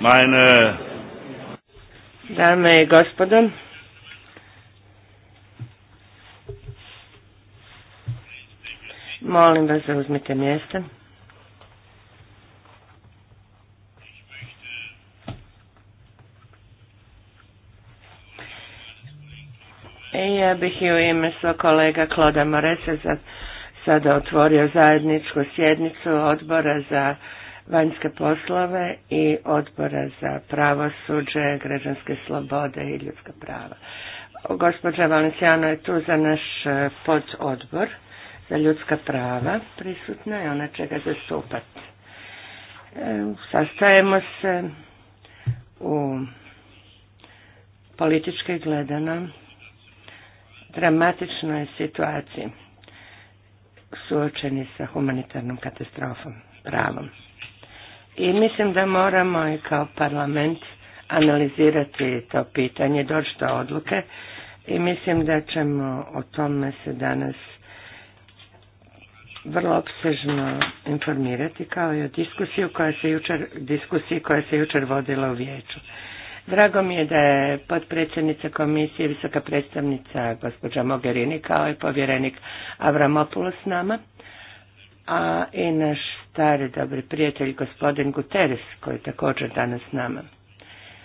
Meine Dame i gospodo, molim vas da uzmite mjesta. E, ja bih i u ime svog kolega Kloda Moresa sada otvorio zajedničku sjednicu odbora za vanjske poslove i odbora za pravosuđe, građanske slobode i ljudska prava. Gospođa Valencijano je tu za naš e, pododbor za ljudska prava prisutna i ona će ga zastupati. E, sastajemo se u politički gledano dramatičnoj situaciji suočeni sa humanitarnom katastrofom, pravom. I mislim da moramo i kao parlament analizirati to pitanje, doći do odluke i mislim da ćemo o tome se danas vrlo obsežno informirati kao i o koja se diskusiji koja se jučer vodila u vijeću. Drago mi je da je potpredsjednica komisije, visoka predstavnica gospođa Mogherini kao i povjerenik Avramopoulos s nama a i naš stari dobri prijatelj gospodin Guterres koji je također danas s nama.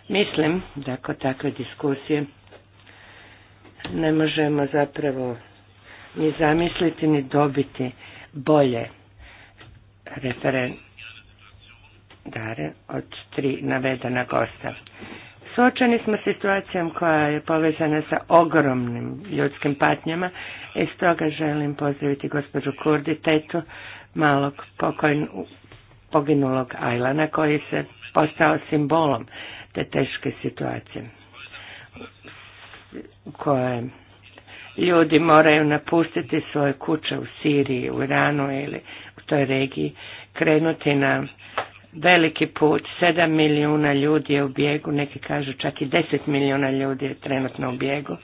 Mislim da kod takve diskusije ne možemo zapravo ni zamisliti ni dobiti bolje referendare od tri navedena gosta. Suočeni smo situacijom koja je povezana sa ogromnim ljudskim patnjama i stoga želim pozdraviti gospođu Kurdi, tetu malog pokojn, poginulog Ajlana koji se postao simbolom te teške situacije koje ljudi moraju napustiti svoje kuće u Siriji, u Iranu ili u toj regiji, krenuti na veliki put, 7 milijuna ljudi je u bijegu, neki kažu čak i 10 milijuna ljudi je trenutno u bijegu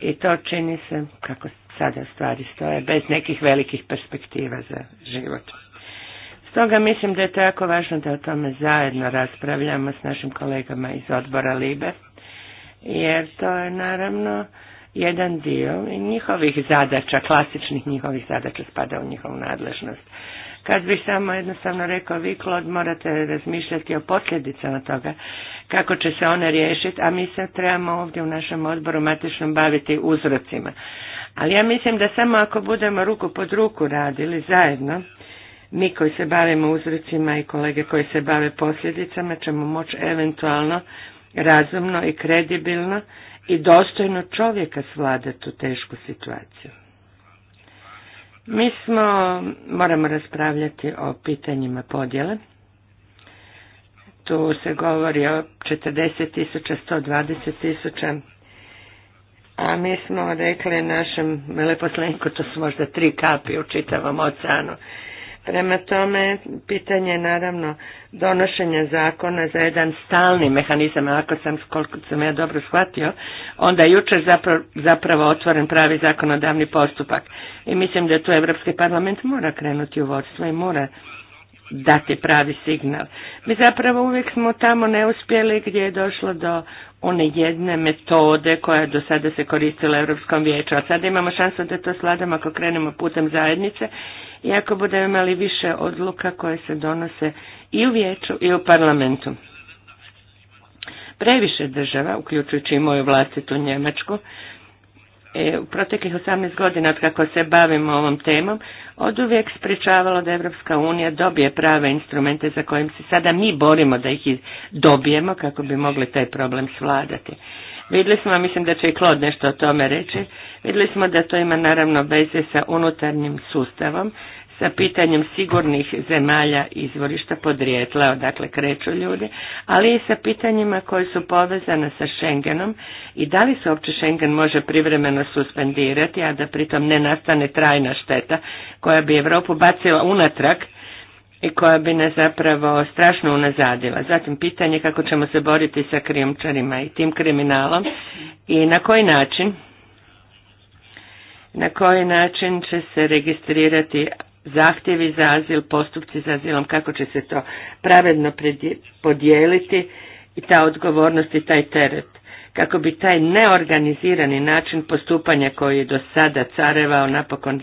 i to čini se, kako sada stvari stoje, bez nekih velikih perspektiva za život. Stoga mislim da je to jako važno da o tome zajedno raspravljamo s našim kolegama iz odbora LIBE, jer to je naravno jedan dio njihovih zadaća, klasičnih njihovih zadaća spada u njihovu nadležnost. Kad bih samo jednostavno rekao, vi Klod morate razmišljati o posljedicama toga, kako će se one riješiti, a mi se trebamo ovdje u našem odboru matičnom baviti uzrocima. Ali ja mislim da samo ako budemo ruku pod ruku radili zajedno, mi koji se bavimo uzrocima i kolege koji se bave posljedicama ćemo moći eventualno razumno i kredibilno i dostojno čovjeka svladati tu tešku situaciju. Mi smo, moramo raspravljati o pitanjima podjele. Tu se govori o 40.000, tisuća, 120 tisuća, a mi smo rekli našem veleposlenku, to su možda tri kapi u čitavom oceanu, Prema tome, pitanje je naravno donošenja zakona za jedan stalni mehanizam, ako sam, koliko sam ja dobro shvatio, onda je jučer zapravo, zapravo otvoren pravi zakonodavni postupak. I mislim da tu Europski parlament mora krenuti u vodstvo i mora dati pravi signal. Mi zapravo uvijek smo tamo neuspjeli gdje je došlo do one jedne metode koja je do sada se koristila u Europskom vijeću, a sada imamo šansu da to sladamo ako krenemo putem zajednice i ako budemo imali više odluka koje se donose i u vijeću i u parlamentu. Previše država, uključujući i moju vlastitu Njemačku, u proteklih 18 godina od kako se bavimo ovom temom, od uvijek spričavalo da Evropska unija dobije prave instrumente za kojim se sada mi borimo da ih dobijemo kako bi mogli taj problem svladati. Vidjeli smo, mislim da će i Klod nešto o tome reći, vidjeli smo da to ima naravno veze sa unutarnjim sustavom, sa pitanjem sigurnih zemalja izvorišta podrijetla, odakle kreću ljudi, ali i sa pitanjima koje su povezane sa Schengenom i da li se uopće Schengen može privremeno suspendirati, a da pritom ne nastane trajna šteta koja bi Europu bacila unatrag i koja bi nas zapravo strašno unazadila. Zatim pitanje kako ćemo se boriti sa krijumčarima i tim kriminalom i na koji način na koji način će se registrirati zahtjevi za azil, postupci za azilom, kako će se to pravedno podijeliti i ta odgovornost i taj teret. Kako bi taj neorganizirani način postupanja koji je do sada carevao napokon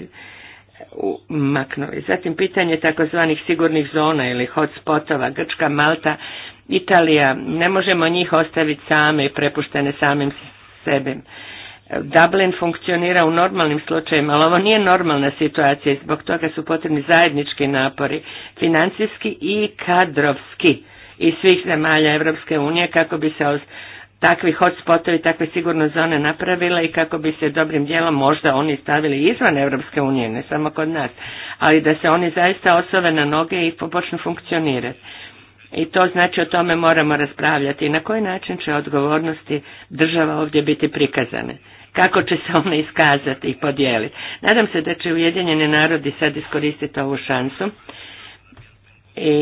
maknuli. Zatim pitanje takozvanih sigurnih zona ili hotspotova, Grčka, Malta, Italija, ne možemo njih ostaviti same i prepuštene samim sebi. Dublin funkcionira u normalnim slučajevima, ali ovo nije normalna situacija i zbog toga su potrebni zajednički napori, financijski i kadrovski iz svih zemalja Europske unije kako bi se takvi hotspotovi, takve sigurno zone napravila i kako bi se dobrim dijelom možda oni stavili izvan Europske unije, ne samo kod nas, ali da se oni zaista osove na noge i počnu funkcionirati. I to znači o tome moramo raspravljati i na koji način će odgovornosti država ovdje biti prikazane. Kako će se one iskazati i podijeliti. Nadam se da će Ujedinjeni narodi sad iskoristiti ovu šansu i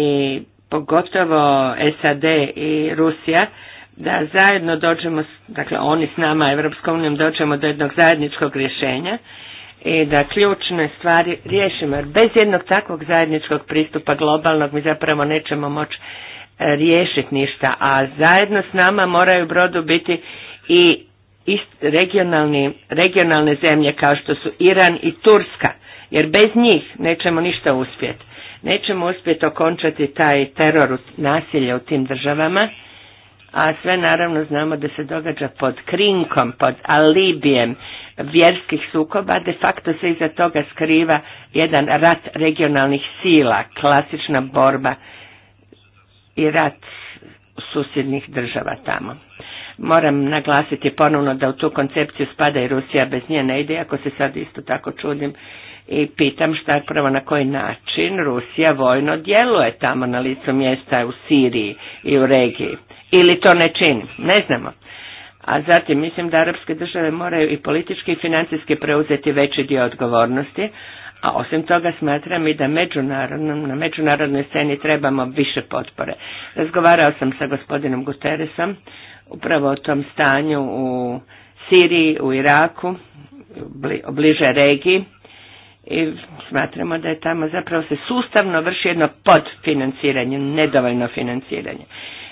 pogotovo SAD i Rusija da zajedno dođemo, dakle oni s nama Evropskom unijom dođemo do jednog zajedničkog rješenja i da ključne stvari riješimo. Jer bez jednog takvog zajedničkog pristupa globalnog mi zapravo nećemo moći e, riješiti ništa, a zajedno s nama moraju brodu biti i regionalni, regionalne zemlje kao što su Iran i Turska, jer bez njih nećemo ništa uspjeti. Nećemo uspjeti okončati taj teror nasilja u tim državama a sve naravno znamo da se događa pod krinkom, pod alibijem vjerskih sukoba, de facto se iza toga skriva jedan rat regionalnih sila, klasična borba i rat susjednih država tamo. Moram naglasiti ponovno da u tu koncepciju spada i Rusija, bez nje ne ide, ako se sad isto tako čudim i pitam šta je prvo na koji način Rusija vojno djeluje tamo na licu mjesta u Siriji i u regiji ili to ne čini. Ne znamo. A zatim mislim da arapske države moraju i politički i financijski preuzeti veći dio odgovornosti, a osim toga smatram i da na međunarodnoj sceni trebamo više potpore. Razgovarao sam sa gospodinom Guterresom upravo o tom stanju u Siriji, u Iraku, bliže regiji i smatramo da je tamo zapravo se sustavno vrši jedno podfinanciranje, nedovoljno financiranje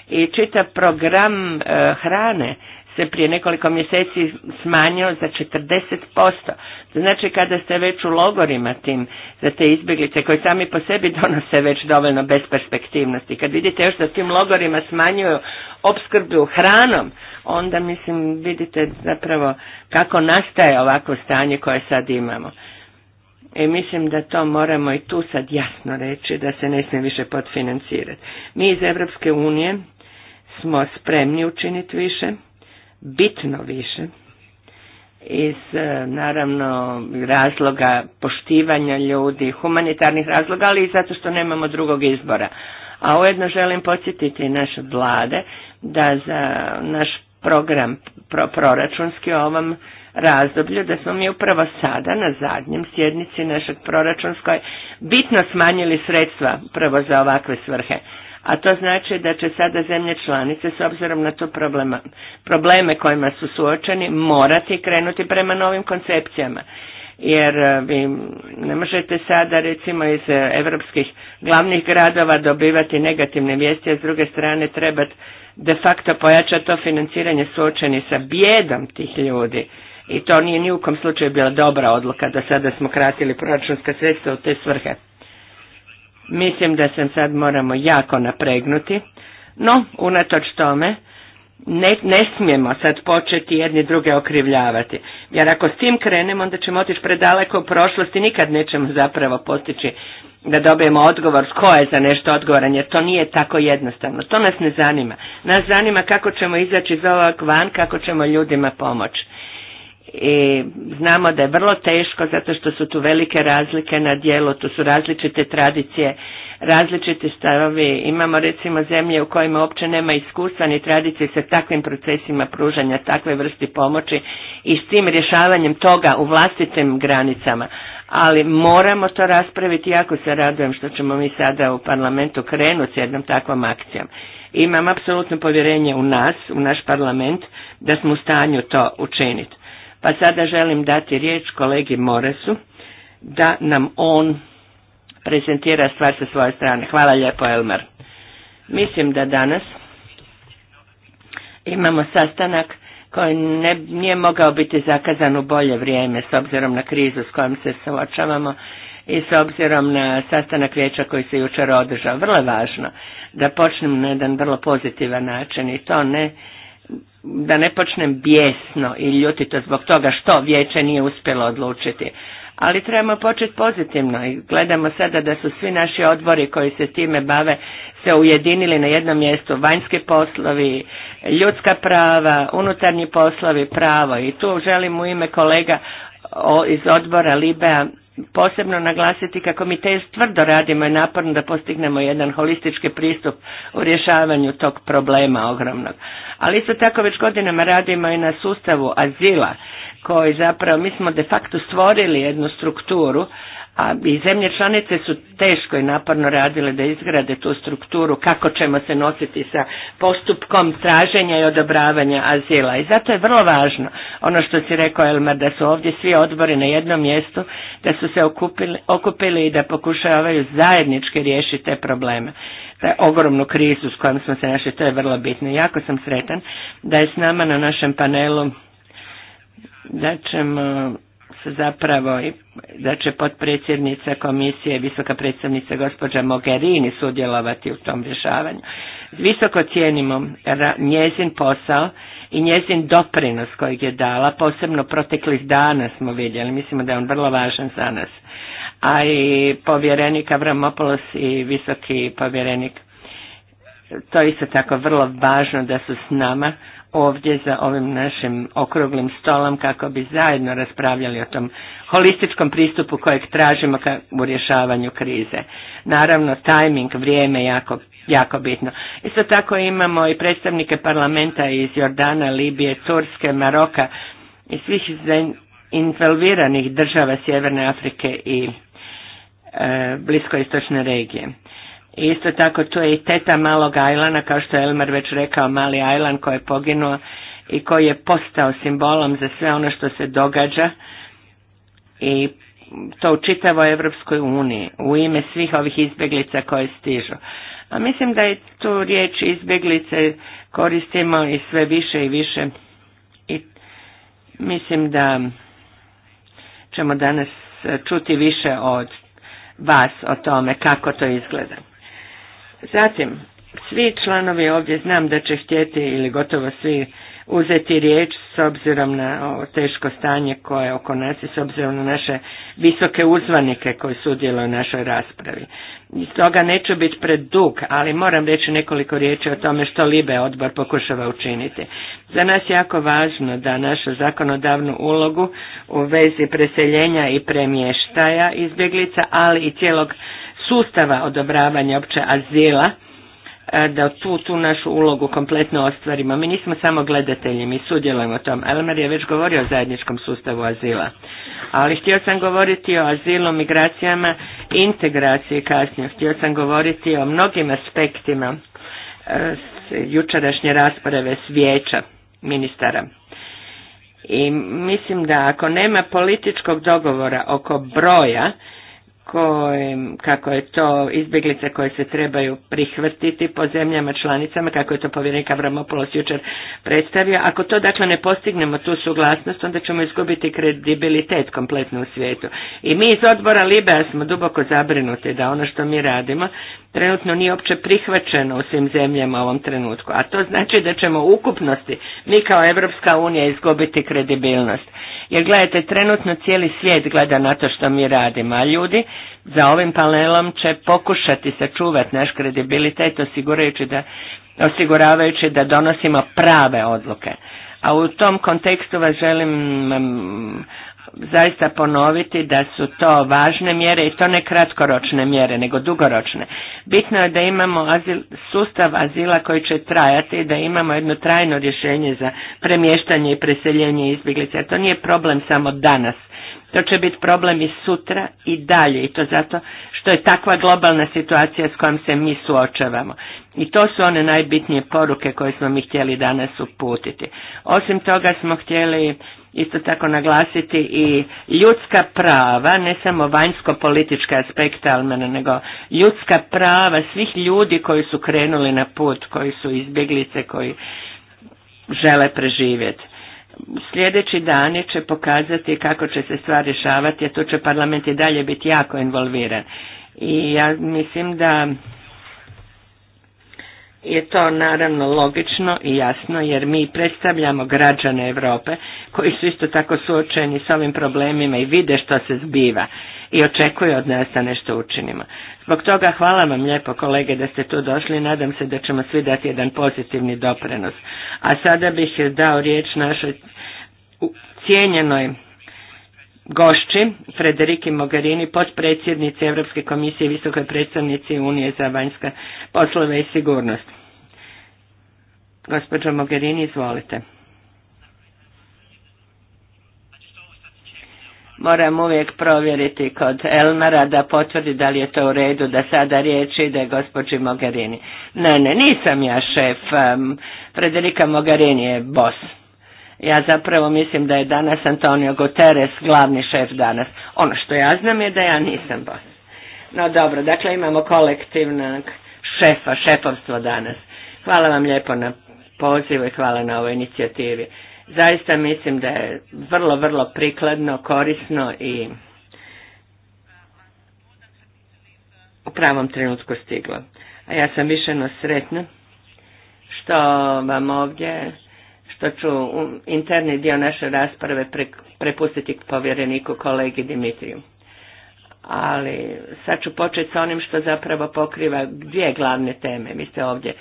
i čitav program e, hrane se prije nekoliko mjeseci smanjio za 40%. Znači kada ste već u logorima tim za te izbjeglice koji sami po sebi donose već dovoljno besperspektivnosti. Kad vidite još da tim logorima smanjuju opskrbu hranom, onda mislim vidite zapravo kako nastaje ovako stanje koje sad imamo. I e, mislim da to moramo i tu sad jasno reći da se ne smije više podfinancirati. Mi iz Europske unije smo spremni učiniti više, bitno više, iz e, naravno razloga poštivanja ljudi, humanitarnih razloga, ali i zato što nemamo drugog izbora. A ujedno želim podsjetiti naše vlade da za naš program pro, proračunski ovom razdoblju da smo mi upravo sada na zadnjem sjednici našeg proračunskoj bitno smanjili sredstva upravo za ovakve svrhe. A to znači da će sada zemlje članice s obzirom na to problema, probleme kojima su suočeni morati krenuti prema novim koncepcijama. Jer e, vi ne možete sada recimo iz e, evropskih glavnih gradova dobivati negativne vijesti, a s druge strane trebati de facto pojačati to financiranje suočeni sa bijedom tih ljudi i to nije ni u kom slučaju bila dobra odluka da sada smo kratili proračunska sredstva u te svrhe. Mislim da se sad moramo jako napregnuti, no unatoč tome ne, ne smijemo sad početi jedni druge okrivljavati, jer ako s tim krenemo onda ćemo otići predaleko u prošlost i nikad nećemo zapravo postići da dobijemo odgovor tko je za nešto odgovoran, jer to nije tako jednostavno. To nas ne zanima. Nas zanima kako ćemo izaći iz ovog van, kako ćemo ljudima pomoći i znamo da je vrlo teško zato što su tu velike razlike na dijelu, tu su različite tradicije, različiti stavovi. Imamo recimo zemlje u kojima uopće nema iskustva ni tradicije sa takvim procesima pružanja takve vrsti pomoći i s tim rješavanjem toga u vlastitim granicama. Ali moramo to raspraviti, jako se radujem što ćemo mi sada u parlamentu krenuti s jednom takvom akcijom. Imam apsolutno povjerenje u nas, u naš parlament, da smo u stanju to učiniti. Pa sada želim dati riječ kolegi Moresu da nam on prezentira stvar sa svoje strane. Hvala lijepo Elmar. Mislim da danas imamo sastanak koji ne, nije mogao biti zakazan u bolje vrijeme s obzirom na krizu s kojom se suočavamo i s obzirom na sastanak vijeća koji se jučer održao. Vrlo je važno da počnemo na jedan vrlo pozitivan način i to ne da ne počnem bijesno i ljutito zbog toga što vijeće nije uspjelo odlučiti. Ali trebamo početi pozitivno i gledamo sada da su svi naši odbori koji se time bave se ujedinili na jednom mjestu, vanjski poslovi, ljudska prava, unutarnji poslovi, pravo i tu želim u ime kolega iz odbora Libea posebno naglasiti kako mi te tvrdo radimo i naporno da postignemo jedan holistički pristup u rješavanju tog problema ogromnog. Ali isto tako već godinama radimo i na sustavu azila koji zapravo mi smo de facto stvorili jednu strukturu a i zemlje članice su teško i naporno radile da izgrade tu strukturu kako ćemo se nositi sa postupkom traženja i odobravanja azila. I zato je vrlo važno ono što si rekao Elmar, da su ovdje svi odbori na jednom mjestu, da su se okupili, i da pokušavaju zajednički riješiti te probleme ogromnu krizu s kojom smo se našli, to je vrlo bitno. Jako sam sretan da je s nama na našem panelu da ćemo zapravo da će potpredsjednica komisije, visoka predsjednica gospođa Mogherini sudjelovati u tom rješavanju. Visoko cijenimo njezin posao i njezin doprinos kojeg je dala, posebno proteklih dana smo vidjeli, mislimo da je on vrlo važan za nas. A i povjerenik Avramopoulos i visoki povjerenik, to je isto tako vrlo važno da su s nama ovdje za ovim našim okruglim stolom kako bi zajedno raspravljali o tom holističkom pristupu kojeg tražimo u rješavanju krize. Naravno, tajming, vrijeme jako, jako bitno. Isto tako imamo i predstavnike parlamenta iz Jordana, Libije, Turske, Maroka i svih involviranih država Sjeverne Afrike i e, bliskoistočne regije isto tako tu je i teta malog Ajlana, kao što je Elmer već rekao, mali Ajlan koji je poginuo i koji je postao simbolom za sve ono što se događa i to u čitavoj Evropskoj uniji, u ime svih ovih izbjeglica koje stižu. A mislim da je tu riječ izbjeglice koristimo i sve više i više i mislim da ćemo danas čuti više od vas o tome kako to izgleda. Zatim, svi članovi ovdje znam da će htjeti ili gotovo svi uzeti riječ s obzirom na ovo teško stanje koje je oko nas i s obzirom na naše visoke uzvanike koji sudjeluju u našoj raspravi. Iz toga neću biti dug, ali moram reći nekoliko riječi o tome što Libe odbor pokušava učiniti. Za nas je jako važno da našu zakonodavnu ulogu u vezi preseljenja i premještaja izbjeglica, ali i cijelog sustava odobravanja opće azila e, da tu, tu našu ulogu kompletno ostvarimo. Mi nismo samo gledatelji, mi sudjelujemo tom. Elmer je već govorio o zajedničkom sustavu azila. Ali htio sam govoriti o azilu, migracijama, integraciji kasnije. Htio sam govoriti o mnogim aspektima e, jučerašnje rasprave s vijeća ministara. I mislim da ako nema političkog dogovora oko broja kojim, kako je to izbjeglice koje se trebaju prihvatiti po zemljama članicama, kako je to povjerenik Avramopoulos jučer predstavio. Ako to dakle ne postignemo tu suglasnost, onda ćemo izgubiti kredibilitet kompletno u svijetu. I mi iz odbora Libea smo duboko zabrinuti da ono što mi radimo trenutno nije opće prihvaćeno u svim zemljama u ovom trenutku. A to znači da ćemo u ukupnosti, mi kao Evropska unija, izgubiti kredibilnost. Jer gledajte, trenutno cijeli svijet gleda na to što mi radimo, a ljudi za ovim panelom će pokušati sačuvati naš kredibilitet osigurajući da, osiguravajući da donosimo prave odluke. A u tom kontekstu vas želim mm, zaista ponoviti da su to važne mjere i to ne kratkoročne mjere, nego dugoročne. Bitno je da imamo azil, sustav azila koji će trajati, i da imamo jedno trajno rješenje za premještanje i preseljenje izbjeglica. To nije problem samo danas to će biti problem i sutra i dalje i to zato što je takva globalna situacija s kojom se mi suočavamo. I to su one najbitnije poruke koje smo mi htjeli danas uputiti. Osim toga smo htjeli isto tako naglasiti i ljudska prava, ne samo vanjsko politička aspekte nego ljudska prava svih ljudi koji su krenuli na put, koji su izbjeglice, koji žele preživjeti sljedeći dani će pokazati kako će se stvar rješavati, a tu će parlament i dalje biti jako involviran. I ja mislim da je to naravno logično i jasno jer mi predstavljamo građane Europe koji su isto tako suočeni s ovim problemima i vide što se zbiva i očekuje od nas da nešto učinimo. Zbog toga hvala vam lijepo kolege da ste tu došli i nadam se da ćemo svi dati jedan pozitivni doprenos. A sada bih dao riječ našoj cijenjenoj gošći Frederiki Mogherini, potpredsjednici Europske komisije i visokoj predstavnici Unije za vanjska poslove i sigurnost. Gospođo Mogherini, izvolite. Moram uvijek provjeriti kod Elmara da potvrdi da li je to u redu da sada riječ ide gospođi Mogherini. Ne, ne, nisam ja šef. Frederika Mogherini je bos. Ja zapravo mislim da je danas Antonio Guterres glavni šef danas. Ono što ja znam je da ja nisam bos. No dobro, dakle imamo kolektivnog šefa, šefovstvo danas. Hvala vam lijepo na pozivu i hvala na ovoj inicijativi zaista mislim da je vrlo, vrlo prikladno, korisno i u pravom trenutku stiglo. A ja sam više no sretna što vam ovdje, što ću interni dio naše rasprave prepustiti povjereniku kolegi Dimitriju. Ali sad ću početi sa onim što zapravo pokriva dvije glavne teme. Vi ste ovdje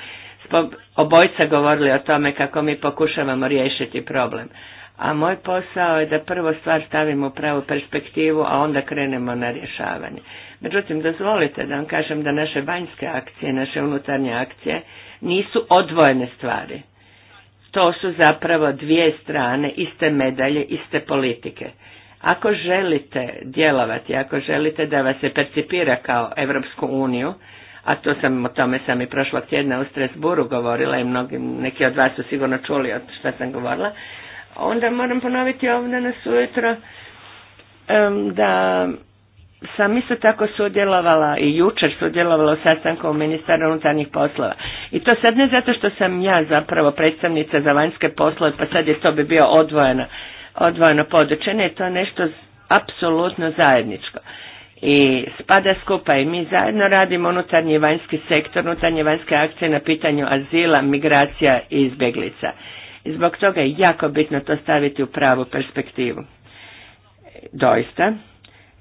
obojca govorili o tome kako mi pokušavamo riješiti problem. A moj posao je da prvo stvar stavimo u pravu perspektivu, a onda krenemo na rješavanje. Međutim, dozvolite da vam kažem da naše vanjske akcije, naše unutarnje akcije nisu odvojene stvari. To su zapravo dvije strane, iste medalje, iste politike. Ako želite djelovati, ako želite da vas se percipira kao Evropsku uniju, a to sam, o tome sam i prošlog tjedna u Strasburu govorila i mnogi, neki od vas su sigurno čuli od što sam govorila, onda moram ponoviti ovdje na sujutro da sam isto tako sudjelovala i jučer sudjelovala u sastanku ministara unutarnjih poslova. I to sad ne zato što sam ja zapravo predstavnica za vanjske poslove, pa sad je to bi bio odvojeno, odvojeno područje, ne, to je nešto apsolutno zajedničko i spada skupa i mi zajedno radimo unutarnji vanjski sektor, unutarnje vanjske akcije na pitanju azila, migracija i izbjeglica. I zbog toga je jako bitno to staviti u pravu perspektivu. Doista,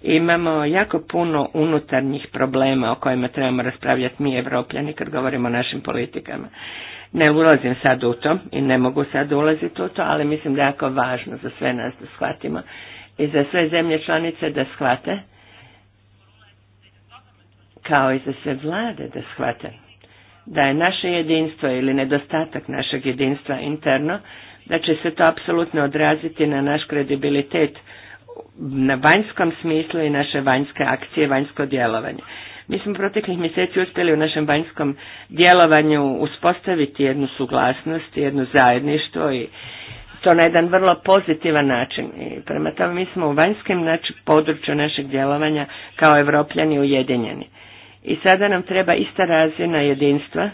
imamo jako puno unutarnjih problema o kojima trebamo raspravljati mi evropljani kad govorimo o našim politikama. Ne ulazim sad u to i ne mogu sad ulaziti u to, ali mislim da je jako važno za sve nas da shvatimo i za sve zemlje članice da shvate kao i za sve vlade da shvate da je naše jedinstvo ili nedostatak našeg jedinstva interno, da će se to apsolutno odraziti na naš kredibilitet na vanjskom smislu i naše vanjske akcije, vanjsko djelovanje. Mi smo proteklih mjeseci uspjeli u našem vanjskom djelovanju uspostaviti jednu suglasnost, jedno zajedništvo i to na jedan vrlo pozitivan način. I prema tome mi smo u vanjskom području našeg djelovanja kao evropljani ujedinjeni. I sada nam treba ista razina jedinstva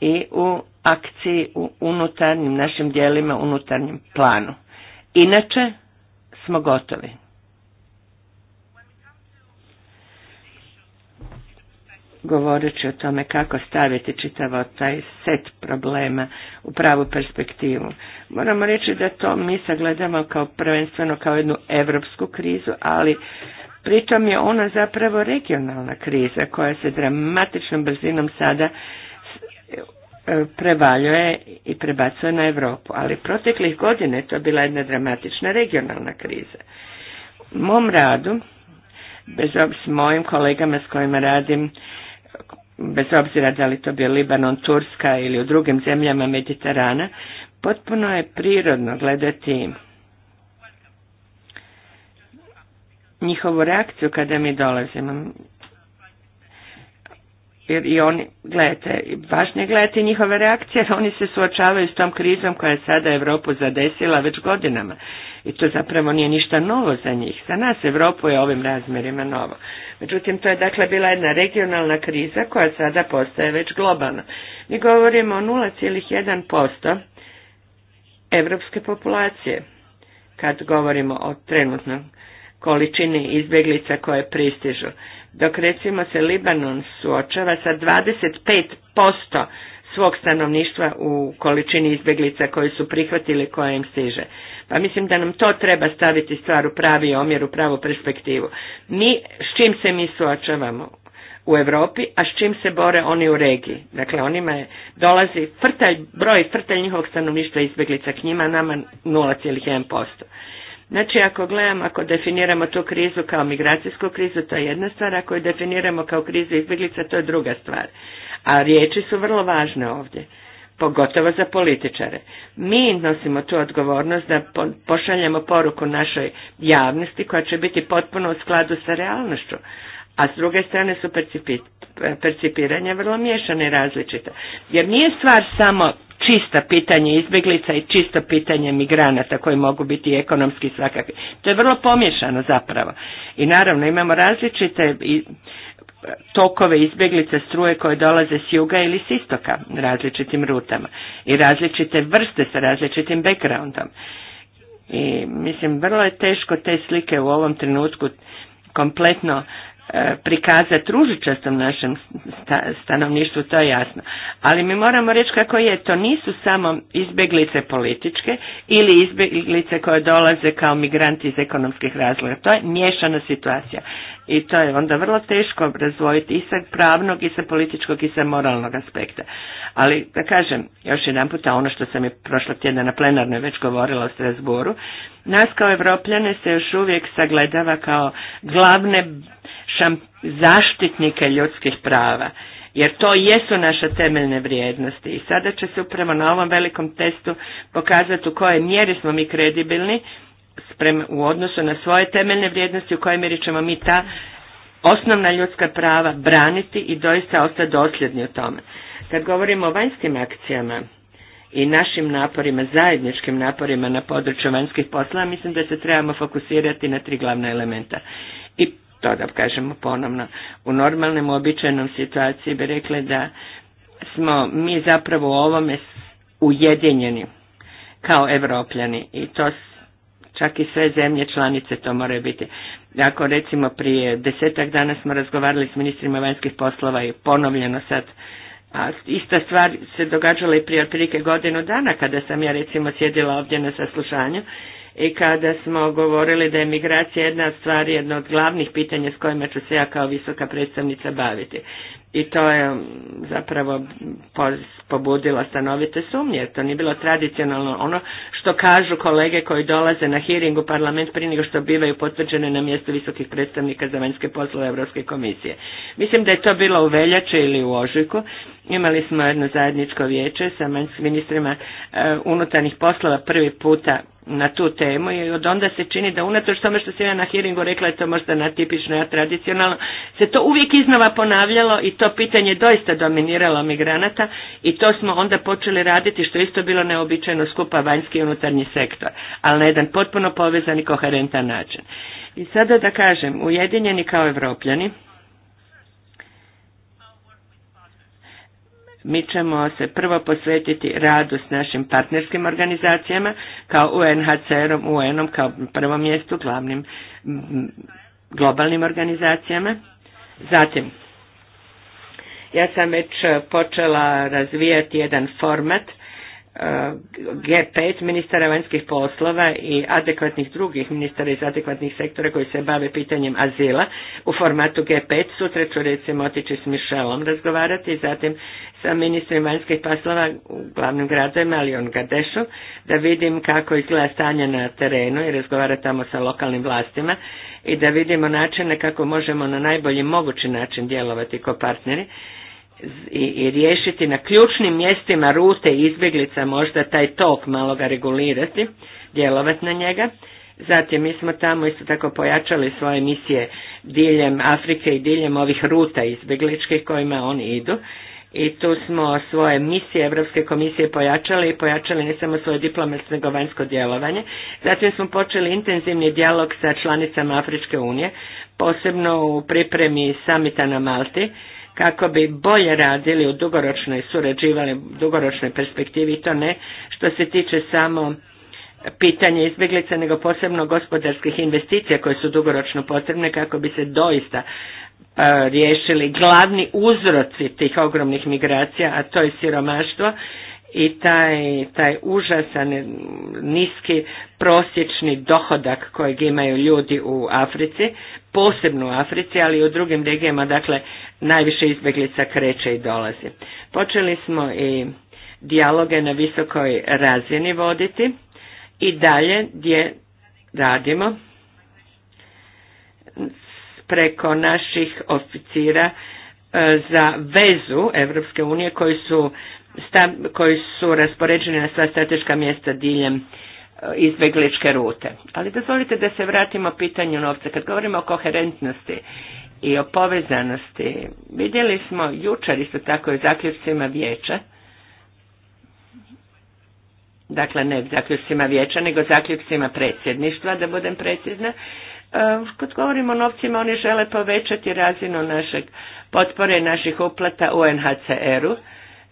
i u akciji u unutarnjim našim dijelima, unutarnjem planu. Inače smo gotovi. Govoreći o tome kako staviti čitavo taj set problema u pravu perspektivu. Moramo reći da to mi sagledamo kao prvenstveno kao jednu evropsku krizu, ali Pritom je ona zapravo regionalna kriza koja se dramatičnom brzinom sada e, prevaljuje i prebacuje na Europu. Ali proteklih godina je to bila jedna dramatična regionalna kriza. U mom radu, bez obzira s mojim kolegama s kojima radim, bez obzira da li to bio Libanon, Turska ili u drugim zemljama Mediterana, potpuno je prirodno gledati njihovu reakciju kada mi dolazimo. Jer i oni, gledajte, važnije gledajte njihove reakcije, oni se suočavaju s tom krizom koja je sada Europu zadesila već godinama. I to zapravo nije ništa novo za njih. Za nas Europu je ovim razmerima novo. Međutim, to je dakle bila jedna regionalna kriza koja sada postaje već globalna. Mi govorimo o 0,1% evropske populacije kad govorimo o trenutnom količini izbjeglica koje pristižu. Dok recimo se Libanon suočava sa 25% svog stanovništva u količini izbjeglica koji su prihvatili koja im stiže. Pa mislim da nam to treba staviti stvar u pravi omjer, u pravu perspektivu. Mi, s čim se mi suočavamo u Europi, a s čim se bore oni u regiji. Dakle, onima je, dolazi broj frtalj njihovog stanovništva izbjeglica k njima, nama 0,1%. Znači, ako gledamo, ako definiramo tu krizu kao migracijsku krizu, to je jedna stvar, ako ju definiramo kao krizu izbjeglica, to je druga stvar. A riječi su vrlo važne ovdje, pogotovo za političare. Mi nosimo tu odgovornost da pošaljemo poruku našoj javnosti koja će biti potpuno u skladu sa realnošću, a s druge strane su percipiranja vrlo miješane i različita. Jer nije stvar samo čista pitanje izbjeglica i čisto pitanje migranata koji mogu biti ekonomski svakakvi. To je vrlo pomješano zapravo. I naravno imamo različite tokove izbjeglice struje koje dolaze s juga ili s istoka različitim rutama i različite vrste sa različitim backgroundom. I mislim, vrlo je teško te slike u ovom trenutku kompletno prikazati ružičastom našem stanovništvu, to je jasno. Ali mi moramo reći kako je, to nisu samo izbjeglice političke ili izbjeglice koje dolaze kao migranti iz ekonomskih razloga. To je miješana situacija. I to je onda vrlo teško razvojiti i sa pravnog, i sa političkog, i sa moralnog aspekta. Ali da kažem, još jedan puta ono što sam je prošlog tjedna na plenarnoj već govorila o Strasboru, nas kao evropljane se još uvijek sagledava kao glavne zaštitnike ljudskih prava jer to jesu naše temeljne vrijednosti i sada će se upravo na ovom velikom testu pokazati u kojoj mjeri smo mi kredibilni sprem, u odnosu na svoje temeljne vrijednosti u kojoj mjeri ćemo mi ta osnovna ljudska prava braniti i doista ostati dosljedni u tome. Kad govorimo o vanjskim akcijama i našim naporima, zajedničkim naporima na području vanjskih poslova, mislim da se trebamo fokusirati na tri glavna elementa to da kažemo ponovno, u normalnom običajnom situaciji bi rekli da smo mi zapravo u ovome ujedinjeni kao evropljani i to čak i sve zemlje članice to moraju biti. Ako recimo prije desetak dana smo razgovarali s ministrima vanjskih poslova i ponovljeno sad a ista stvar se događala i prije otprilike godinu dana kada sam ja recimo sjedila ovdje na saslušanju i kada smo govorili da je migracija jedna od stvari, jedna od glavnih pitanja s kojima ću se ja kao visoka predstavnica baviti. I to je mm, zapravo pobudilo stanovite sumnje, to nije bilo tradicionalno ono što kažu kolege koji dolaze na hearing u parlament prije nego što bivaju potvrđene na mjestu visokih predstavnika za vanjske poslove Europske komisije. Mislim da je to bilo u veljači ili u ožujku. Imali smo jedno zajedničko vijeće sa ministrima e, unutarnjih poslova prvi puta na tu temu i od onda se čini da unatoč tome što se ja na hearingu rekla je to možda na tipično, ja tradicionalno, se to uvijek iznova ponavljalo i to pitanje doista dominiralo migranata i to smo onda počeli raditi što isto bilo neobičajno skupa vanjski i unutarnji sektor, ali na jedan potpuno povezan i koherentan način. I sada da kažem, ujedinjeni kao evropljani, mi ćemo se prvo posvetiti radu s našim partnerskim organizacijama kao UNHCR-om, UN-om kao prvom mjestu glavnim globalnim organizacijama. Zatim, ja sam već počela razvijati jedan format G5 ministara vanjskih poslova i adekvatnih drugih ministara iz adekvatnih sektora koji se bave pitanjem azila u formatu G5. Sutra ću recimo otići s Mišelom razgovarati i zatim sa ministrem vanjskih poslova u glavnim gradovima, ali on da vidim kako izgleda stanje na terenu i razgovara tamo sa lokalnim vlastima i da vidimo načine kako možemo na najbolji mogući način djelovati kao partneri i, i riješiti na ključnim mjestima rute izbjeglica možda taj tok malo ga regulirati, djelovati na njega. Zatim mi smo tamo isto tako pojačali svoje misije diljem Afrike i diljem ovih ruta izbjegličkih kojima oni idu i tu smo svoje misije Europske komisije pojačali i pojačali ne samo svoje diplomatsko nego vanjsko djelovanje. Zatim smo počeli intenzivni dijalog sa članicama Afričke unije, posebno u pripremi samita na Malti kako bi bolje radili u dugoročnoj, surađivali dugoročnoj perspektivi i to ne što se tiče samo pitanje izbjeglica, nego posebno gospodarskih investicija koje su dugoročno potrebne kako bi se doista e, riješili glavni uzroci tih ogromnih migracija, a to je siromaštvo i taj, taj užasan niski prosječni dohodak kojeg imaju ljudi u Africi, posebno u Africi, ali i u drugim regijama, dakle, najviše izbjeglica kreće i dolazi. Počeli smo i dijaloge na visokoj razini voditi i dalje gdje radimo preko naših oficira e, za vezu Evropske unije koji su, koji su raspoređeni na sva strateška mjesta diljem Eh, izbjegličke rute. Ali dozvolite da se vratimo pitanju novca. Kad govorimo o koherentnosti i o povezanosti, vidjeli smo jučer isto tako i zaključcima vijeća, dakle ne zaključcima vijeća, nego zaključcima predsjedništva, da budem precizna, eh, kad govorimo o novcima, oni žele povećati razinu našeg potpore naših uplata UNHCR-u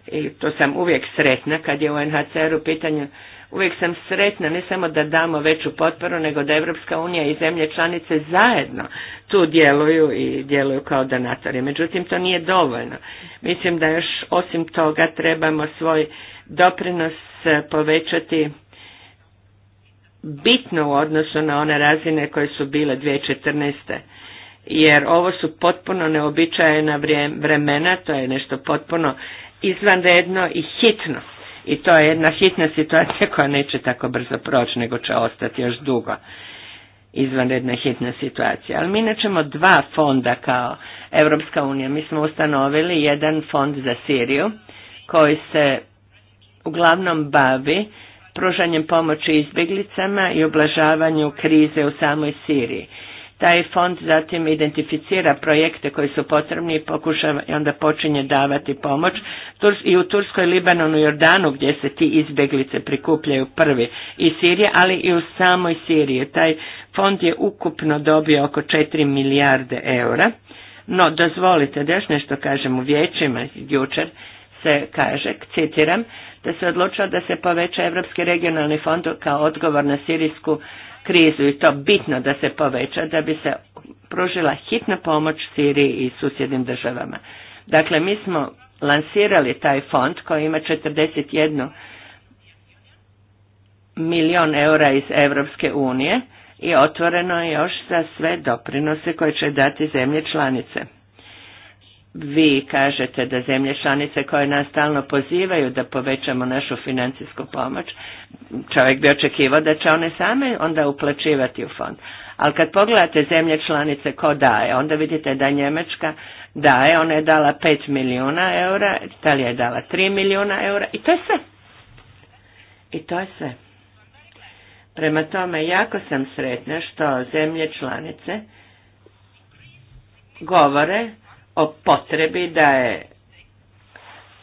i to sam uvijek sretna kad je UNHCR u pitanju Uvijek sam sretna ne samo da damo veću potporu, nego da Evropska unija i zemlje članice zajedno tu djeluju i djeluju kao donatori. Međutim, to nije dovoljno. Mislim da još osim toga trebamo svoj doprinos e, povećati bitno u odnosu na one razine koje su bile 2014 jer ovo su potpuno neobičajena vremena, to je nešto potpuno izvanredno i hitno i to je jedna hitna situacija koja neće tako brzo proći nego će ostati još dugo izvanredna hitna situacija. Ali mi nećemo dva fonda kao Europska unija. Mi smo ustanovili jedan fond za Siriju koji se uglavnom bavi pružanjem pomoći izbjeglicama i oblažavanju krize u samoj Siriji. Taj fond zatim identificira projekte koji su potrebni i pokušava i onda počinje davati pomoć. I u Turskoj, Libanonu i Jordanu gdje se ti izbjeglice prikupljaju prvi i Sirije, ali i u samoj Siriji. Taj fond je ukupno dobio oko 4 milijarde eura. No, dozvolite da još nešto kažem u vijećima jučer se kaže, citiram, da se odlučilo da se poveća Europski regionalni fond kao odgovor na sirijsku krizu i to bitno da se poveća da bi se pružila hitna pomoć Siriji i susjednim državama. Dakle, mi smo lansirali taj fond koji ima 41 milion eura iz Europske unije i otvoreno je još za sve doprinose koje će dati zemlje članice vi kažete da zemlje članice koje nas stalno pozivaju da povećamo našu financijsku pomoć, čovjek bi očekivao da će one same onda uplaćivati u fond. Ali kad pogledate zemlje članice ko daje, onda vidite da Njemačka daje, ona je dala 5 milijuna eura, Italija je dala 3 milijuna eura i to je sve. I to je sve. Prema tome, jako sam sretna što zemlje članice govore o potrebi da je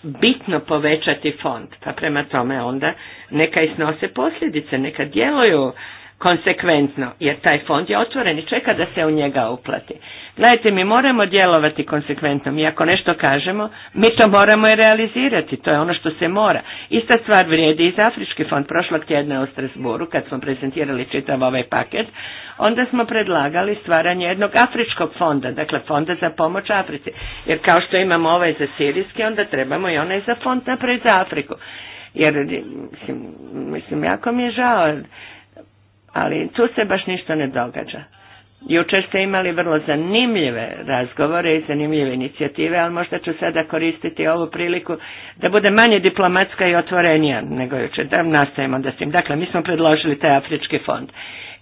bitno povećati fond, pa prema tome onda neka i snose posljedice, neka djeluju konsekventno, jer taj fond je otvoren i čeka da se u njega uplati. Gledajte, mi moramo djelovati konsekventno, mi ako nešto kažemo, mi to moramo i realizirati, to je ono što se mora. Ista stvar vrijedi i za Afrički fond, prošlog tjedna u Strasburu, kad smo prezentirali čitav ovaj paket, onda smo predlagali stvaranje jednog Afričkog fonda, dakle fonda za pomoć Africi, jer kao što imamo ovaj za Sirijski, onda trebamo i onaj za fond napred za Afriku. Jer, mislim, jako mi je žao, ali tu se baš ništa ne događa. Jučer ste imali vrlo zanimljive razgovore i zanimljive inicijative, ali možda ću sada koristiti ovu priliku da bude manje diplomatska i otvorenija nego jučer, da nastajemo da s tim. Dakle, mi smo predložili taj Afrički fond.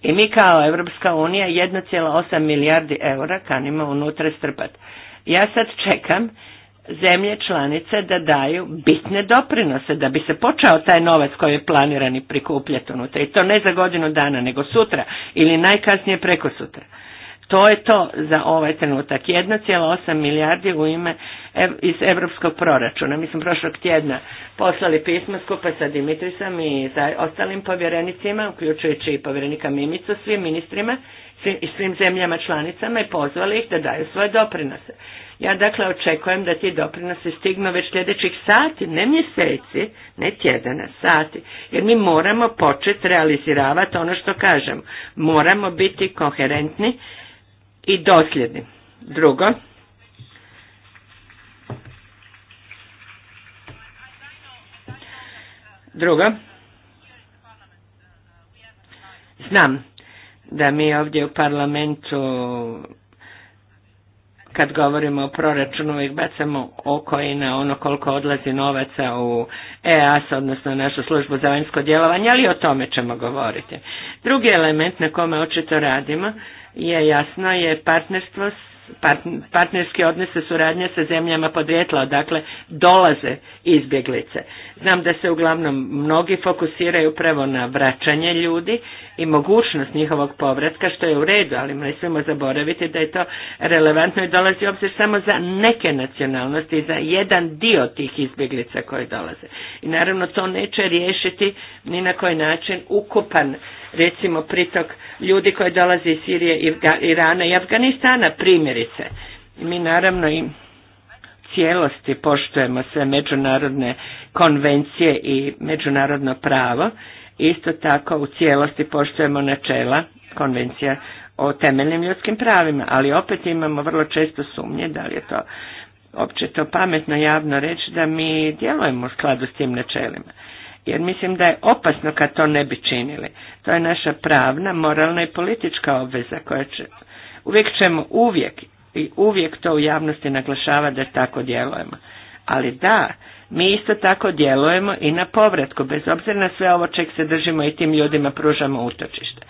I mi kao Evropska unija 1,8 milijardi eura kanimo unutra strpati. Ja sad čekam zemlje članice da daju bitne doprinose da bi se počeo taj novac koji je planirani prikupljati unutra i to ne za godinu dana nego sutra ili najkasnije preko sutra. To je to za ovaj trenutak. 1,8 milijardi u ime iz europskog proračuna. Mi smo prošlog tjedna poslali pismo skupa sa Dimitrisom i sa ostalim povjerenicima, uključujući i povjerenika Mimicu, svim ministrima i svim zemljama članicama i pozvali ih da daju svoje doprinose. Ja dakle očekujem da ti doprinose stignu već sljedećih sati, ne mjeseci, ne tjedana, sati. Jer mi moramo početi realiziravati ono što kažem. Moramo biti koherentni i dosljedni. Drugo, Drugo, znam da mi ovdje u parlamentu kad govorimo o proračunu uvijek bacamo oko i na ono koliko odlazi novaca u EAS, odnosno našu službu za vanjsko djelovanje, ali o tome ćemo govoriti. Drugi element na kome očito radimo je jasno je partnerstvo partnerski odnose suradnje sa zemljama podrijetla odakle dolaze izbjeglice. Znam da se uglavnom mnogi fokusiraju upravo na vraćanje ljudi i mogućnost njihovog povratka što je u redu, ali ne smijemo zaboraviti da je to relevantno i dolazi obzir samo za neke nacionalnosti za jedan dio tih izbjeglica koji dolaze. I naravno to neće riješiti ni na koji način ukupan recimo pritok ljudi koji dolaze iz Sirije, Irana i Afganistana primjerice. Mi naravno i cijelosti poštujemo sve međunarodne konvencije i međunarodno pravo. Isto tako u cijelosti poštujemo načela konvencija o temeljnim ljudskim pravima, ali opet imamo vrlo često sumnje da li je to opće to pametno javno reći da mi djelujemo u skladu s tim načelima jer mislim da je opasno kad to ne bi činili. To je naša pravna, moralna i politička obveza koja će, uvijek ćemo uvijek i uvijek to u javnosti naglašava da tako djelujemo. Ali da, mi isto tako djelujemo i na povratku, bez obzira na sve ovo čeg se držimo i tim ljudima pružamo utočište.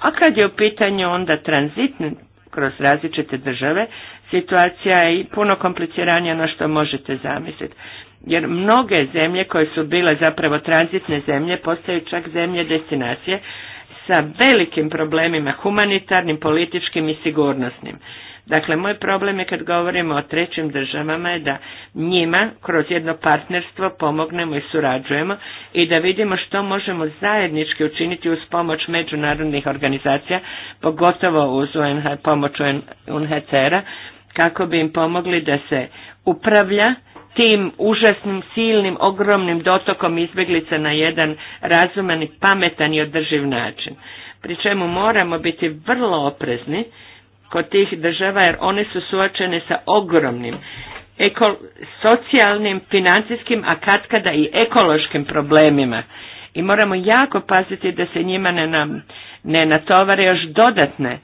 A kad je u pitanju onda tranzitni kroz različite države, situacija je i puno kompliciranija na što možete zamisliti jer mnoge zemlje koje su bile zapravo tranzitne zemlje postaju čak zemlje destinacije sa velikim problemima humanitarnim, političkim i sigurnosnim. Dakle, moj problem je kad govorimo o trećim državama je da njima kroz jedno partnerstvo pomognemo i surađujemo i da vidimo što možemo zajednički učiniti uz pomoć međunarodnih organizacija, pogotovo uz pomoć UNHCR-a, kako bi im pomogli da se upravlja tim užasnim, silnim, ogromnim dotokom izbjeglica na jedan razuman, i pametan i održiv način. Pri čemu moramo biti vrlo oprezni kod tih država jer one su suočene sa ogromnim eko, socijalnim, financijskim, a katkada i ekološkim problemima. I moramo jako paziti da se njima ne, ne natovare još dodatne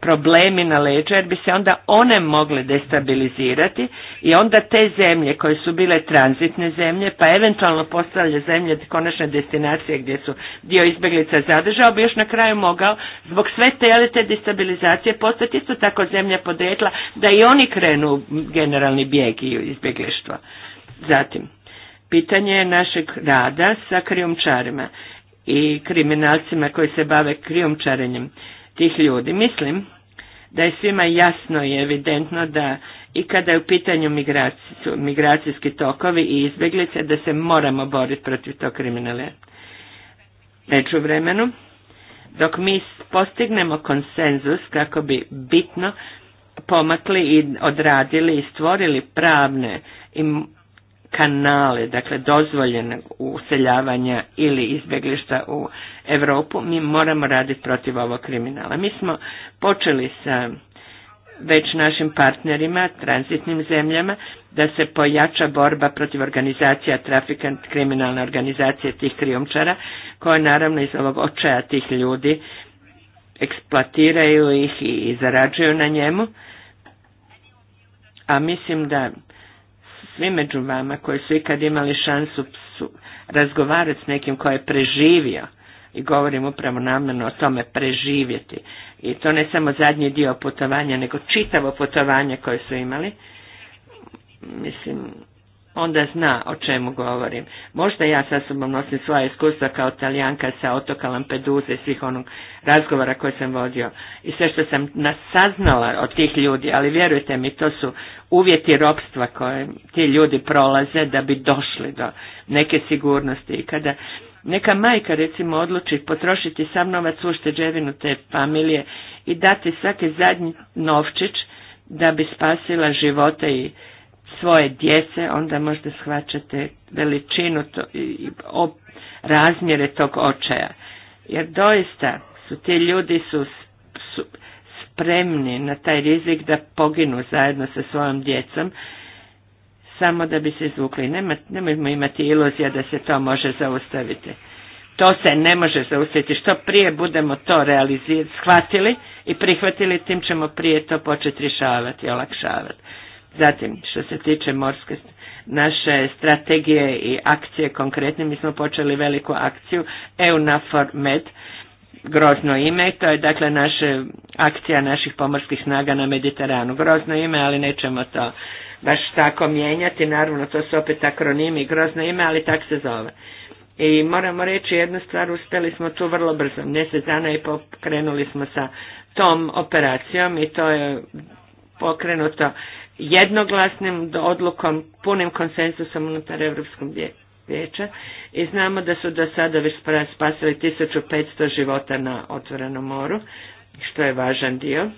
problemi na leđa jer bi se onda one mogle destabilizirati i onda te zemlje koje su bile tranzitne zemlje pa eventualno postavlja zemlje konačne destinacije gdje su dio izbjeglica zadržao bi još na kraju mogao zbog sve te, te destabilizacije postati isto tako zemlja podrijetla da i oni krenu u generalni bijeg i izbjeglištvo. Zatim, pitanje je našeg rada sa krijumčarima i kriminalcima koji se bave krijumčarenjem tih ljudi. Mislim da je svima jasno i evidentno da i kada je u pitanju migracijski tokovi i izbjeglice, da se moramo boriti protiv tog kriminala. Neću vremenu, dok mi postignemo konsenzus kako bi bitno pomakli i odradili i stvorili pravne i kanale, dakle dozvoljenog useljavanja ili izbjeglišta u Europu, mi moramo raditi protiv ovog kriminala. Mi smo počeli sa već našim partnerima, tranzitnim zemljama, da se pojača borba protiv organizacija trafikant kriminalne organizacije tih krijumčara, koje naravno iz ovog očaja tih ljudi eksploatiraju ih i zarađuju na njemu. A mislim da svi među vama koji su ikad imali šansu razgovarati s nekim koji je preživio i govorim upravo namjerno o tome preživjeti i to ne samo zadnji dio putovanja nego čitavo putovanje koje su imali mislim onda zna o čemu govorim. Možda ja sa sobom nosim svoja iskustva kao talijanka sa otoka Lampedusa i svih onog razgovora koje sam vodio i sve što sam nasaznala od tih ljudi, ali vjerujte mi, to su uvjeti ropstva koje ti ljudi prolaze da bi došli do neke sigurnosti i kada neka majka recimo odluči potrošiti sam novac u ušteđevinu te familije i dati svaki zadnji novčić da bi spasila živote i svoje djece, onda možda shvaćate veličinu to, i razmjere tog očaja. Jer doista su ti ljudi su, su spremni na taj rizik da poginu zajedno sa svojom djecom samo da bi se izvukli. Nema, nemojmo imati iluzija da se to može zaustaviti. To se ne može zaustaviti. Što prije budemo to realizirati, shvatili i prihvatili, tim ćemo prije to početi rješavati i olakšavati. Zatim, što se tiče morske naše strategije i akcije konkretne, mi smo počeli veliku akciju EUNAFOR MED, grozno ime, to je dakle naša akcija naših pomorskih snaga na Mediteranu. Grozno ime, ali nećemo to baš tako mijenjati, naravno to su opet akronimi, grozno ime, ali tak se zove. I moramo reći jednu stvar, uspjeli smo tu vrlo brzo, mjesec dana i pokrenuli smo sa tom operacijom i to je pokrenuto jednoglasnim odlukom, punim konsensusom unutar Europskog vijeća i znamo da su do sada već spasili 1500 života na otvorenom moru, što je važan dio.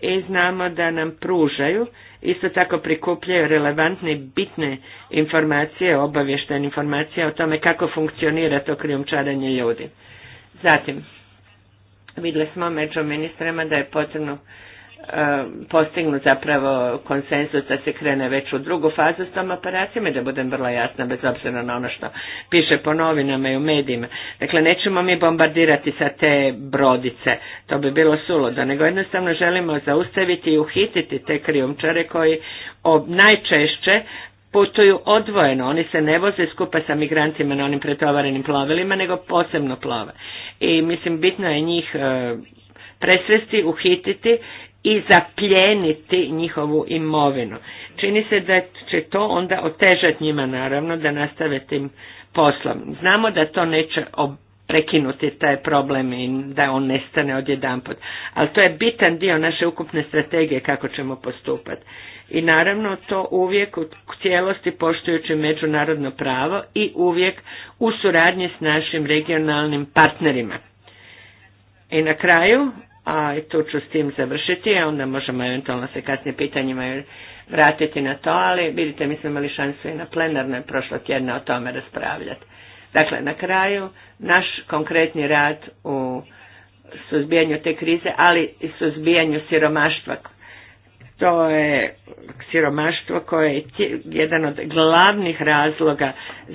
I znamo da nam pružaju, isto tako prikupljaju relevantne i bitne informacije, obavještene informacije o tome kako funkcionira to krijumčaranje ljudi. Zatim, vidjeli smo među ministrima da je potrebno Eh, postignu zapravo konsensus da se krene već u drugu fazu s tom operacijom i da budem vrlo jasna bez obzira na ono što piše po novinama i u medijima. Dakle, nećemo mi bombardirati sa te brodice, to bi bilo suludo, nego jednostavno želimo zaustaviti i uhititi te krijumčare koji najčešće putuju odvojeno, oni se ne voze skupa sa migrantima na onim pretovarenim plovilima, nego posebno plove. I mislim, bitno je njih eh, presvesti, uhititi i zapljeniti njihovu imovinu. Čini se da će to onda otežati njima naravno da nastave tim poslom. Znamo da to neće prekinuti taj problem i da on nestane odjedanput. Ali to je bitan dio naše ukupne strategije kako ćemo postupati. I naravno to uvijek u cijelosti poštujući međunarodno pravo i uvijek u suradnji s našim regionalnim partnerima. I na kraju a tu ću s tim završiti, a onda možemo eventualno se kasnije pitanjima vratiti na to, ali vidite, mi smo imali šansu i na plenarnoj prošlog tjedna o tome raspravljati. Dakle, na kraju, naš konkretni rad u suzbijanju te krize, ali i suzbijanju siromaštva to je siromaštvo koje je jedan od glavnih razloga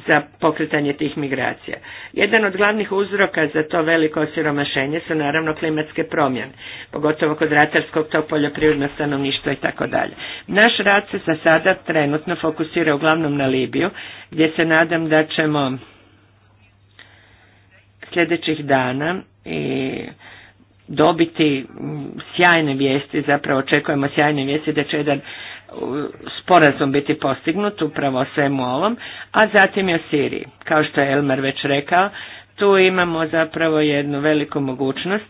za pokretanje tih migracija. Jedan od glavnih uzroka za to veliko siromašenje su naravno klimatske promjene, pogotovo kod ratarskog, to poljoprivredno stanovništvo i tako dalje. Naš rad se za sada trenutno fokusira uglavnom na Libiju, gdje se nadam da ćemo sljedećih dana i dobiti sjajne vijesti, zapravo očekujemo sjajne vijesti da će jedan sporazum biti postignut upravo svemu ovom, a zatim i o Siriji. Kao što je Elmar već rekao, tu imamo zapravo jednu veliku mogućnost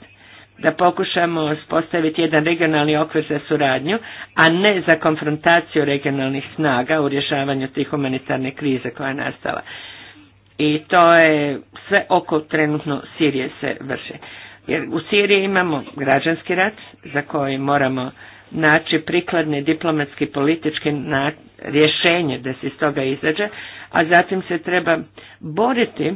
da pokušamo spostaviti jedan regionalni okvir za suradnju, a ne za konfrontaciju regionalnih snaga u rješavanju tih humanitarne krize koja je nastala. I to je sve oko trenutno Sirije se vrši. Jer u Siriji imamo građanski rat za koji moramo naći prikladni diplomatski politički rješenje da se iz toga izađe, a zatim se treba boriti e,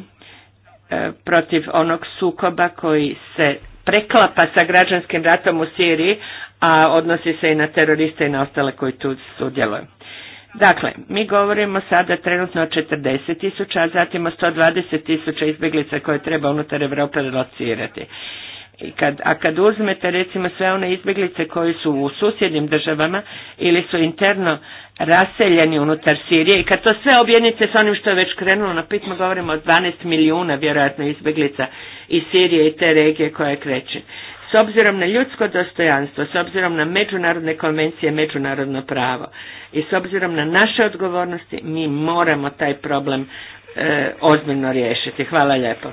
protiv onog sukoba koji se preklapa sa građanskim ratom u Siriji, a odnosi se i na teroriste i na ostale koji tu sudjeluju. Dakle, mi govorimo sada trenutno o 40 tisuća, a zatim o 120 tisuća izbjeglica koje treba unutar Europe relocirati. I kad, a kad uzmete recimo sve one izbjeglice koji su u susjednim državama ili su interno raseljeni unutar Sirije i kad to sve objednice sa onim što je već krenulo na pitmo, govorimo o 12 milijuna vjerojatno izbjeglica iz Sirije i te regije koje kreće s obzirom na ljudsko dostojanstvo, s obzirom na međunarodne konvencije, međunarodno pravo i s obzirom na naše odgovornosti, mi moramo taj problem e, ozbiljno riješiti. Hvala lijepo.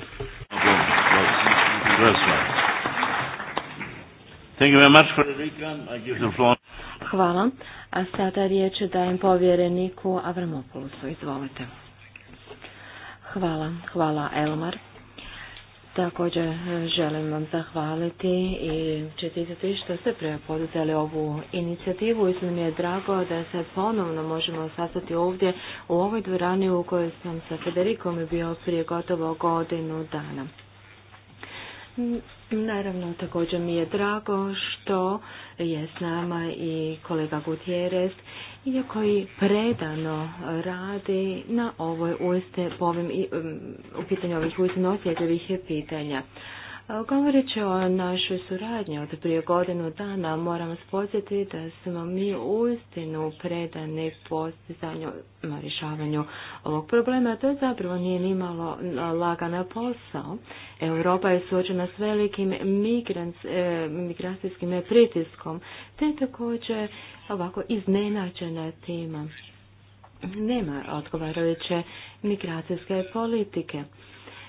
Hvala. A sada riječ dajem povjereniku Avramopoulosu. Izvolite. Hvala. Hvala Elmar. Također e, želim vam zahvaliti i čestitati što ste poduzeli ovu inicijativu. i mi je drago da se ponovno možemo sastati ovdje u ovoj dvorani u kojoj sam sa Federikom bio prije gotovo godinu dana. Naravno, također mi je drago što je s nama i kolega Gutierrez, iako i predano radi na ovoj uste, po ovim, um, u pitanju ovih uistinu osjetljivih pitanja. Govoreći o našoj suradnji od prije godinu dana, moram vas da smo mi uistinu predani postizanju na rješavanju ovog problema. To je zapravo nije nimalo lagana posao. Europa je suočena s velikim e, migracijskim pritiskom, te također ovako iznenađena tema. Nema odgovarajuće migracijske politike.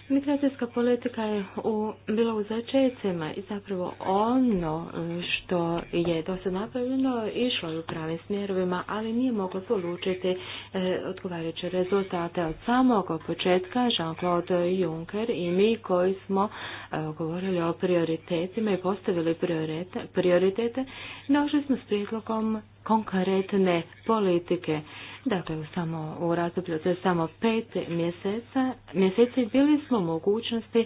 Migracijska politika je u, bila u začecima i zapravo ono što je do se napravljeno išlo je u pravim smjerovima, ali nije moglo polučiti e, odgovarajuće rezultate. Od samog početka Jean-Claude Juncker i mi koji smo e, govorili o prioritetima i postavili priorite, prioritete, našli smo s prijedlogom konkretne politike. Dakle, samo u razdoblju je samo pet mjeseca, mjeseci bili smo u mogućnosti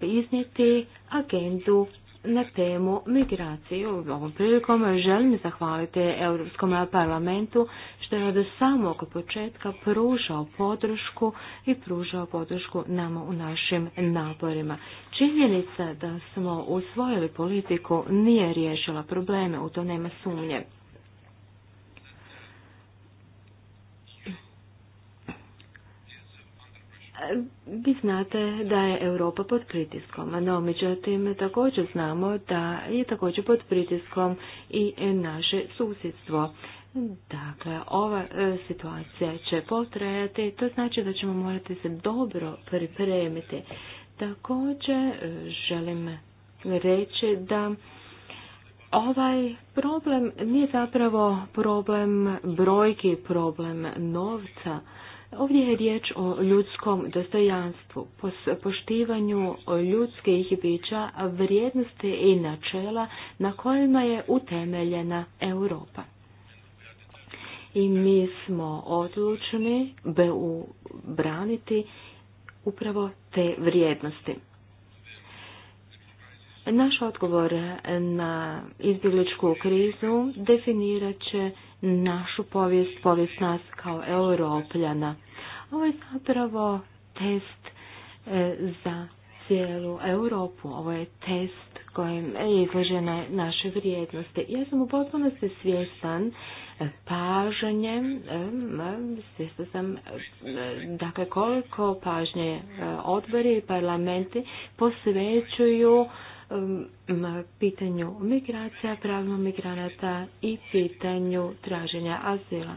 iznijeti agendu na temu migracije. U ovom prilikom želim zahvaliti Europskom parlamentu što je od samog početka pružao podršku i pružao podršku nama u našim naporima. Činjenica da smo usvojili politiku nije riješila probleme, u to nema sumnje. vi znate da je Europa pod pritiskom, no međutim također znamo da je također pod pritiskom i naše susjedstvo. Dakle, ova e, situacija će potrajati, to znači da ćemo morati se dobro pripremiti. Također e, želim reći da ovaj problem nije zapravo problem brojki, problem novca, Ovdje je riječ o ljudskom dostojanstvu, poštivanju ljudskih bića, vrijednosti i načela na kojima je utemeljena Europa. I mi smo odlučni braniti upravo te vrijednosti. Naš odgovor na izbjegličku krizu definirat će našu povijest, povijest nas kao europljana. Ovo je zapravo test e, za cijelu Europu. Ovo je test kojim je izložena naše vrijednosti. Ja sam u potpunosti svjestan e, pažanjem, e, svjestan sam dakle koliko pažnje odbori i parlamenti posvećuju Um, pitanju migracija, pravno migranata i pitanju traženja azila.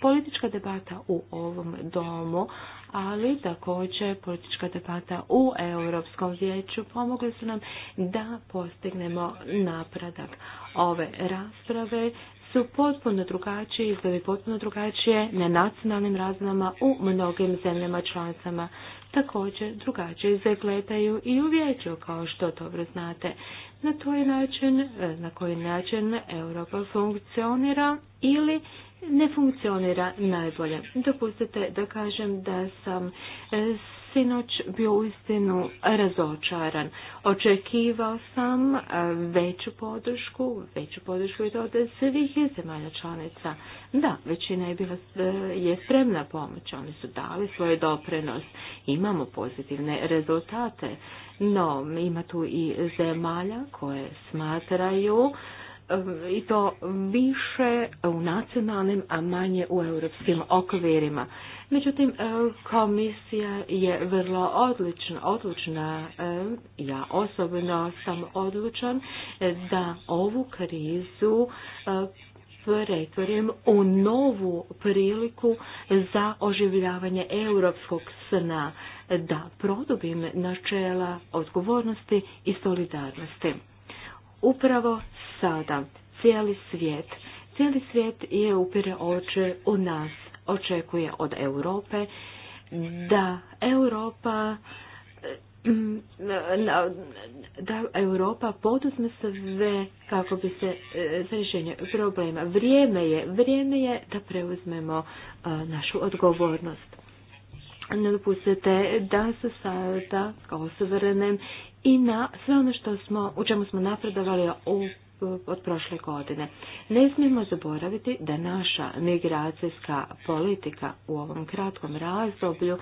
Politička debata u ovom domu, ali također politička debata u Europskom vijeću pomogli su nam da postignemo napredak. Ove rasprave su potpuno drugačije, izgledi potpuno drugačije na nacionalnim razinama u mnogim zemljama članicama također drugačije zagledaju i u kao što dobro znate. Na koji način, e, na koji način Europa funkcionira ili ne funkcionira najbolje. Dopustite da kažem da sam e, sinoć bio uistinu razočaran. Očekivao sam e, veću podršku, veću podršku i od svih zemalja članica. Da, većina je bila e, je spremna pomoć, oni su dali svoj doprinos. Imamo pozitivne rezultate, no ima tu i zemalja koje smatraju e, i to više u nacionalnim, a manje u europskim okvirima. Međutim, e, komisija je vrlo odlična. odlučna. E, ja osobno sam odlučan e, da ovu krizu pretvorim u novu priliku za oživljavanje europskog sna, da produbim načela odgovornosti i solidarnosti. Upravo sada cijeli svijet, cijeli svijet je upire oče u nas očekuje od Europe da Europa mm, da Europa poduzme sve kako bi se e, za rješenje problema. Vrijeme je, vrijeme je da preuzmemo e, našu odgovornost. Ne dopustite da se sada suverenem i na sve ono što smo, u čemu smo napredovali u od prošle godine. Ne smijemo zaboraviti da naša migracijska politika u ovom kratkom razdoblju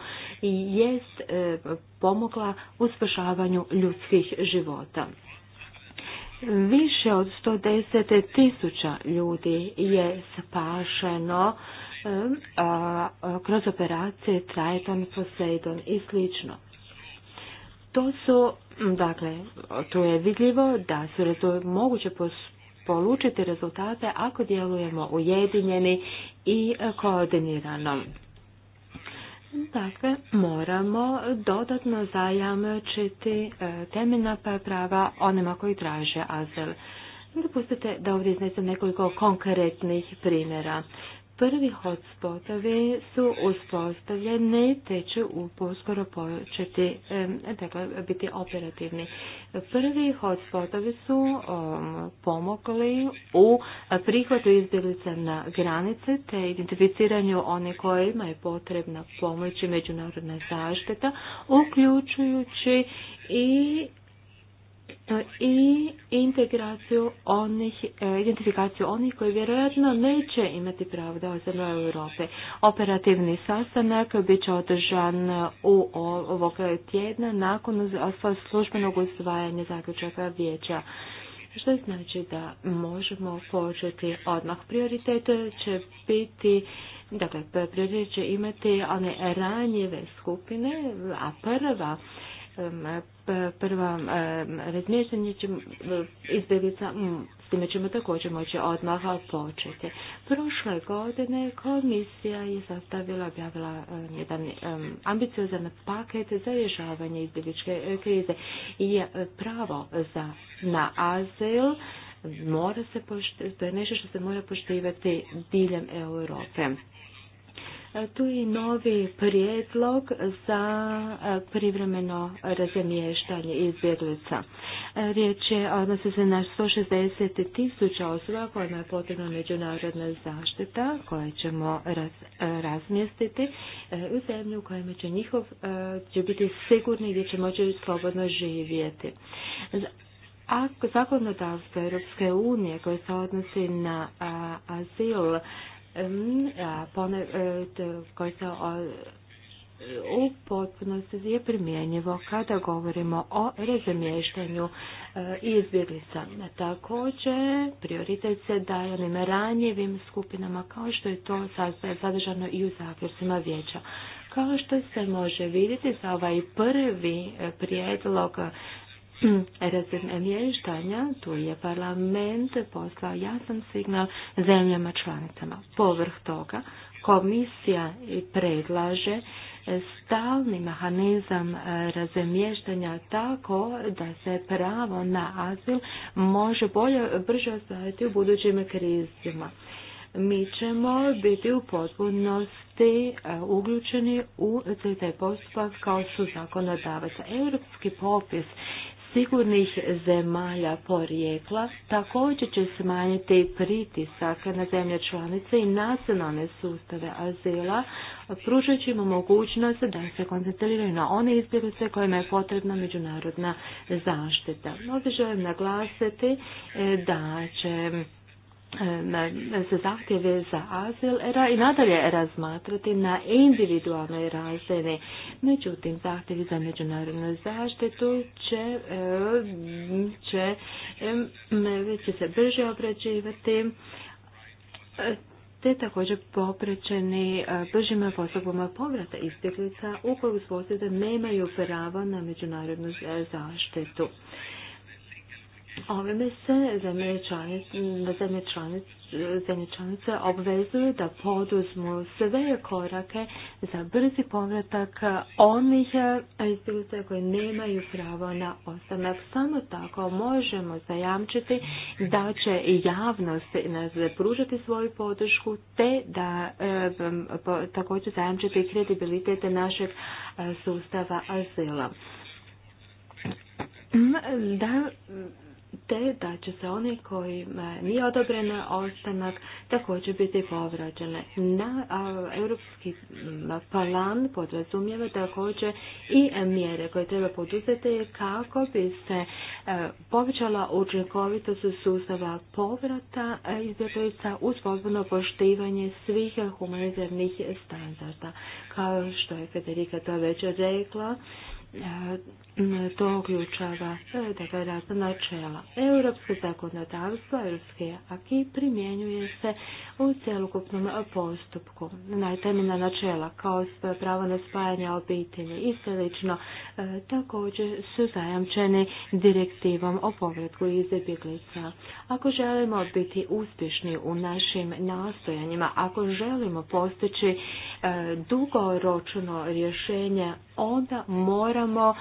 jest e, pomogla u spašavanju ljudskih života. Više od 110 tisuća ljudi je spašeno e, kroz operacije Triton, Poseidon i slično. To su Dakle, tu je vidljivo da su to moguće polučiti rezultate ako djelujemo ujedinjeni i koordinirano. Dakle, moramo dodatno zajamčiti e, temeljna pa- prava onima koji traže azil. Dopustite da ovdje iznesem nekoliko konkretnih primjera. Prvi hotspotovi su uspostavljeni te će uskoro početi dakle, biti operativni. Prvi hotspotovi su pomogli u prihvatu izbjeglica na granice te identificiranju one kojima je potrebna pomoć i međunarodna zaštita, uključujući i i integraciju onih, e, identifikaciju onih koji vjerojatno neće imati pravo da ostanu u Europe. Operativni sastanak bit će održan u ovog tjedna nakon službenog usvajanja zaključaka vijeća što znači da možemo početi odmah. Prioritet će biti, dakle, prioritet će imati one ranjive skupine, a prva prva eh, će eh, izbjeglica, mm, s time ćemo također moći odmah početi. Prošle godine komisija je sastavila, objavila eh, jedan ambiciozan paket za rješavanje izbjegličke krize i pravo za, na azil mora se poštivati, to je nešto što se mora poštivati diljem Europe. E, tu je novi prijedlog za e, privremeno razmještanje izbjeglica. E, riječ je, odnosi se na 160 tisuća osoba kojima je potrebna međunarodna zaštita koje ćemo raz, razmjestiti u zemlju u kojima će njihov će biti sigurni gdje će moći slobodno živjeti. Ako zakonodavstvo Europske unije koje se odnosi na azil pone, e, koji se u potpunosti je primjenjivo kada govorimo o razmještanju e, izbjeglica. Također, prioritet se daje onim ranjivim skupinama kao što je to sadržano i u zaključcima vijeća. Kao što se može vidjeti za ovaj prvi e, prijedlog razine tu je parlament poslao jasan signal zemljama članicama. Povrh toga, komisija predlaže stalni mehanizam e, razemještanja tako da se pravo na azil može bolje, brže ostaviti u budućim krizima. Mi ćemo biti u potpunosti e, uključeni u taj postupak kao su zakonodavaca. Europski popis sigurnih zemalja porijekla također će smanjiti pritisak na zemlje članice i nacionalne sustave azila, pružajući mu mogućnost da se koncentriraju na one izbjeglice kojima je potrebna međunarodna zaštita. Ovdje želim naglasiti eh, da će za zahtjeve za azil i nadalje razmatrati na individualnoj razini. Međutim, zahtjevi za međunarodnu zaštitu će, e, će, se brže obrađivati e, te također poprećeni e, bržima postupama povrata izbjeglica ukoliko da nemaju prava na međunarodnu zaštitu. Ovime se zemlje članice, obvezuju da poduzmu sve korake za brzi povratak onih izbjeglica koji nemaju pravo na ostanak. Samo tako možemo zajamčiti da će javnost pružati svoju podršku te da eh, također zajamčiti kredibilitete našeg eh, sustava azila. Da, te da će se oni koji nije odobren ostanak također biti povrađene. Na europski plan podrazumijeva također i mjere koje treba poduzeti kako bi se e, povećala učinkovitost sustava povrata izbjeglica uz potpuno poštivanje svih humanitarnih standarda. Kao što je Federika to već rekla, E, to uključava e, dakle, razna načela. Europske zakonodavstvo, europske aki primjenjuje se u cjelokupnom postupku. Najtemeljna načela kao pravo na spajanje obitelji i slično e, također su zajamčeni direktivom o povratku izbjeglica. Ako želimo biti uspješni u našim nastojanjima, ako želimo postići dugoročno rješenje onda moramo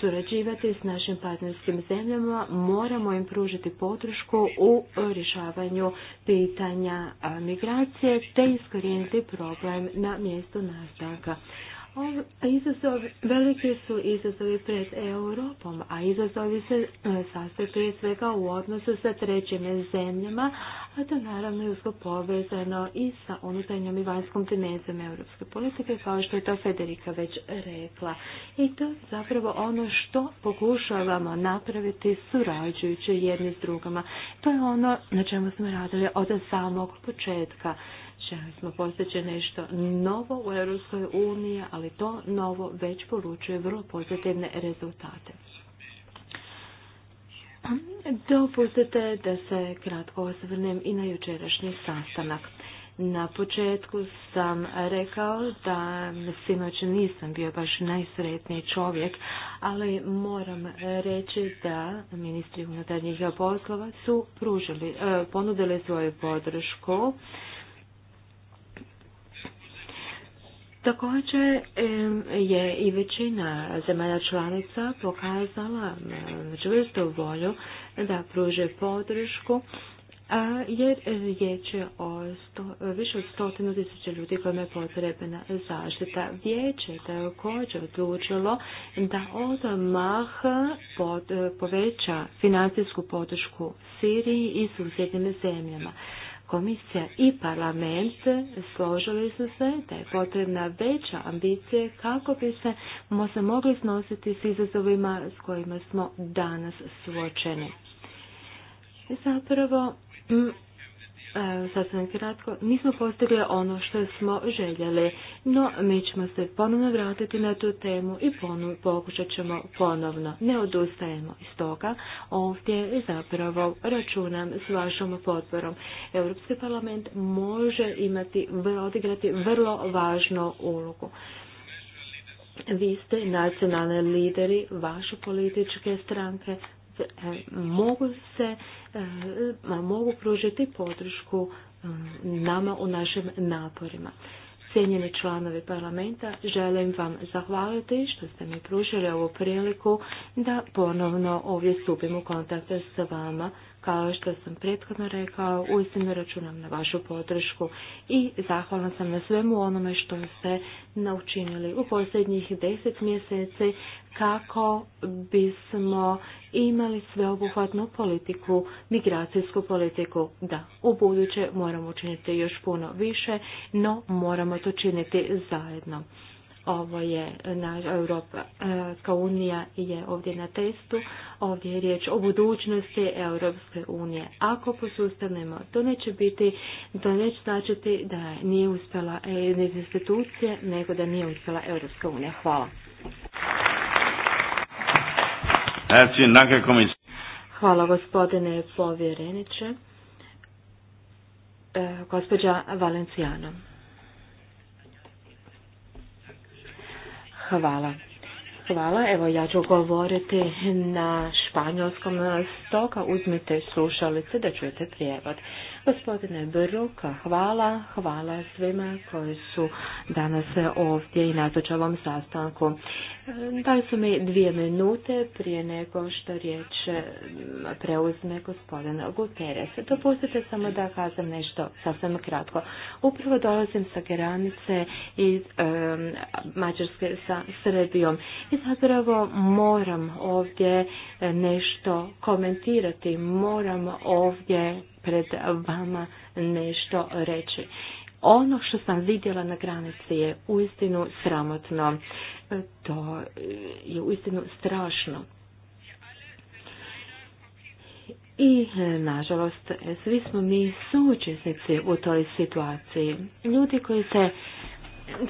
surađivati s našim partnerskim zemljama, moramo im pružiti podršku u rješavanju pitanja migracije te iskorijeniti problem na mjestu nastanka. Izazov, veliki su izazovi pred Europom, a izazovi se e, sastoje prije svega u odnosu sa trećim zemljama, a to naravno je usko povezano i sa unutarnjom i vanjskom dimenzijom europske politike, kao što je to Federika već rekla. I to je zapravo ono što pokušavamo napraviti surađujući jedni s drugama. To je ono na čemu smo radili od samog početka. Želi smo nešto novo u Europskoj uniji, ali to novo već poručuje vrlo pozitivne rezultate. Dopustite da se kratko osvrnem i na jučerašnji sastanak. Na početku sam rekao da sinoć nisam bio baš najsretniji čovjek, ali moram reći da ministri unutarnjih poslova su pružili, eh, ponudili svoju podršku Također je i većina zemalja članica pokazala čvrstu volju da pruže podršku a jer je je o sto, više od stotinu tisuća ljudi kojima je potrebna zaštita. Vijeće je također odlučilo da odmah pod, poveća financijsku podršku Siriji i susjednim zemljama. Komisija i parlament složili su se da je potrebna veća ambicija kako bi se mogli snositi s izazovima s kojima smo danas suočeni. Zapravo, E, sasvim kratko, nismo postigli ono što smo željeli, no mi ćemo se ponovno vratiti na tu temu i ponovno, pokušat ćemo ponovno. Ne odustajemo iz toga, ovdje zapravo računam s vašom potporom. Europski parlament može imati, odigrati vrlo važnu ulogu. Vi ste nacionalni lideri vaše političke stranke, E, mogu se, e, mogu pružiti podršku e, nama u našim naporima. Cijenjeni članovi parlamenta, želim vam zahvaliti što ste mi pružili ovu priliku da ponovno ovdje stupim u kontakt s vama. Kao što sam prethodno rekao, uistinu računam na vašu podršku i zahvalna sam na svemu onome što ste naučinili u posljednjih deset mjeseci kako bismo imali sveobuhvatnu politiku, migracijsku politiku. Da, u buduće moramo učiniti još puno više, no moramo to činiti zajedno. Ovo je Europska unija je ovdje na testu. Ovdje je riječ o budućnosti Europske unije. Ako posustavnemo, to neće biti, to neće značiti da nije uspjela e, iz institucije, nego da nije uspjela Europska unija. Hvala. Hvala gospodine povjereniče. E, gospođa Valencijano. Hvala. Hvala. Evo ja ću govoriti na španjolskom stoka. Uzmite slušalice da čujete prijevod. Gospodine Bruka, hvala, hvala svima koji su danas ovdje i na sastanku. Dali su mi dvije minute prije nego što riječ e, preuzme gospodin Guterres. Dopustite samo da kažem nešto sasvim kratko. Upravo dolazim sa granice iz e, Mađarske sa Srbijom i zapravo moram ovdje e, nešto komentirati, moram ovdje pred vama nešto reći. Ono što sam vidjela na granici je uistinu sramotno. E, to je uistinu strašno. I, e, nažalost, svi smo mi suučesnici u toj situaciji. Ljudi koji se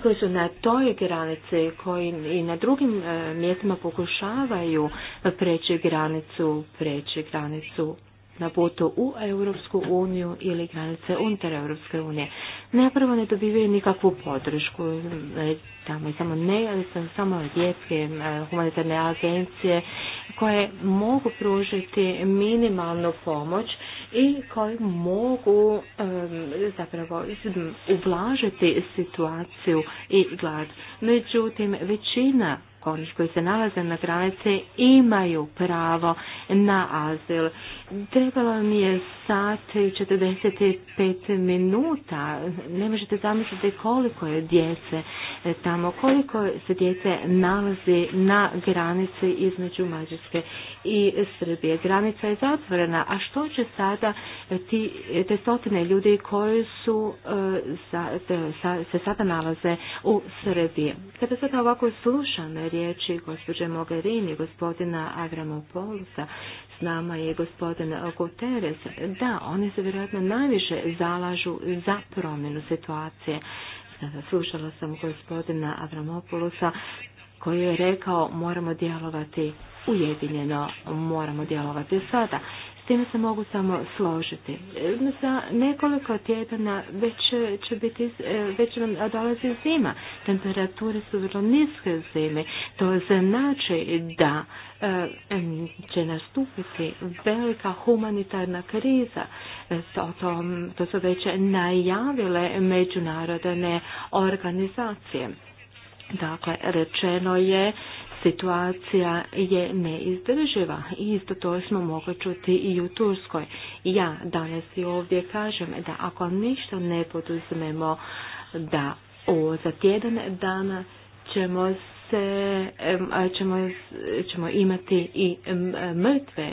koji su na toj granici, koji i na drugim e, mjestima pokušavaju preći granicu, preći granicu na putu u Europsku uniju ili granice unutar Europske unije. Napravo ne dobivaju nikakvu podršku, tamo samo ne, ali samo rijetke eh, humanitarne agencije koje mogu pružiti minimalnu pomoć i koje mogu eh, zapravo ublažiti situaciju i glad. Međutim, većina onih koji se nalaze na granice imaju pravo na azil. Trebalo mi je sat 45 minuta. Ne možete zamisliti koliko je djece tamo, koliko se djece nalazi na granici između Mađarske i Srbije. Granica je zatvorena, a što će sada ti, te stotine ljudi koji su e, e, se sada nalaze u Srbiji? Kada sada ovako slušam riječi gospođe Mogherini, gospodina Avramopoulosa, s nama je gospodin Guterres. Da, oni se vjerojatno najviše zalažu za promjenu situacije. Slušala sam gospodina Avramopoulosa koji je rekao moramo djelovati ujedinjeno, moramo djelovati sada time se mogu samo složiti. E, za nekoliko tjedana već će biti, e, već nam dolazi zima. Temperature su vrlo niske zime. To znači da e, će nastupiti velika humanitarna kriza. to su već najavile međunarodne organizacije. Dakle, rečeno je situacija je neizdrživa i isto to smo mogli čuti i u Turskoj. Ja danas i ovdje kažem da ako ništa ne poduzmemo da o, za tjedan dana ćemo se ćemo, ćemo imati i mrtve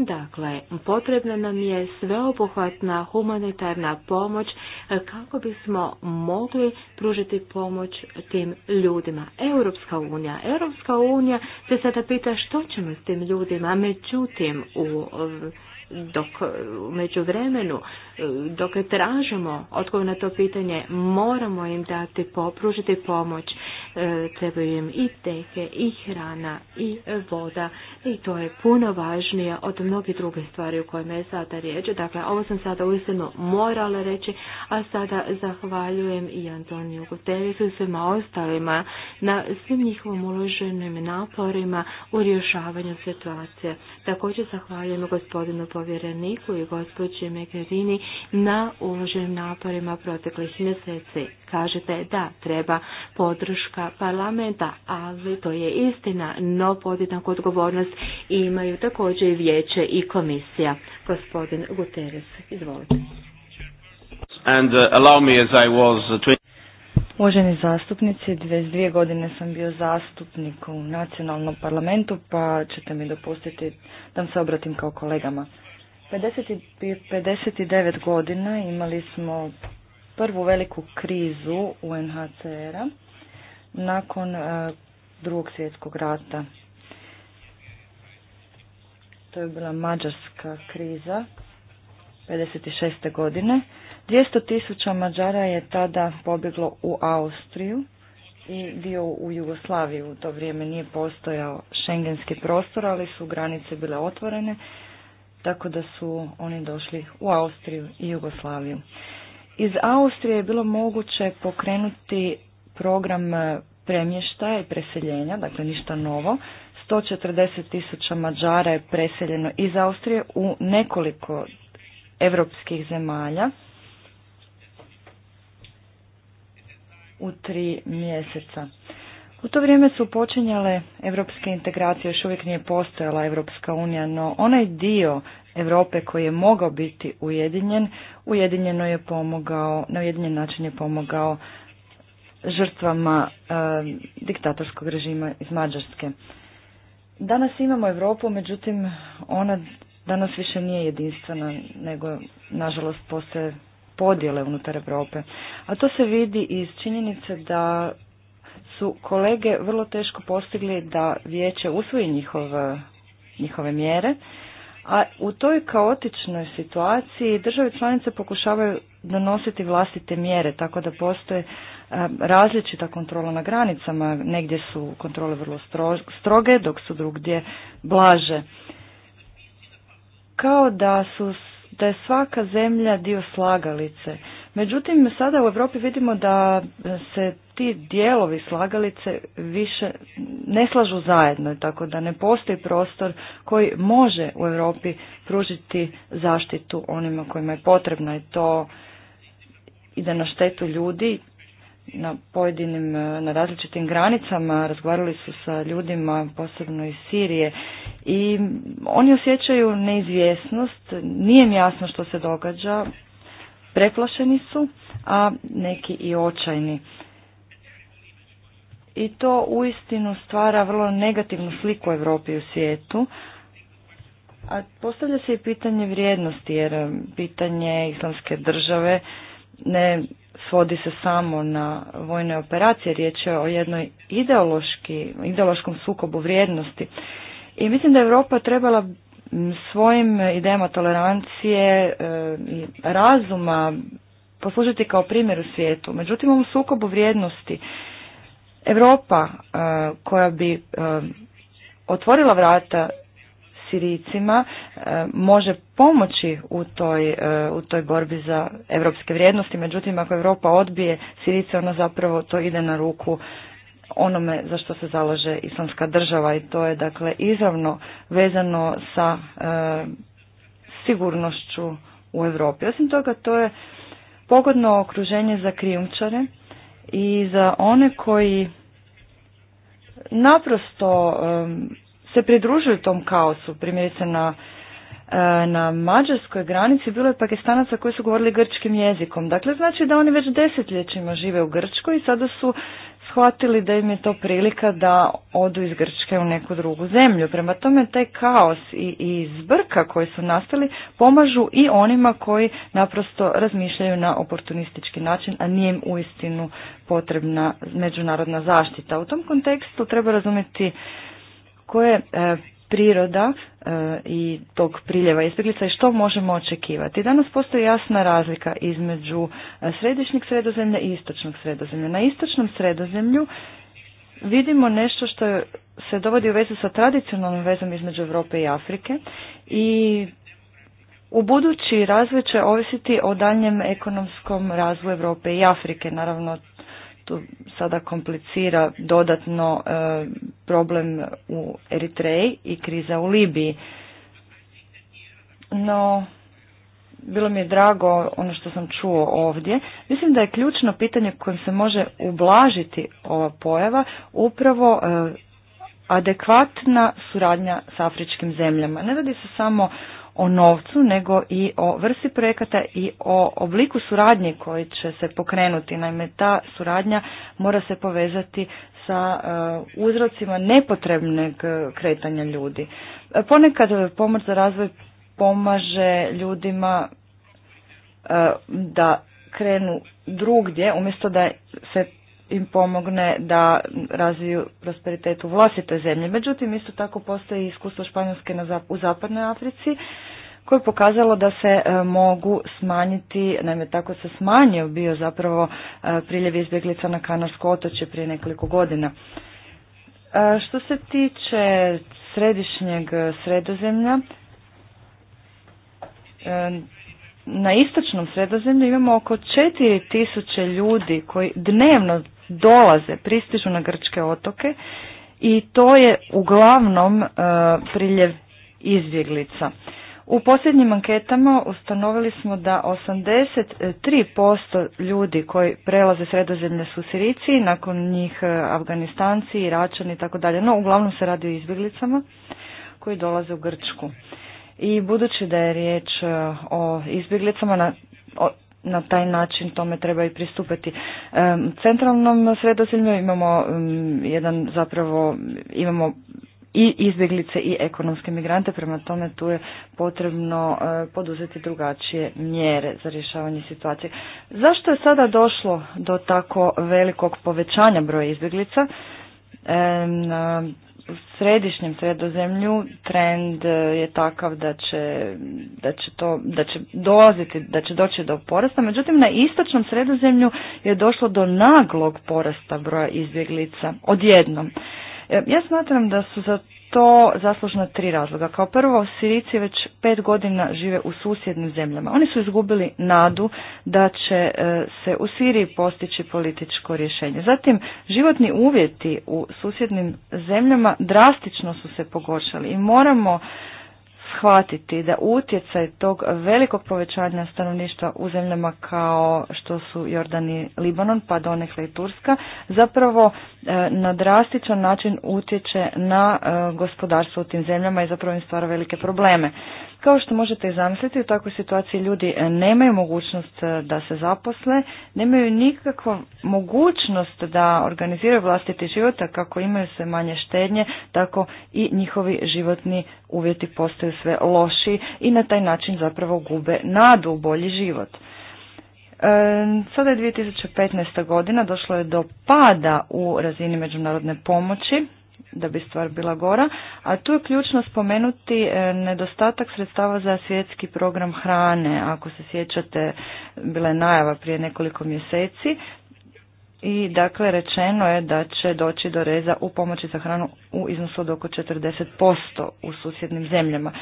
Dakle, potrebna nam je sveobuhvatna humanitarna pomoć e, kako bismo mogli pružiti pomoć tim ljudima. Europska unija. Europska unija se sada pita što ćemo s tim ljudima. Međutim, u dok među vremenu, e, dok tražimo odgovor na to pitanje, moramo im dati, popružiti pomoć, e, trebaju im i teke, i hrana, i voda, i to je puno važnije od mnogih drugih stvari u kojima je sada riječ. Dakle, ovo sam sada uistinu morala reći, a sada zahvaljujem i Antoniju Guterisu i svima ostalima na svim njihovom uloženim naporima u rješavanju situacije. Također zahvaljujem gospodinu povjereniku i gospođi Megarini na uloženim naporima proteklih mjeseci. Kažete da treba podrška parlamenta, ali to je istina, no podjednaku odgovornost imaju također i vijeće i komisija. Gospodin Guterres, izvolite. And, uh, allow me as I uh, Uvaženi zastupnici, 22 godine sam bio zastupnik u nacionalnom parlamentu, pa ćete mi dopustiti da se obratim kao kolegama. 59 godina imali smo prvu veliku krizu UNHCR-a nakon e, drugog svjetskog rata. To je bila mađarska kriza 56. godine. 200 tisuća Mađara je tada pobjeglo u Austriju i dio u Jugoslaviju U to vrijeme nije postojao šengenski prostor, ali su granice bile otvorene tako da su oni došli u Austriju i Jugoslaviju. Iz Austrije je bilo moguće pokrenuti program e, premještaja i preseljenja, dakle ništa novo. 140 tisuća Mađara je preseljeno iz Austrije u nekoliko evropskih zemalja u tri mjeseca. U to vrijeme su počinjale evropske integracije, još uvijek nije postojala Evropska unija, no onaj dio Europe koji je mogao biti ujedinjen, ujedinjeno je pomogao, na ujedinjen način je pomogao žrtvama e, diktatorskog režima iz Mađarske. Danas imamo Europu, međutim ona danas više nije jedinstvena, nego nažalost postoje podjele unutar Europe. A to se vidi iz činjenice da su kolege vrlo teško postigli da vijeće usvoji njihove, njihove mjere, a u toj kaotičnoj situaciji države članice pokušavaju donositi vlastite mjere, tako da postoje različita kontrola na granicama, negdje su kontrole vrlo stroge, dok su drugdje blaže. Kao da su da je svaka zemlja dio slagalice. Međutim, sada u Europi vidimo da se ti dijelovi slagalice više ne slažu zajedno, tako da ne postoji prostor koji može u Europi pružiti zaštitu onima kojima je potrebno. i to ide na štetu ljudi na pojedinim, na različitim granicama, razgovarali su sa ljudima, posebno iz Sirije i oni osjećaju neizvjesnost, nije im jasno što se događa, preplašeni su, a neki i očajni i to uistinu stvara vrlo negativnu sliku Europi u svijetu. A postavlja se i pitanje vrijednosti jer um, pitanje islamske države ne svodi se samo na vojne operacije, riječ je o jednoj ideološki, ideološkom sukobu vrijednosti. I mislim da Europa trebala svojim idejama tolerancije um, i razuma poslužiti kao primjer u svijetu. Međutim, u sukobu vrijednosti Europa e, koja bi e, otvorila vrata Sirijcima e, može pomoći u toj, u toj borbi za europske vrijednosti, međutim ako Europa odbije Sirice, ona zapravo to ide na ruku onome za što se zalaže islamska država i to je dakle izravno vezano sa sigurnošću u Europi. Osim toga to je pogodno okruženje za krijumčare i za one koji naprosto se pridružuju tom kaosu, primjerice na e, na mađarskoj granici bilo je pakistanaca koji su govorili grčkim jezikom. Dakle, znači da oni već desetljećima žive u Grčkoj i sada su shvatili da im je to prilika da odu iz Grčke u neku drugu zemlju. Prema tome taj kaos i, i zbrka koji su nastali pomažu i onima koji naprosto razmišljaju na oportunistički način, a nije im uistinu potrebna međunarodna zaštita. U tom kontekstu treba razumjeti koje e, priroda e, i tog priljeva izbjeglica i što možemo očekivati. Danas postoji jasna razlika između e, središnjeg sredozemlja i istočnog sredozemlja. Na istočnom sredozemlju vidimo nešto što se dovodi u vezu sa tradicionalnom vezom između Europe i Afrike i u budući razvoj će ovisiti o daljem ekonomskom razvoju Europe i Afrike. Naravno, tu sada komplicira dodatno e, problem u Eritreji i kriza u Libiji. No, bilo mi je drago ono što sam čuo ovdje. Mislim da je ključno pitanje kojim se može ublažiti ova pojava upravo e, adekvatna suradnja s afričkim zemljama. Ne radi se samo o novcu, nego i o vrsti projekata i o obliku suradnje koji će se pokrenuti. Naime, ta suradnja mora se povezati sa e, uzrocima nepotrebnog e, kretanja ljudi. E, ponekad pomoć za razvoj pomaže ljudima da krenu drugdje, umjesto da se im pomogne da razviju prosperitet u vlastitoj zemlji. Međutim, isto tako postoji iskustvo Španjolske u zapadnoj Africi koje je pokazalo da se e, mogu smanjiti, naime tako se smanjio bio zapravo e, priljev izbjeglica na Kanarsko otoče prije nekoliko godina. E, što se tiče središnjeg sredozemlja, na istočnom sredozemlju imamo oko 4000 ljudi koji dnevno dolaze, pristižu na grčke otoke i to je uglavnom e, priljev izbjeglica. U posljednjim anketama ustanovili smo da 83% ljudi koji prelaze sredozemlje su Sirici, nakon njih e, Afganistanci, Iračani i tako dalje, no uglavnom se radi o izbjeglicama koji dolaze u Grčku. I budući da je riječ e, o izbjeglicama, na, na taj način tome treba i pristupiti. Centralnom sredozemlju imamo jedan zapravo imamo i izbjeglice i ekonomske migrante, prema tome tu je potrebno e, poduzeti drugačije mjere za rješavanje situacije. Zašto je sada došlo do tako velikog povećanja broja izbjeglica? središnjem sredozemlju trend e, je takav da će, da će to, da će dolaziti, da će doći do porasta. Međutim, na istočnom sredozemlju je došlo do naglog porasta broja izbjeglica odjednom. E, ja smatram da su za to zaslužno tri razloga. Kao prvo, Sirici već pet godina žive u susjednim zemljama. Oni su izgubili nadu da će e, se u Siriji postići političko rješenje. Zatim, životni uvjeti u susjednim zemljama drastično su se pogoršali i moramo shvatiti da utjecaj tog velikog povećanja stanovništva u zemljama kao što su Jordan i Libanon, pa donekle i Turska, zapravo e, na drastičan način utječe na e, gospodarstvo u tim zemljama i zapravo im stvara velike probleme. Kao što možete i zamisliti, u takvoj situaciji ljudi e, nemaju mogućnost e, da se zaposle, nemaju nikakvu mogućnost da organiziraju vlastiti život, kako imaju sve manje štednje, tako i njihovi životni uvjeti postaju sve loši i na taj način zapravo gube nadu u bolji život. E, sada je 2015. godina, došlo je do pada u razini međunarodne pomoći, da bi stvar bila gora. A tu je ključno spomenuti e, nedostatak sredstava za svjetski program hrane. Ako se sjećate, bila je najava prije nekoliko mjeseci. I dakle, rečeno je da će doći do reza u pomoći za hranu u iznosu od oko 40% u susjednim zemljama.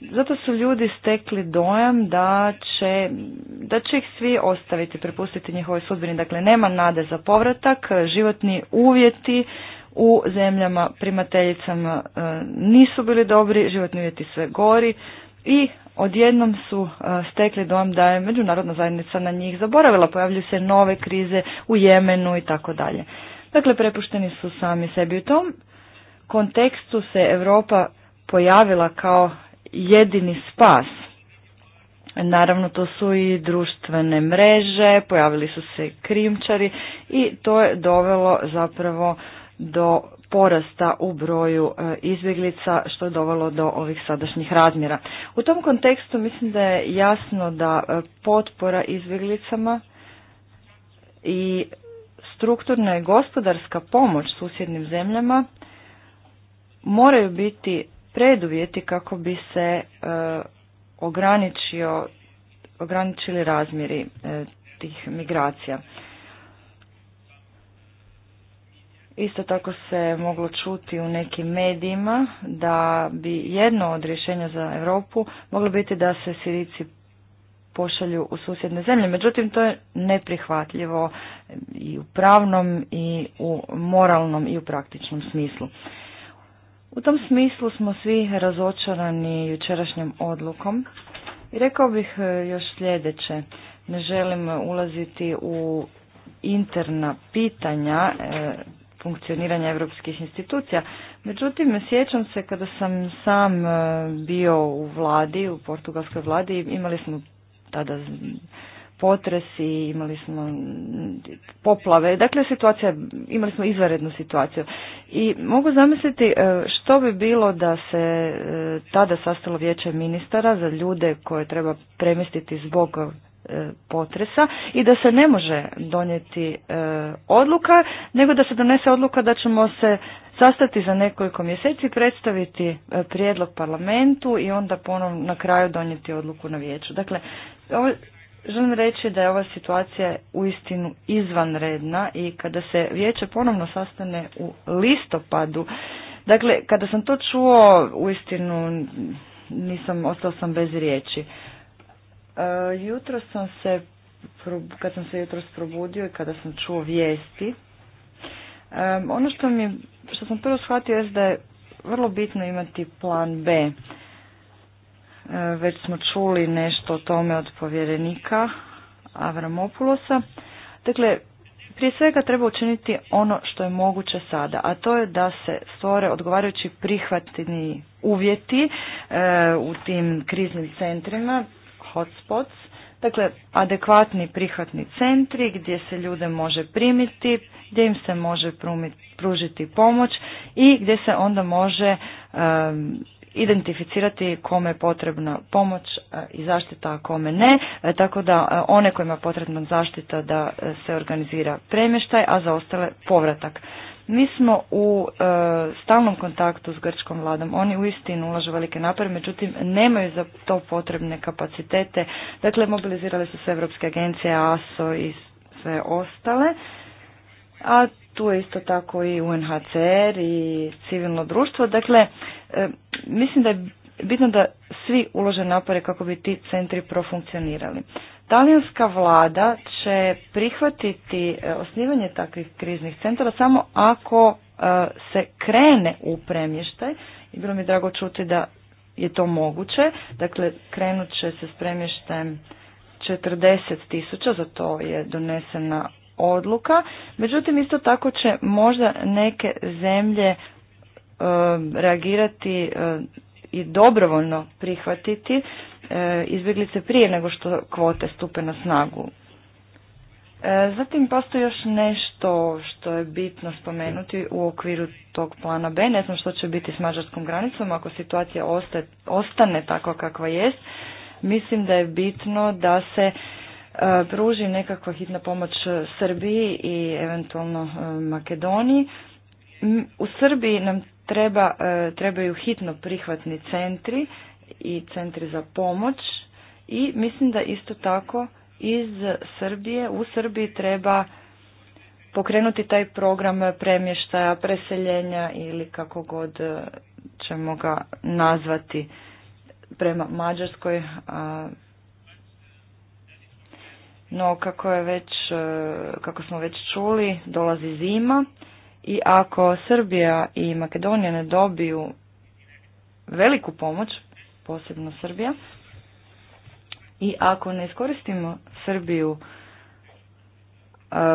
Zato su ljudi stekli dojam da će, da će ih svi ostaviti, prepustiti njihovoj sudbini. Dakle, nema nade za povratak, životni uvjeti u zemljama primateljicama e, nisu bili dobri, životni uvjeti sve gori i odjednom su e, stekli dom da je međunarodna zajednica na njih zaboravila, pojavljuju se nove krize u Jemenu i tako dalje. Dakle, prepušteni su sami sebi u tom kontekstu se Europa pojavila kao jedini spas. Naravno, to su i društvene mreže, pojavili su se krimčari i to je dovelo zapravo do porasta u broju e, izbjeglica što je dovelo do ovih sadašnjih razmjera. U tom kontekstu mislim da je jasno da e, potpora izbjeglicama i strukturna i gospodarska pomoć susjednim zemljama moraju biti preduvjeti kako bi se e, ograničio, ograničili razmjeri tih migracija. Isto tako se moglo čuti u nekim medijima da bi jedno od rješenja za Europu moglo biti da se Sirici pošalju u susjedne zemlje. Međutim, to je neprihvatljivo i u pravnom i u moralnom i u praktičnom smislu. U tom smislu smo svi razočarani jučerašnjom odlukom i rekao bih e, još sljedeće. Ne želim ulaziti u interna pitanja e, funkcioniranja europskih institucija. Međutim, sjećam se kada sam sam e, bio u vladi, u portugalskoj vladi, imali smo tada potresi, imali smo poplave. Dakle, situacija, imali smo izvanrednu situaciju. I mogu zamisliti e, što bi bilo da se e, tada sastalo vijeće ministara za ljude koje treba premjestiti zbog E, potresa i da se ne može donijeti e, odluka, nego da se donese odluka da ćemo se sastati za nekoliko mjeseci, predstaviti e, prijedlog parlamentu i onda ponovno na kraju donijeti odluku na vijeću. Dakle, ovo, želim reći da je ova situacija uistinu izvanredna i kada se vijeće ponovno sastane u listopadu, dakle, kada sam to čuo, uistinu nisam, ostao sam bez riječi. E, jutro sam se, kad sam se jutro probudio i kada sam čuo vijesti, e, ono što, mi, što sam prvo shvatio je da je vrlo bitno imati plan B. E, već smo čuli nešto o tome od povjerenika Avramopulosa. Dakle, prije svega treba učiniti ono što je moguće sada, a to je da se stvore odgovarajući prihvatni uvjeti u tim kriznim centrima, hotspots, dakle adekvatni prihvatni centri gdje se ljude može primiti, gdje im se može pružiti pomoć i gdje se onda može identificirati kome je potrebna pomoć e, i zaštita, a kome ne, e, tako da e, one kojima je potrebna zaštita da se organizira premještaj, a za ostale povratak. Mi smo u e, stalnom kontaktu s grčkom vladom. Oni uistinu ulažu velike napore, međutim nemaju za to potrebne kapacitete. Dakle, mobilizirale su se Evropske agencije, ASO i sve ostale. A tu je isto tako i UNHCR i civilno društvo. Dakle, e, mislim da je bitno da svi ulože napore kako bi ti centri profunkcionirali. Talijanska vlada će prihvatiti e, osnivanje takvih kriznih centara samo ako e, se krene u premještaj i bilo mi je drago čuti da je to moguće. Dakle, krenut će se s premještajem 40 tisuća, za to je donesena odluka. Međutim, isto tako će možda neke zemlje e, reagirati i dobrovoljno prihvatiti E, izbjeglice prije nego što kvote stupe na snagu. E, zatim postoji još nešto što je bitno spomenuti u okviru tog plana B. Ne znam što će biti s mađarskom granicom ako situacija ostane takva kakva jest. Mislim da je bitno da se e, pruži nekakva hitna pomoć Srbiji i eventualno Makedoniji. U Srbiji nam treba, trebaju hitno prihvatni centri i centri za pomoć i mislim da isto tako iz Srbije, u Srbiji treba pokrenuti taj program premještaja, preseljenja ili kako god ćemo ga nazvati prema Mađarskoj. No kako je već, e, kako smo već čuli, dolazi zima i ako Srbija i Makedonija ne dobiju veliku pomoć, posebno Srbija. I ako ne iskoristimo Srbiju e,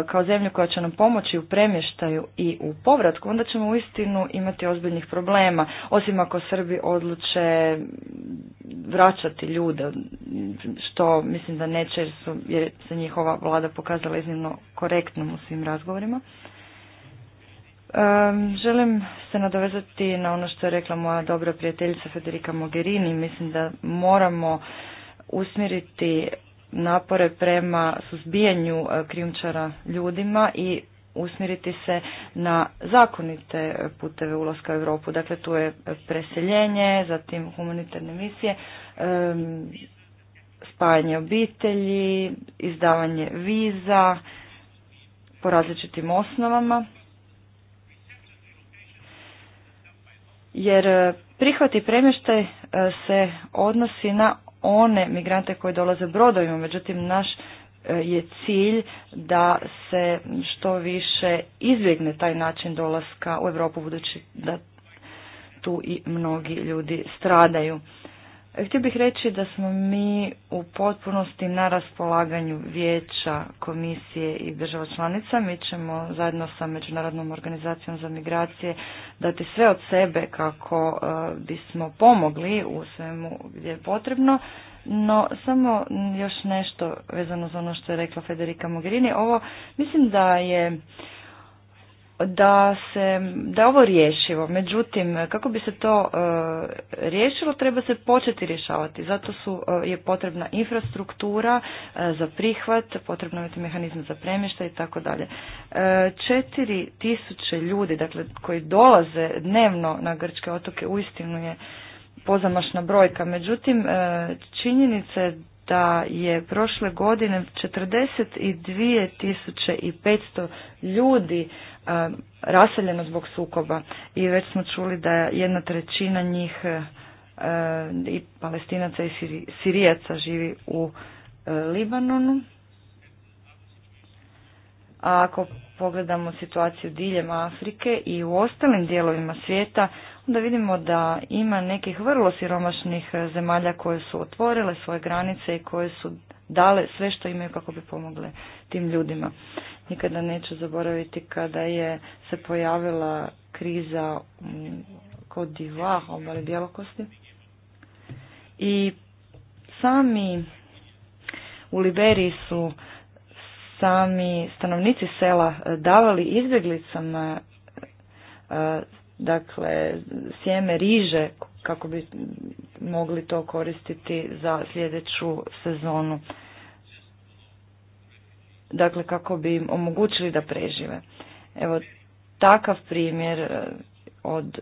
kao zemlju koja će nam pomoći u premještaju i u povratku, onda ćemo uistinu imati ozbiljnih problema, osim ako Srbi odluče vraćati ljude, što mislim da neće jer, su, jer se njihova vlada pokazala iznimno korektnom u svim razgovorima. Želim se nadovezati na ono što je rekla moja dobra prijateljica Federica Mogherini. Mislim da moramo usmjeriti napore prema suzbijanju e, krijumčara ljudima i usmjeriti se na zakonite puteve ulaska u Europu. Dakle, tu je preseljenje, zatim humanitarne misije, spajanje obitelji, izdavanje viza po različitim osnovama. jer e, prihvat i premještaj e, se odnosi na one migrante koji dolaze brodovima, međutim naš e, je cilj da se što više izbjegne taj način dolaska u Europu budući da tu i mnogi ljudi stradaju. Htio bih reći da smo mi u potpunosti na raspolaganju vijeća, komisije i država članica. Mi ćemo zajedno sa Međunarodnom organizacijom za migracije dati sve od sebe kako e, bismo pomogli u svemu gdje je potrebno. No, samo još nešto vezano za ono što je rekla Federica Mogherini. Ovo mislim da je da se da je ovo rješivo. Međutim, kako bi se to e, riješilo, treba se početi rješavati. Zato su e, je potrebna infrastruktura e, za prihvat, potrebno je mehanizam za premještaj i tako dalje. tisuće ljudi, dakle koji dolaze dnevno na grčke otoke uistinu je pozamašna brojka. Međutim, činjenica da je prošle godine 42.500 ljudi raseljeno zbog sukoba i već smo čuli da jedna trećina njih i palestinaca i sirijaca živi u Libanonu. A ako pogledamo situaciju diljem Afrike i u ostalim dijelovima svijeta, onda vidimo da ima nekih vrlo siromašnih zemalja koje su otvorile svoje granice i koje su dale sve što imaju kako bi pomogle tim ljudima nikada neću zaboraviti kada je se pojavila kriza kod diva, obale bjelokosti. I sami u Liberiji su sami stanovnici sela e, davali izbjeglicama e, dakle sjeme riže kako bi mogli to koristiti za sljedeću sezonu dakle kako bi im omogućili da prežive. Evo, takav primjer e, od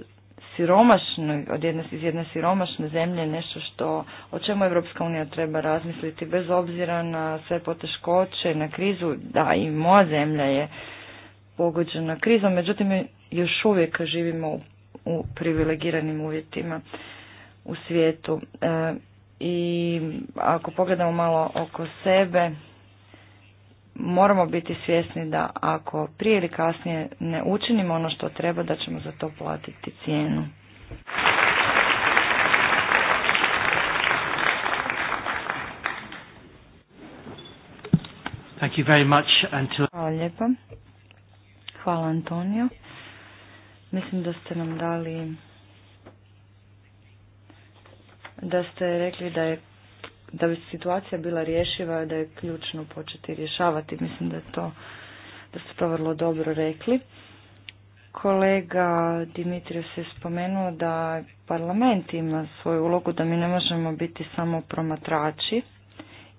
siromašne, od jedne, iz jedne siromašne zemlje nešto što, o čemu Evropska unija treba razmisliti bez obzira na sve poteškoće, na krizu, da i moja zemlja je pogođena krizom, međutim još uvijek živimo u, u privilegiranim uvjetima u svijetu. E, I ako pogledamo malo oko sebe, moramo biti svjesni da ako prije ili kasnije ne učinimo ono što treba, da ćemo za to platiti cijenu. Thank you very much, Antonio. Hvala lijepa. Hvala Antonio. Mislim da ste nam dali da ste rekli da je da bi situacija bila rješiva da je ključno početi rješavati. Mislim da to, da ste to vrlo dobro rekli. Kolega Dimitrijev se spomenuo da parlament ima svoju ulogu, da mi ne možemo biti samo promatrači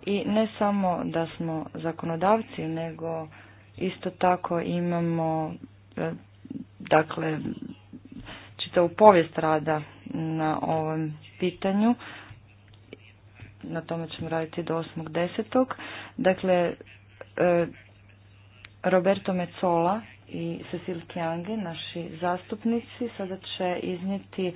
i ne samo da smo zakonodavci, nego isto tako imamo e, dakle čitavu povijest rada na ovom pitanju na tome ćemo raditi do 8.10. Dakle, e, Roberto Mecola i Cecil Kjange, naši zastupnici, sada će iznijeti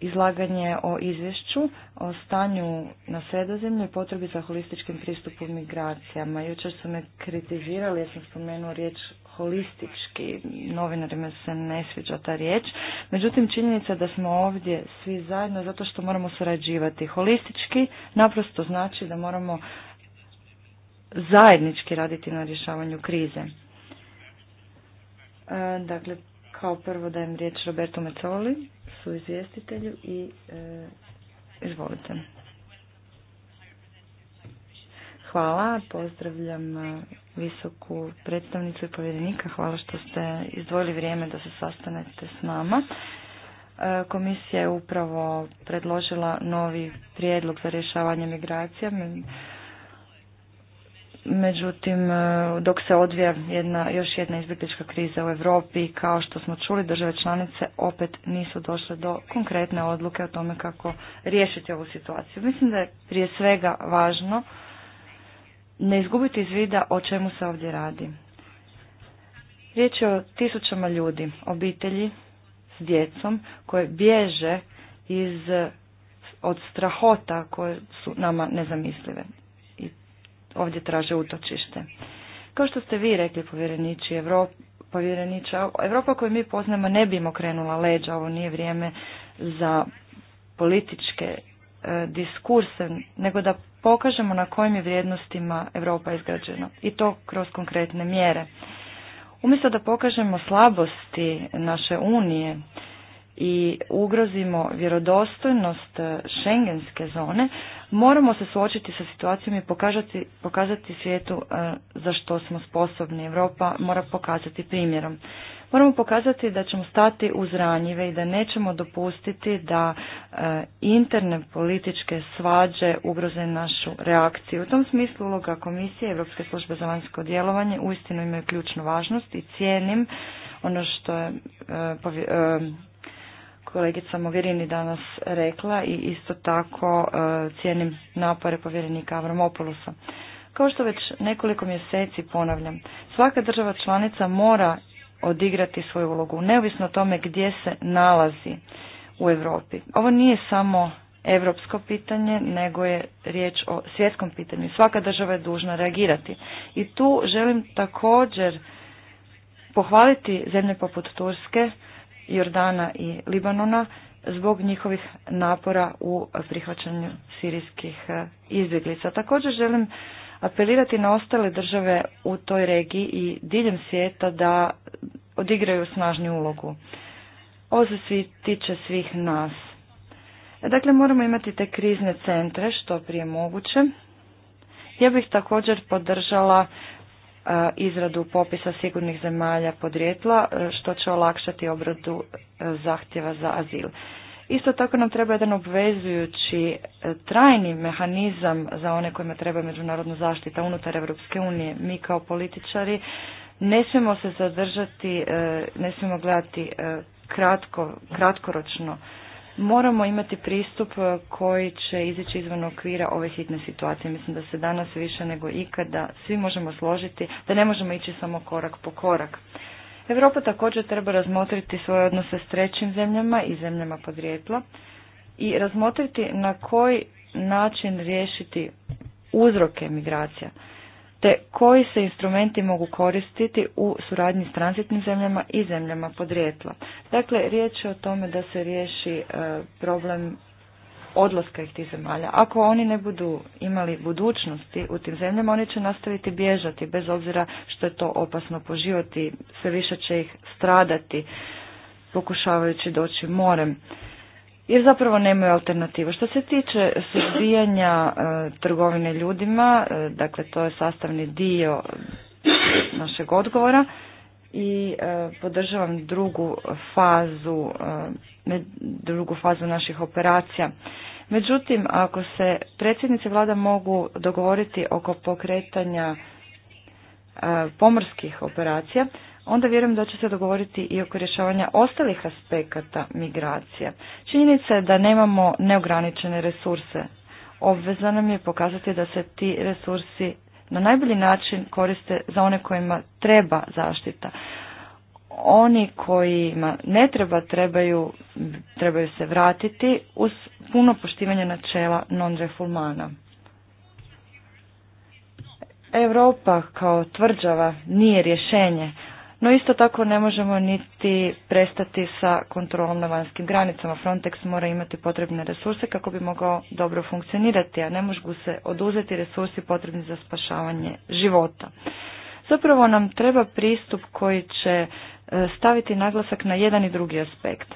izlaganje o izvješću o stanju na sredozemlju i potrebi za holističkim pristupom migracijama. Jučer su me kritizirali, ja sam spomenuo riječ holistički, novinarima se ne sviđa ta riječ, međutim činjenica da smo ovdje svi zajedno zato što moramo surađivati. Holistički naprosto znači da moramo zajednički raditi na rješavanju krize. E, dakle, kao prvo dajem riječ Roberto Mecoli, su izvjestitelju i e, izvolite. Hvala, pozdravljam e, visoku predstavnicu i povjerenika. Hvala što ste izdvojili vrijeme da se sastanete s nama. E, komisija je upravo predložila novi prijedlog za rješavanje migracija. Međutim, e, dok se odvija jedna, još jedna izbjeglička kriza u Europi kao što smo čuli, države članice opet nisu došle do konkretne odluke o tome kako riješiti ovu situaciju. Mislim da je prije svega važno ne izgubiti iz vida o čemu se ovdje radi. Riječ je o tisućama ljudi, obitelji s djecom koje bježe iz, od strahota koje su nama nezamislive i ovdje traže utočište. Kao što ste vi rekli, povjereniči Evropa, Europa koju mi poznamo ne bi im okrenula leđa, ovo nije vrijeme za političke e, diskurse, nego da pokažemo na kojim je vrijednostima Europa izgrađena i to kroz konkretne mjere. Umjesto da pokažemo slabosti naše unije i ugrozimo vjerodostojnost šengenske zone, moramo se suočiti sa situacijom i pokazati, pokazati svijetu e, za što smo sposobni. Europa mora pokazati primjerom. Moramo pokazati da ćemo stati uz ranjive i da nećemo dopustiti da e, interne političke svađe ugroze našu reakciju. U tom smislu uloga Komisije Europske službe za vanjsko djelovanje uistinu imaju ključnu važnost i cijenim ono što je e, e, kolegica Mogherini danas rekla i isto tako cijenim napore povjerenika Avramopoulosa. Kao što već nekoliko mjeseci ponavljam, svaka država članica mora odigrati svoju ulogu, neovisno o tome gdje se nalazi u Europi. Ovo nije samo europsko pitanje, nego je riječ o svjetskom pitanju. Svaka država je dužna reagirati. I tu želim također pohvaliti zemlje poput Turske, Jordana i Libanona zbog njihovih napora u prihvaćanju sirijskih izbjeglica. Također želim apelirati na ostale države u toj regiji i diljem svijeta da odigraju snažnu ulogu. Ovo se svi tiče svih nas. E, dakle, moramo imati te krizne centre što prije moguće. Ja bih također podržala e, izradu popisa sigurnih zemalja podrijetla, e, što će olakšati obradu zahtjeva za azil. Isto tako nam treba jedan obvezujući e, trajni mehanizam za one kojima treba međunarodna zaštita unutar Europske unije. Mi kao političari ne smijemo se zadržati, e, ne smijemo gledati e, kratko, kratkoročno. Moramo imati pristup koji će izići izvan okvira ove hitne situacije. Mislim da se danas više nego ikada svi možemo složiti da ne možemo ići samo korak po korak. Europa također treba razmotriti svoje odnose s trećim zemljama i zemljama podrijetla i razmotriti na koji način riješiti uzroke migracija te koji se instrumenti mogu koristiti u suradnji s transitnim zemljama i zemljama podrijetla. Dakle, riječ je o tome da se riješi e, problem odlaska iz tih zemalja. Ako oni ne budu imali budućnosti u tim zemljama, oni će nastaviti bježati, bez obzira što je to opasno po život sve više će ih stradati pokušavajući doći morem. Jer zapravo nemaju alternativu. Što se tiče suzbijanja e, trgovine ljudima, e, dakle to je sastavni dio našeg odgovora, i e, podržavam drugu fazu, e, drugu fazu naših operacija. Međutim, ako se predsjednici vlada mogu dogovoriti oko pokretanja e, pomorskih operacija, onda vjerujem da će se dogovoriti i oko rješavanja ostalih aspekata migracija. Činjenica je da nemamo neograničene resurse. Obveza nam je pokazati da se ti resursi na najbolji način koriste za one kojima treba zaštita. Oni kojima ne treba trebaju, trebaju se vratiti uz puno poštivanje načela non-reformana. Europa kao tvrđava nije rješenje, no isto tako ne možemo niti prestati sa kontrolom na vanjskim granicama. Frontex mora imati potrebne resurse kako bi mogao dobro funkcionirati, a ne mogu se oduzeti resursi potrebni za spašavanje života. Zapravo nam treba pristup koji će e, staviti naglasak na jedan i drugi aspekt.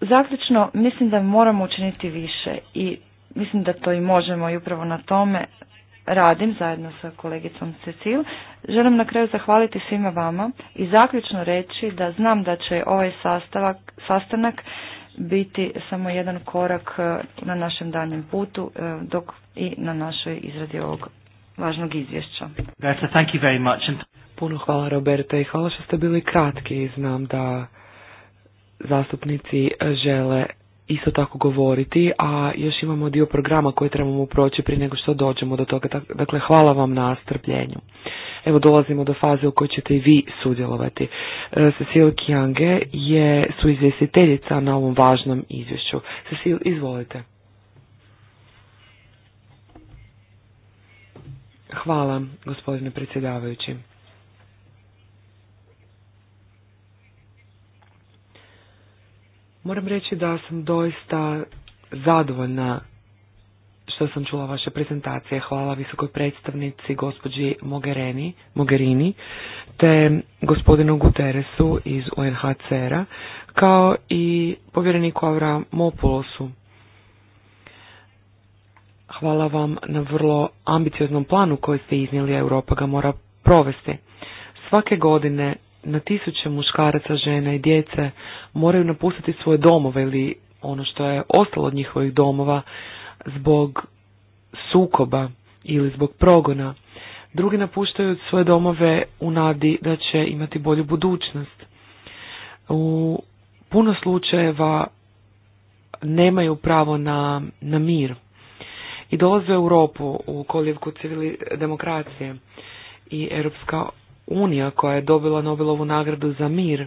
Zaključno, mislim da moramo učiniti više i mislim da to i možemo i upravo na tome radim zajedno sa kolegicom Cecil. Želim na kraju zahvaliti svima vama i zaključno reći da znam da će ovaj sastavak, sastanak biti samo jedan korak e, na našem danjem putu e, dok i na našoj izradi ovog važnog izvješća. Puno hvala Roberta i hvala što ste bili kratki. Znam da zastupnici žele isto tako govoriti, a još imamo dio programa koji trebamo proći prije nego što dođemo do toga. Dakle, hvala vam na strpljenju. Evo dolazimo do faze u kojoj ćete i vi sudjelovati. E, Cecil Kiange je suizvjestiteljica na ovom važnom izvješću. Cecil, izvolite. Hvala, gospodine predsjedavajući. Moram reći da sam doista zadovoljna što sam čula vaše prezentacije. Hvala visokoj predstavnici gospođi Mogherini, te gospodinu Guteresu iz UNHCR-a kao i povjereniku Avramopulosu. Hvala vam na vrlo ambicioznom planu koji ste iznijeli, a Europa ga mora provesti. Svake godine na tisuće muškaraca, žena i djece moraju napustiti svoje domove ili ono što je ostalo od njihovih domova zbog sukoba ili zbog progona. Drugi napuštaju svoje domove u nadi da će imati bolju budućnost. U puno slučajeva nemaju pravo na, na mir i dolaze u Europu u koljevku civili demokracije i Europska unija koja je dobila Nobelovu nagradu za mir.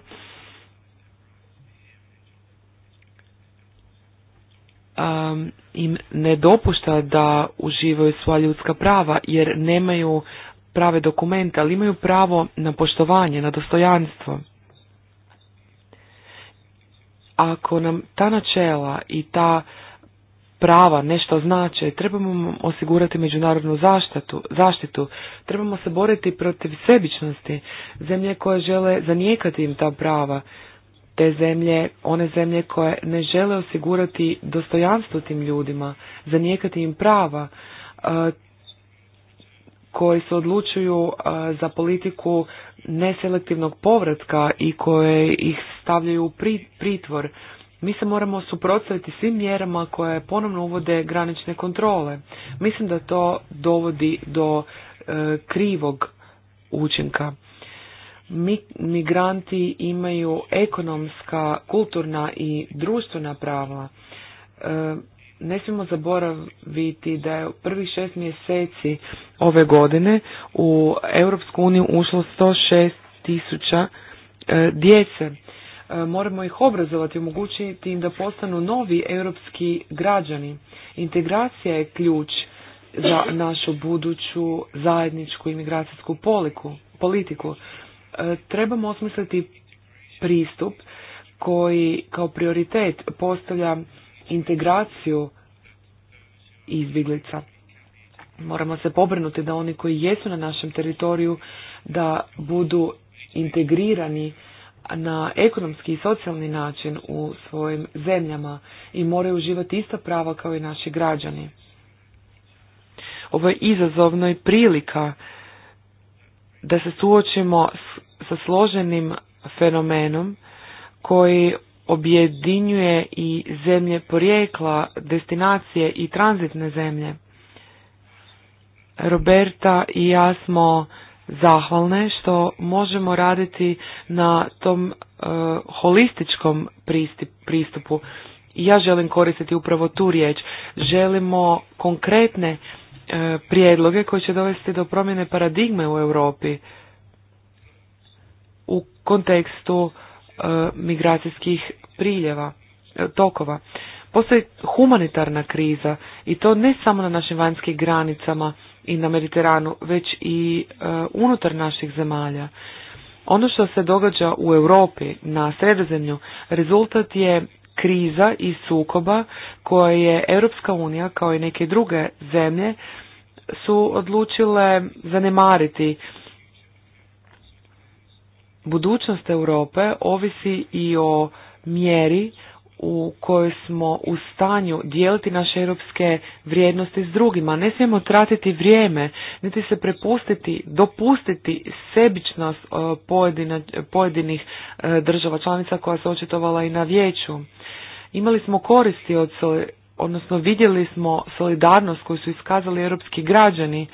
Um, im ne dopušta da uživaju svoja ljudska prava jer nemaju prave dokumente, ali imaju pravo na poštovanje, na dostojanstvo. Ako nam ta načela i ta prava nešto znače, trebamo osigurati međunarodnu zaštitu, zaštitu, trebamo se boriti protiv sebičnosti, zemlje koje žele zanijekati im ta prava, te zemlje, one zemlje koje ne žele osigurati dostojanstvo tim ljudima, zanijekati im prava, e, koji se odlučuju e, za politiku neselektivnog povratka i koje ih stavljaju u pritvor. Mi se moramo suprotstaviti svim mjerama koje ponovno uvode granične kontrole. Mislim da to dovodi do e, krivog učinka. migranti imaju ekonomska, kulturna i društvena prava. E, ne smijemo zaboraviti da je u prvih šest mjeseci ove godine u Europsku uniju ušlo 106 tisuća e, djece E, moramo ih obrazovati, omogućiti im da postanu novi europski građani. Integracija je ključ za našu buduću zajedničku imigracijsku politiku. E, trebamo osmisliti pristup koji kao prioritet postavlja integraciju izbjeglica. Moramo se pobrinuti da oni koji jesu na našem teritoriju da budu integrirani na ekonomski i socijalni način u svojim zemljama i moraju uživati ista prava kao i naši građani. Ovo je izazovno i prilika da se suočimo sa složenim fenomenom koji objedinjuje i zemlje porijekla, destinacije i tranzitne zemlje. Roberta i ja smo zahvalne što možemo raditi na tom e, holističkom pristupu. Ja želim koristiti upravo tu riječ. Želimo konkretne e, prijedloge koji će dovesti do promjene paradigme u Europi u kontekstu e, migracijskih priljeva, tokova. Postoji humanitarna kriza i to ne samo na našim vanjskim granicama, i na Mediteranu, već i e, unutar naših zemalja. Ono što se događa u Europi na sredozemlju rezultat je kriza i sukoba koje je Europska unija kao i neke druge zemlje su odlučile zanemariti. Budućnost Europe ovisi i o mjeri u kojoj smo u stanju dijeliti naše europske vrijednosti s drugima. Ne smijemo tratiti vrijeme, niti se prepustiti, dopustiti sebičnost e, pojedina, pojedinih e, država članica koja se očitovala i na vijeću. Imali smo koristi od odnosno vidjeli smo solidarnost koju su iskazali europski građani,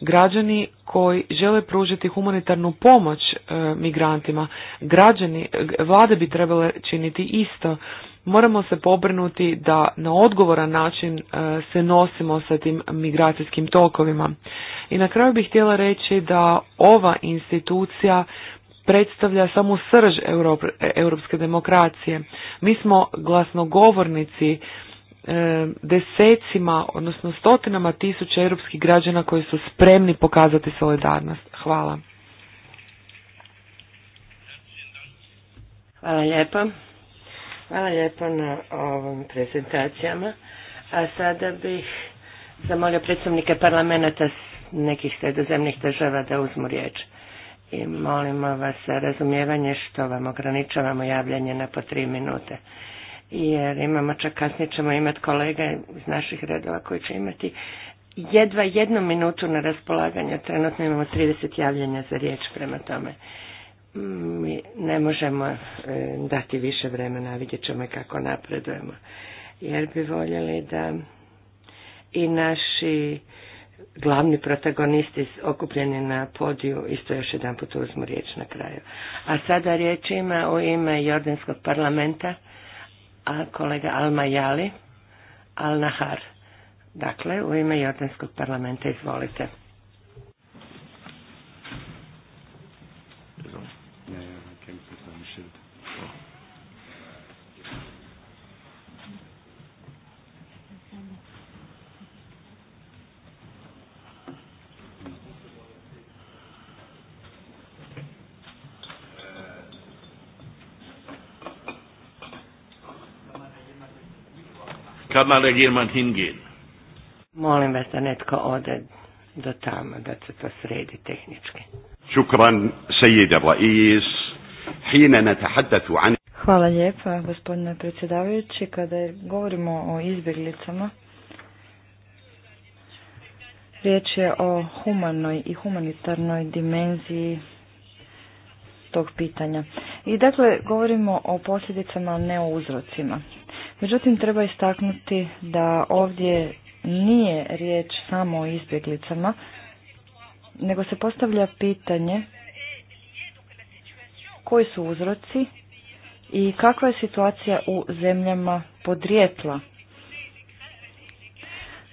građani koji žele pružiti humanitarnu pomoć e, migrantima, građani, vlade bi trebale činiti isto moramo se pobrinuti da na odgovoran način e, se nosimo sa tim migracijskim tokovima. I na kraju bih htjela reći da ova institucija predstavlja samo srž e, europske demokracije. Mi smo glasnogovornici e, desecima, odnosno stotinama tisuća europskih građana koji su spremni pokazati solidarnost. Hvala. Hvala lijepo. Hvala lijepo na ovom prezentacijama. A sada bih zamolio predstavnike parlamenta nekih sredozemnih država da uzmu riječ. I molimo vas za razumijevanje što vam ograničavamo javljanje na po tri minute. Jer imamo čak kasnije ćemo imati kolege iz naših redova koji će imati jedva jednu minutu na raspolaganju. Trenutno imamo 30 javljanja za riječ prema tome mi ne možemo e, dati više vremena, vidjet ćemo kako napredujemo. Jer bi voljeli da i naši glavni protagonisti okupljeni na podiju isto još jedan put uzmu riječ na kraju. A sada riječ ima u ime Jordanskog parlamenta a kolega Alma Jali Al Nahar. Dakle, u ime Jordanskog parlamenta izvolite. Molim vas da netko ode do tamo, da se to sredi tehnički. Šukran, sejida hina Hvala lijepa, gospodine predsjedavajući. Kada govorimo o izbjeglicama, riječ je o humanoj i humanitarnoj dimenziji tog pitanja. I dakle, govorimo o posljedicama, ne o uzrocima. Međutim, treba istaknuti da ovdje nije riječ samo o izbjeglicama, nego se postavlja pitanje koji su uzroci i kakva je situacija u zemljama podrijetla.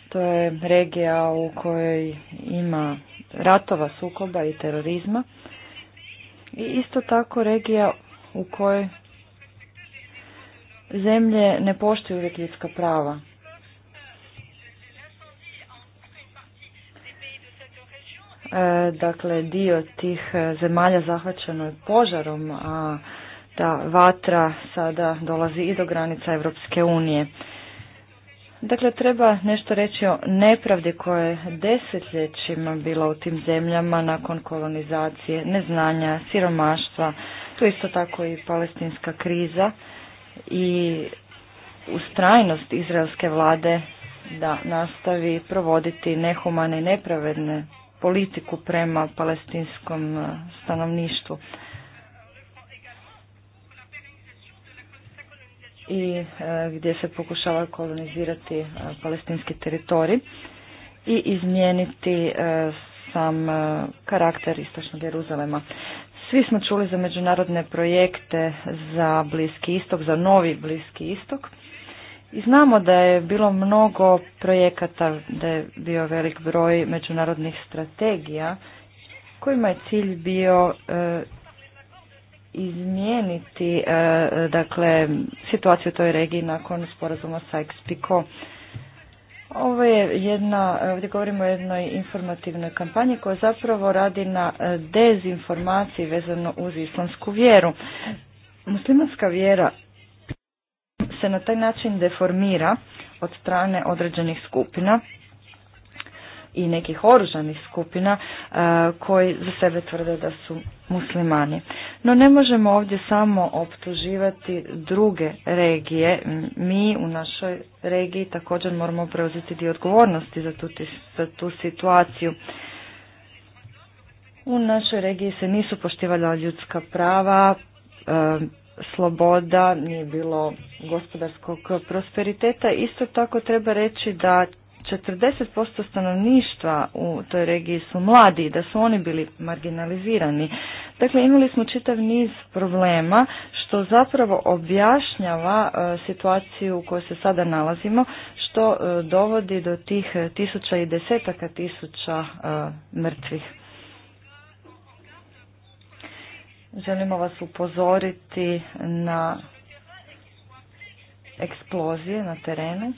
To je regija u kojoj ima ratova, sukoba i terorizma i isto tako regija u kojoj zemlje ne poštuju uvijek ljudska prava. E, dakle, dio tih e, zemalja zahvaćeno je požarom, a ta vatra sada dolazi i do granica Europske unije. Dakle, treba nešto reći o nepravdi koja je desetljećima bila u tim zemljama nakon kolonizacije, neznanja, siromaštva, tu isto tako i palestinska kriza i ustrajnost izraelske vlade da nastavi provoditi nehumane i nepravedne politiku prema palestinskom e, stanovništvu. i e, gdje se pokušava kolonizirati e, palestinski teritorij i izmijeniti sam karakter Istočnog Jeruzalema. Svi smo čuli za međunarodne projekte za Bliski istok, za novi Bliski istok. I znamo da je bilo mnogo projekata, da je bio velik broj međunarodnih strategija kojima je cilj bio e, izmijeniti e, dakle situaciju u toj regiji nakon sporazuma sa XPCO. Ovo je jedna, e, ovdje govorimo o jednoj informativnoj kampanji koja zapravo radi na e, dezinformaciji vezano uz islamsku vjeru. Muslimanska vjera se na taj način deformira od strane određenih skupina i nekih oružanih skupina e, koji za sebe tvrde da su muslimani. No ne možemo ovdje samo optuživati druge regije. Mi u našoj regiji također moramo preuzeti dio odgovornosti za tu, za tu situaciju. U našoj regiji se nisu poštivala ljudska prava, e, sloboda, nije bilo gospodarskog prosperiteta. Isto tako treba reći da 40% stanovništva u toj regiji su mladi da su oni bili marginalizirani. Dakle, imali smo čitav niz problema što zapravo objašnjava e, situaciju u kojoj se sada nalazimo, što e, dovodi do tih tisuća i desetaka tisuća e, mrtvih. Želimo vas upozoriti na eksplozije na terenu.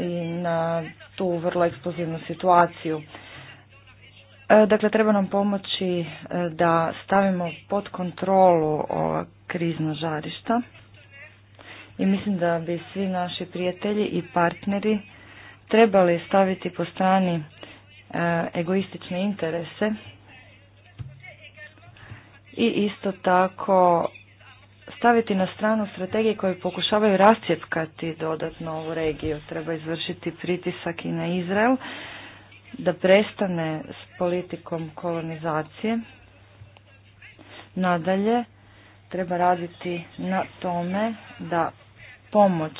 i na tu vrlo eksplozivnu situaciju. E, dakle, treba nam pomoći e, da stavimo pod kontrolu ova krizna žarišta i mislim da bi svi naši prijatelji i partneri trebali staviti po strani e, egoistične interese i isto tako staviti na stranu strategije koje pokušavaju rascijepkati dodatno ovu regiju. Treba izvršiti pritisak i na Izrael da prestane s politikom kolonizacije. Nadalje, treba raditi na tome da pomoć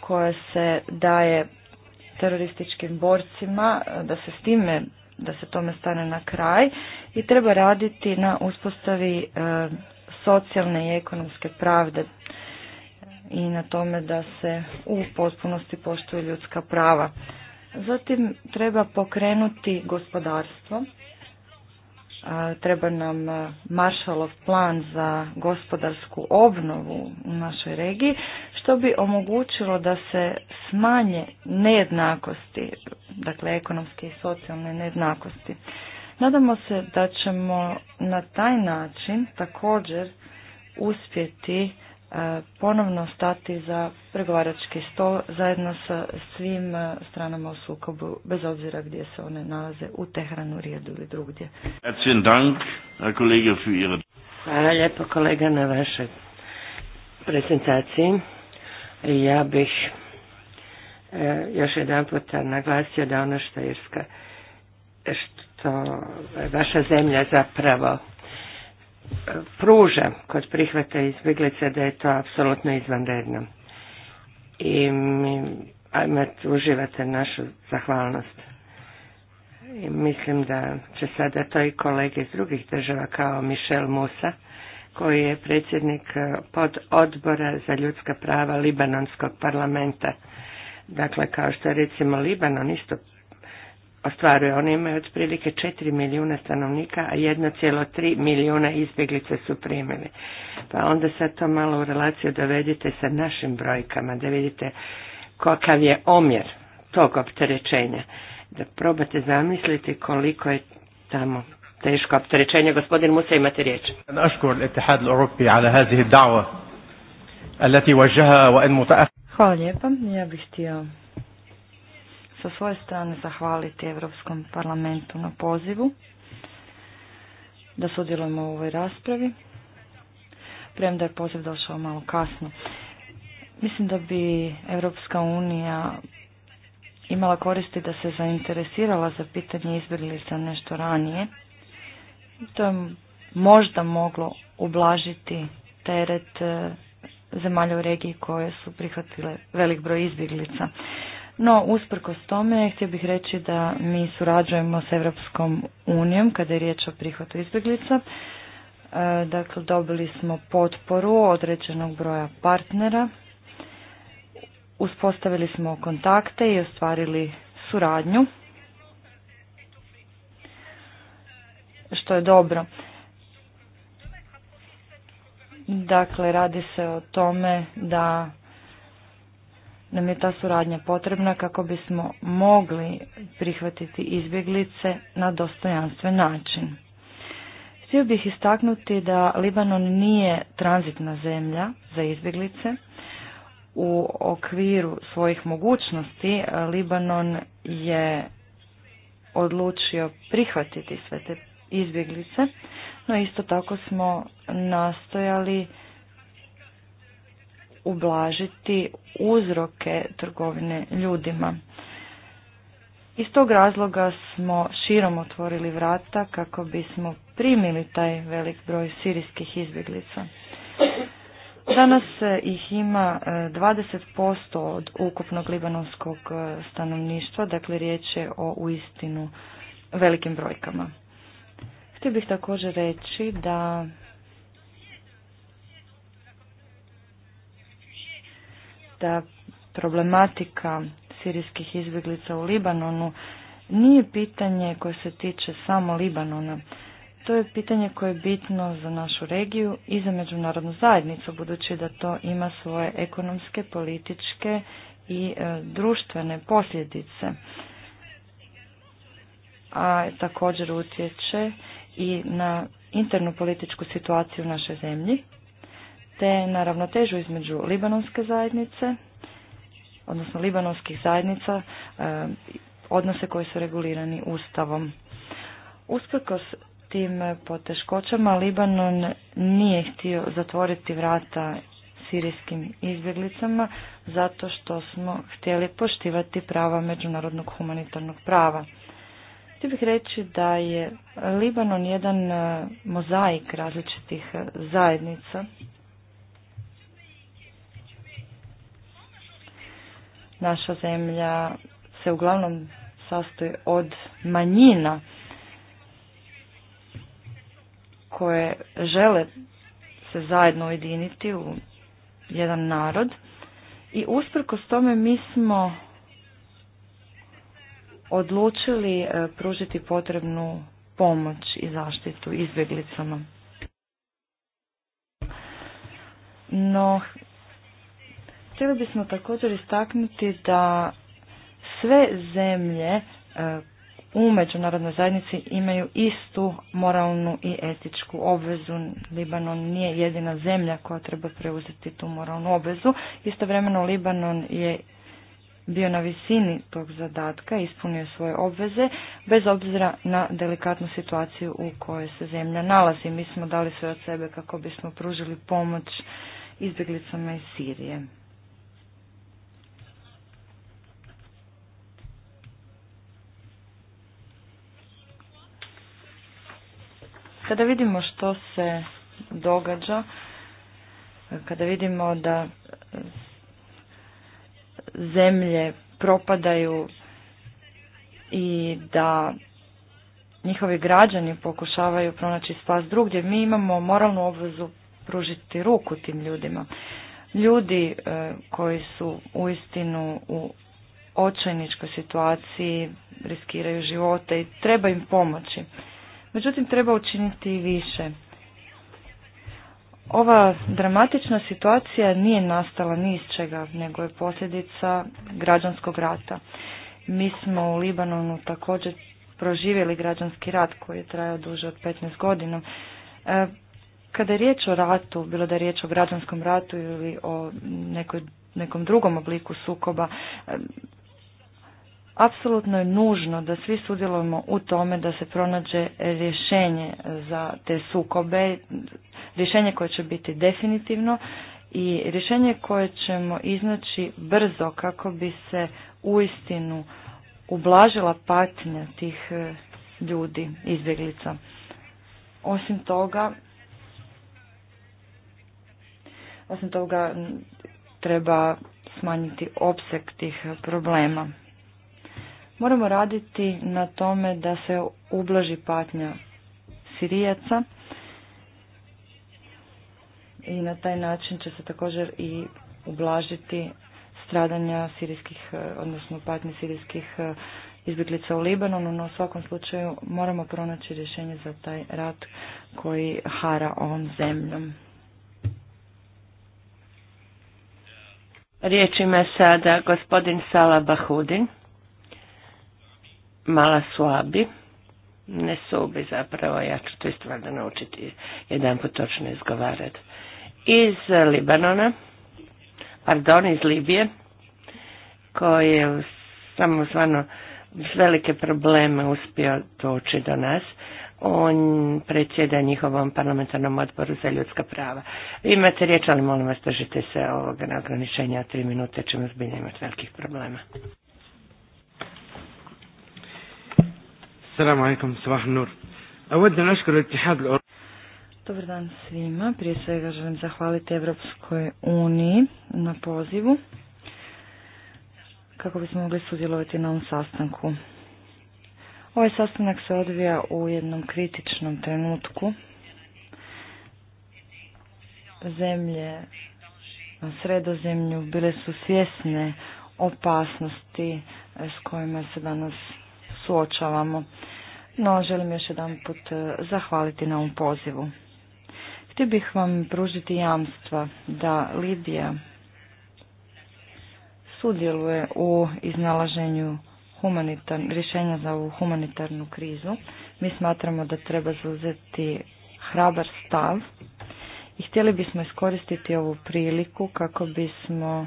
koja se daje terorističkim borcima, da se s time, da se tome stane na kraj i treba raditi na uspostavi e, socijalne i ekonomske pravde i na tome da se u potpunosti poštuju ljudska prava. Zatim treba pokrenuti gospodarstvo. Treba nam maršalov plan za gospodarsku obnovu u našoj regiji, što bi omogućilo da se smanje nejednakosti, dakle ekonomske i socijalne nejednakosti. Nadamo se da ćemo na taj način također uspjeti e, ponovno stati za pregovarački stol zajedno sa svim e, stranama u sukobu, bez obzira gdje se one nalaze, u Tehranu, Rijedu ili drugdje. Hvala lijepo kolega na vašoj prezentaciji. Ja bih e, još jedan puta naglasio da ono što Irska, što vaša zemlja zapravo e, pruža kod prihvata izbjeglice da je to apsolutno izvanredno. I mi, ajme, uživate našu zahvalnost. I mislim da će sada to i kolege iz drugih država kao Michel Musa, koji je predsjednik e, pod odbora za ljudska prava Libanonskog parlamenta. Dakle, kao što je recimo Libanon isto ostvaruje. Oni imaju otprilike 4 milijuna stanovnika, a 1,3 milijuna izbjeglice su primili. Pa onda sad to malo u relaciju dovedite sa našim brojkama, da vidite kakav je omjer tog opterećenja. Da probate zamisliti koliko je tamo teško opterećenje. Gospodin Musa, imate riječ. Hvala lijepa. Ja bih htio sa svoje strane zahvaliti Europskom parlamentu na pozivu da sudjelujemo u ovoj raspravi. Premda je poziv došao malo kasno. Mislim da bi Europska unija imala koristi da se zainteresirala za pitanje izbjeglica nešto ranije. To je možda moglo ublažiti teret eh, zemalja u regiji koje su prihvatile velik broj izbjeglica. No, usprkos tome, htio bih reći da mi surađujemo s Evropskom unijom kada je riječ o prihvatu izbjeglica. E, dakle, dobili smo potporu određenog broja partnera, uspostavili smo kontakte i ostvarili suradnju, što je dobro. Dakle, radi se o tome da nam je ta suradnja potrebna kako bismo mogli prihvatiti izbjeglice na dostojanstven način. Htio bih istaknuti da Libanon nije tranzitna zemlja za izbjeglice. U okviru svojih mogućnosti eh, Libanon je odlučio prihvatiti sve te izbjeglice, no isto tako smo nastojali ublažiti uzroke trgovine ljudima. Iz tog razloga smo širom otvorili vrata kako bismo primili taj velik broj sirijskih izbjeglica. Danas e, ih ima 20% e, od ukupnog libanonskog e, stanovništva, dakle riječ je o uistinu velikim brojkama. Htio bih također reći da da problematika sirijskih izbjeglica u Libanonu nije pitanje koje se tiče samo Libanona. To je pitanje koje je bitno za našu regiju i za međunarodnu zajednicu, budući da to ima svoje ekonomske, političke i e, društvene posljedice. A također utječe i na internu političku situaciju u našoj zemlji te na ravnotežu između libanonske zajednice, odnosno libanonskih zajednica, e, odnose koji su regulirani ustavom. s tim poteškoćama Libanon nije htio zatvoriti vrata sirijskim izbjeglicama zato što smo htjeli poštivati prava međunarodnog humanitarnog prava. Htio bih reći da je Libanon jedan e, mozaik različitih e, zajednica Naša zemlja se uglavnom sastoji od manjina koje žele se zajedno ujediniti u jedan narod i usprkos tome mi smo odlučili e, pružiti potrebnu pomoć i zaštitu izbjeglicama. No, Htjeli bismo također istaknuti da sve zemlje e, u međunarodnoj zajednici imaju istu moralnu i etičku obvezu. Libanon nije jedina zemlja koja treba preuzeti tu moralnu obvezu. Istovremeno Libanon je bio na visini tog zadatka, ispunio svoje obveze, bez obzira na delikatnu situaciju u kojoj se zemlja nalazi. Mi smo dali sve od sebe kako bismo pružili pomoć izbjeglicama iz Sirije. Kada vidimo što se događa, kada vidimo da zemlje propadaju i da njihovi građani pokušavaju pronaći spas drugdje, mi imamo moralnu obvezu pružiti ruku tim ljudima. Ljudi e, koji su uistinu u očajničkoj situaciji riskiraju živote i treba im pomoći. Međutim, treba učiniti i više. Ova dramatična situacija nije nastala ni iz čega, nego je posljedica građanskog rata. Mi smo u Libanonu također proživjeli građanski rat koji je trajao duže od 15 godina. E, kada je riječ o ratu, bilo da je riječ o građanskom ratu ili o nekoj, nekom drugom obliku sukoba, e, apsolutno je nužno da svi sudjelujemo u tome da se pronađe rješenje za te sukobe, rješenje koje će biti definitivno i rješenje koje ćemo iznaći brzo kako bi se uistinu ublažila patnja tih e, ljudi, izbjeglica. Osim toga, osim toga treba smanjiti opseg tih problema. Moramo raditi na tome da se ublaži patnja Sirijaca i na taj način će se također i ublažiti stradanja sirijskih, e, odnosno patnje sirijskih e, izbjeglica u Libanonu, no u svakom slučaju moramo pronaći rješenje za taj rat koji hara ovom zemljom. Riječ ima sada gospodin Sala Bahudin mala suabi, ne subi zapravo, ja ću to isto valjda naučiti jedan put točno izgovarati, iz Libanona, pardon, iz Libije, koji je samozvano s velike probleme uspio doći do nas. On predsjeda njihovom parlamentarnom odboru za ljudska prava. Vi imate riječ, ali molim vas držite se ovoga na ograničenja tri minute, ćemo zbiljno imati velikih problema. Assalamu nur. Dobar dan svima. Prije svega želim zahvaliti Evropskoj uniji na pozivu kako bismo mogli sudjelovati na ovom sastanku. Ovaj sastanak se odvija u jednom kritičnom trenutku. Zemlje na sredozemlju bile su svjesne opasnosti s kojima se danas suočavamo. No, želim još jedan put e, zahvaliti na ovom pozivu. Htio bih vam pružiti jamstva da Lidija sudjeluje u iznalaženju rješenja za ovu humanitarnu krizu. Mi smatramo da treba zauzeti hrabar stav i htjeli bismo iskoristiti ovu priliku kako bismo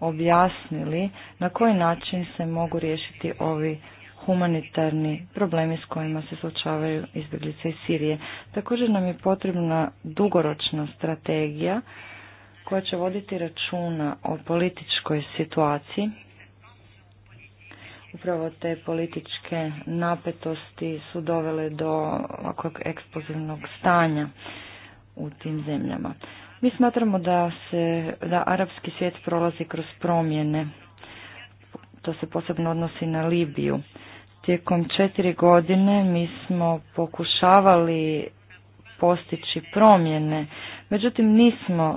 objasnili na koji način se mogu riješiti ovi humanitarni problemi s kojima se suočavaju izbjeglice iz Sirije. Također nam je potrebna dugoročna strategija koja će voditi računa o političkoj situaciji. Upravo te političke napetosti su dovele do ovakvog eksplozivnog stanja u tim zemljama. Mi smatramo da se da arapski svijet prolazi kroz promjene. To se posebno odnosi na Libiju. Tijekom četiri godine mi smo pokušavali postići promjene, međutim nismo e,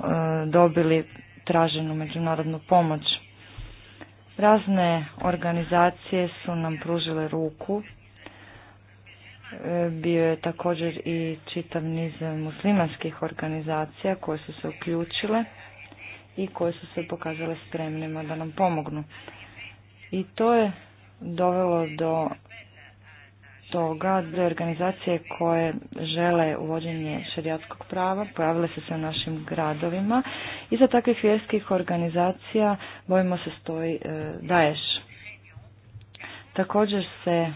dobili traženu međunarodnu pomoć. Razne organizacije su nam pružile ruku. E, bio je također i čitav niz muslimanskih organizacija koje su se uključile i koje su se pokazale spremnima da nam pomognu. I to je dovelo do toga da organizacije koje žele uvođenje šerijatskog prava pojavile su se u našim gradovima. Iza takvih vjerskih organizacija bojimo se stoji e, Daješ. Također se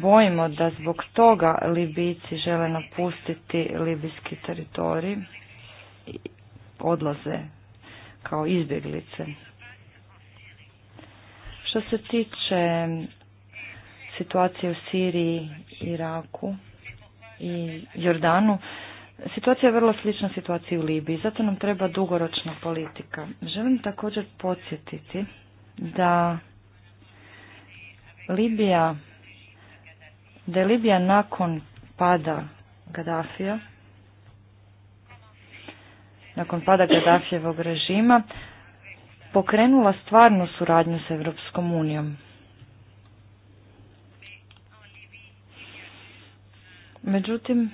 bojimo da zbog toga Libijci žele napustiti libijski teritorij i odlaze kao izbjeglice što se tiče situacije u Siriji, Iraku i Jordanu, situacija je vrlo slična situaciji u Libiji, zato nam treba dugoročna politika. Želim također podsjetiti da Libija, da je Libija nakon pada Gaddafija, nakon pada Gaddafijevog režima, pokrenula stvarnu suradnju s Europskom unijom. Međutim,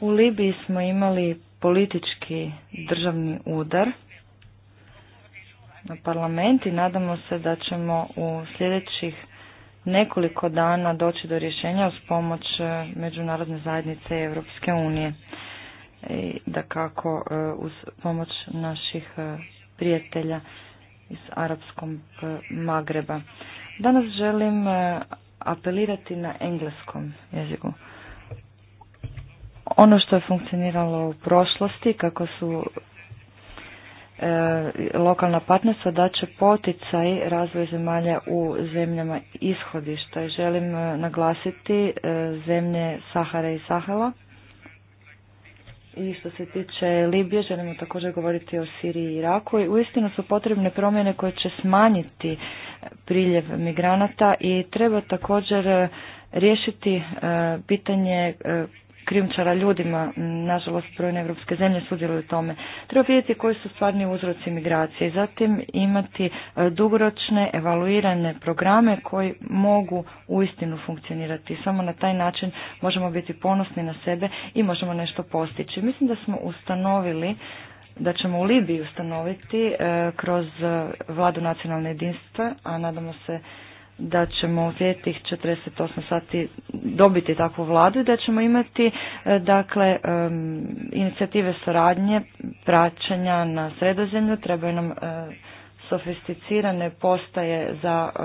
u Libiji smo imali politički državni udar na parlament i nadamo se da ćemo u sljedećih nekoliko dana doći do rješenja uz pomoć međunarodne zajednice i Europske unije i da kako e, uz pomoć naših e, prijatelja iz arapskog e, Magreba. Danas želim apelirati na engleskom jeziku. Ono što je funkcioniralo u prošlosti, kako su lokalna partnerstva daće poticaj razvoju zemalja u zemljama ishodišta. Želim naglasiti zemlje Sahara i Sahela, i što se tiče Libije, želimo također govoriti o Siriji i Iraku. I uistinu su potrebne promjene koje će smanjiti priljev migranata i treba također eh, riješiti eh, pitanje eh, krijumčara ljudima. Nažalost, brojne evropske zemlje sudjeluju u tome. Treba vidjeti koji su stvarni uzroci migracije i zatim imati e, dugoročne, evaluirane programe koji mogu uistinu funkcionirati. Samo na taj način možemo biti ponosni na sebe i možemo nešto postići. Mislim da smo ustanovili da ćemo u Libiji ustanoviti e, kroz e, vladu nacionalne jedinstva, a nadamo se da ćemo u tih 48 sati dobiti takvu vladu i da ćemo imati e, dakle inicijative suradnje, praćenja na sredozemlju, trebaju nam e, sofisticirane postaje za e,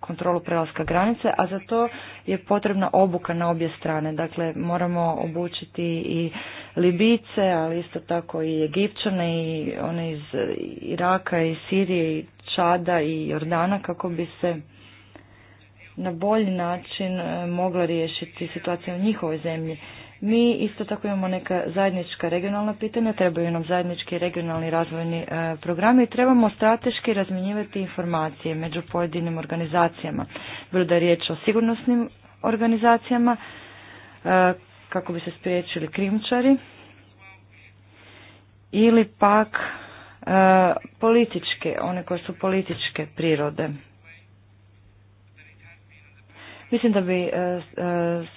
kontrolu prelaska granice, a za to je potrebna obuka na obje strane. Dakle, moramo obučiti i Libice, ali isto tako i Egipćane i one iz Iraka i Sirije i Čada i Jordana kako bi se na bolji način e, mogla riješiti situaciju u njihovoj zemlji. Mi isto tako imamo neka zajednička regionalna pitanja, trebaju nam zajednički regionalni razvojni e, programi i trebamo strateški razminjivati informacije među pojedinim organizacijama. Bilo da je riječ o sigurnosnim organizacijama, e, kako bi se spriječili krimčari, ili pak političke, one koje su političke prirode Mislim da bi e, e,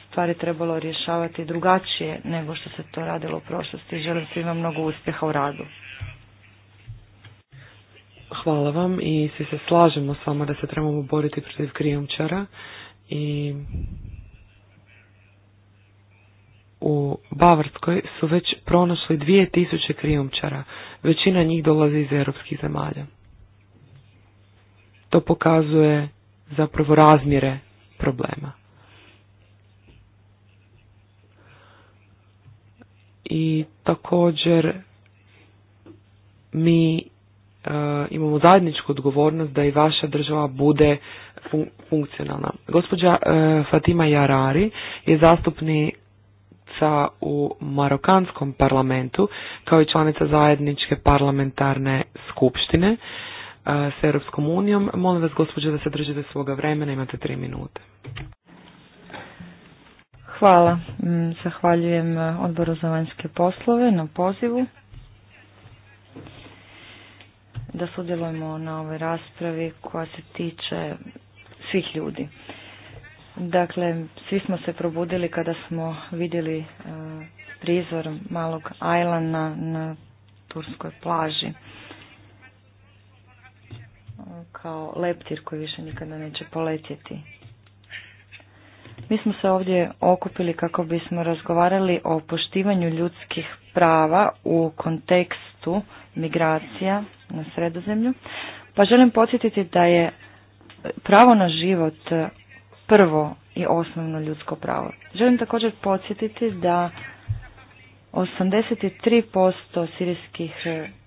stvari trebalo rješavati drugačije nego što se to radilo u prošlosti. Želim svima mnogo uspjeha u radu. Hvala vam i svi se slažemo s vama da se trebamo boriti protiv krijomčara. i u Bavarskoj su već pronašli tisuće krijomčara. Većina njih dolazi iz europskih zemalja. To pokazuje zapravo razmjere problema. I također mi e, imamo zajedničku odgovornost da i vaša država bude funkcionalna. Gospođa e, Fatima Jarari je zastupnica u Marokanskom parlamentu kao i članica zajedničke parlamentarne skupštine s Europskom unijom. Molim vas, gospođo, da se držite svoga vremena, imate tri minute. Hvala. Mm, zahvaljujem e, odboru za vanjske poslove na pozivu da sudjelujemo na ovoj raspravi koja se tiče svih ljudi. Dakle, svi smo se probudili kada smo vidjeli e, prizor malog ajlana na turskoj plaži kao leptir koji više nikada neće poletjeti. Mi smo se ovdje okupili kako bismo razgovarali o poštivanju ljudskih prava u kontekstu migracija na sredozemlju. Pa želim podsjetiti da je pravo na život prvo i osnovno ljudsko pravo. Želim također podsjetiti da 83% sirijskih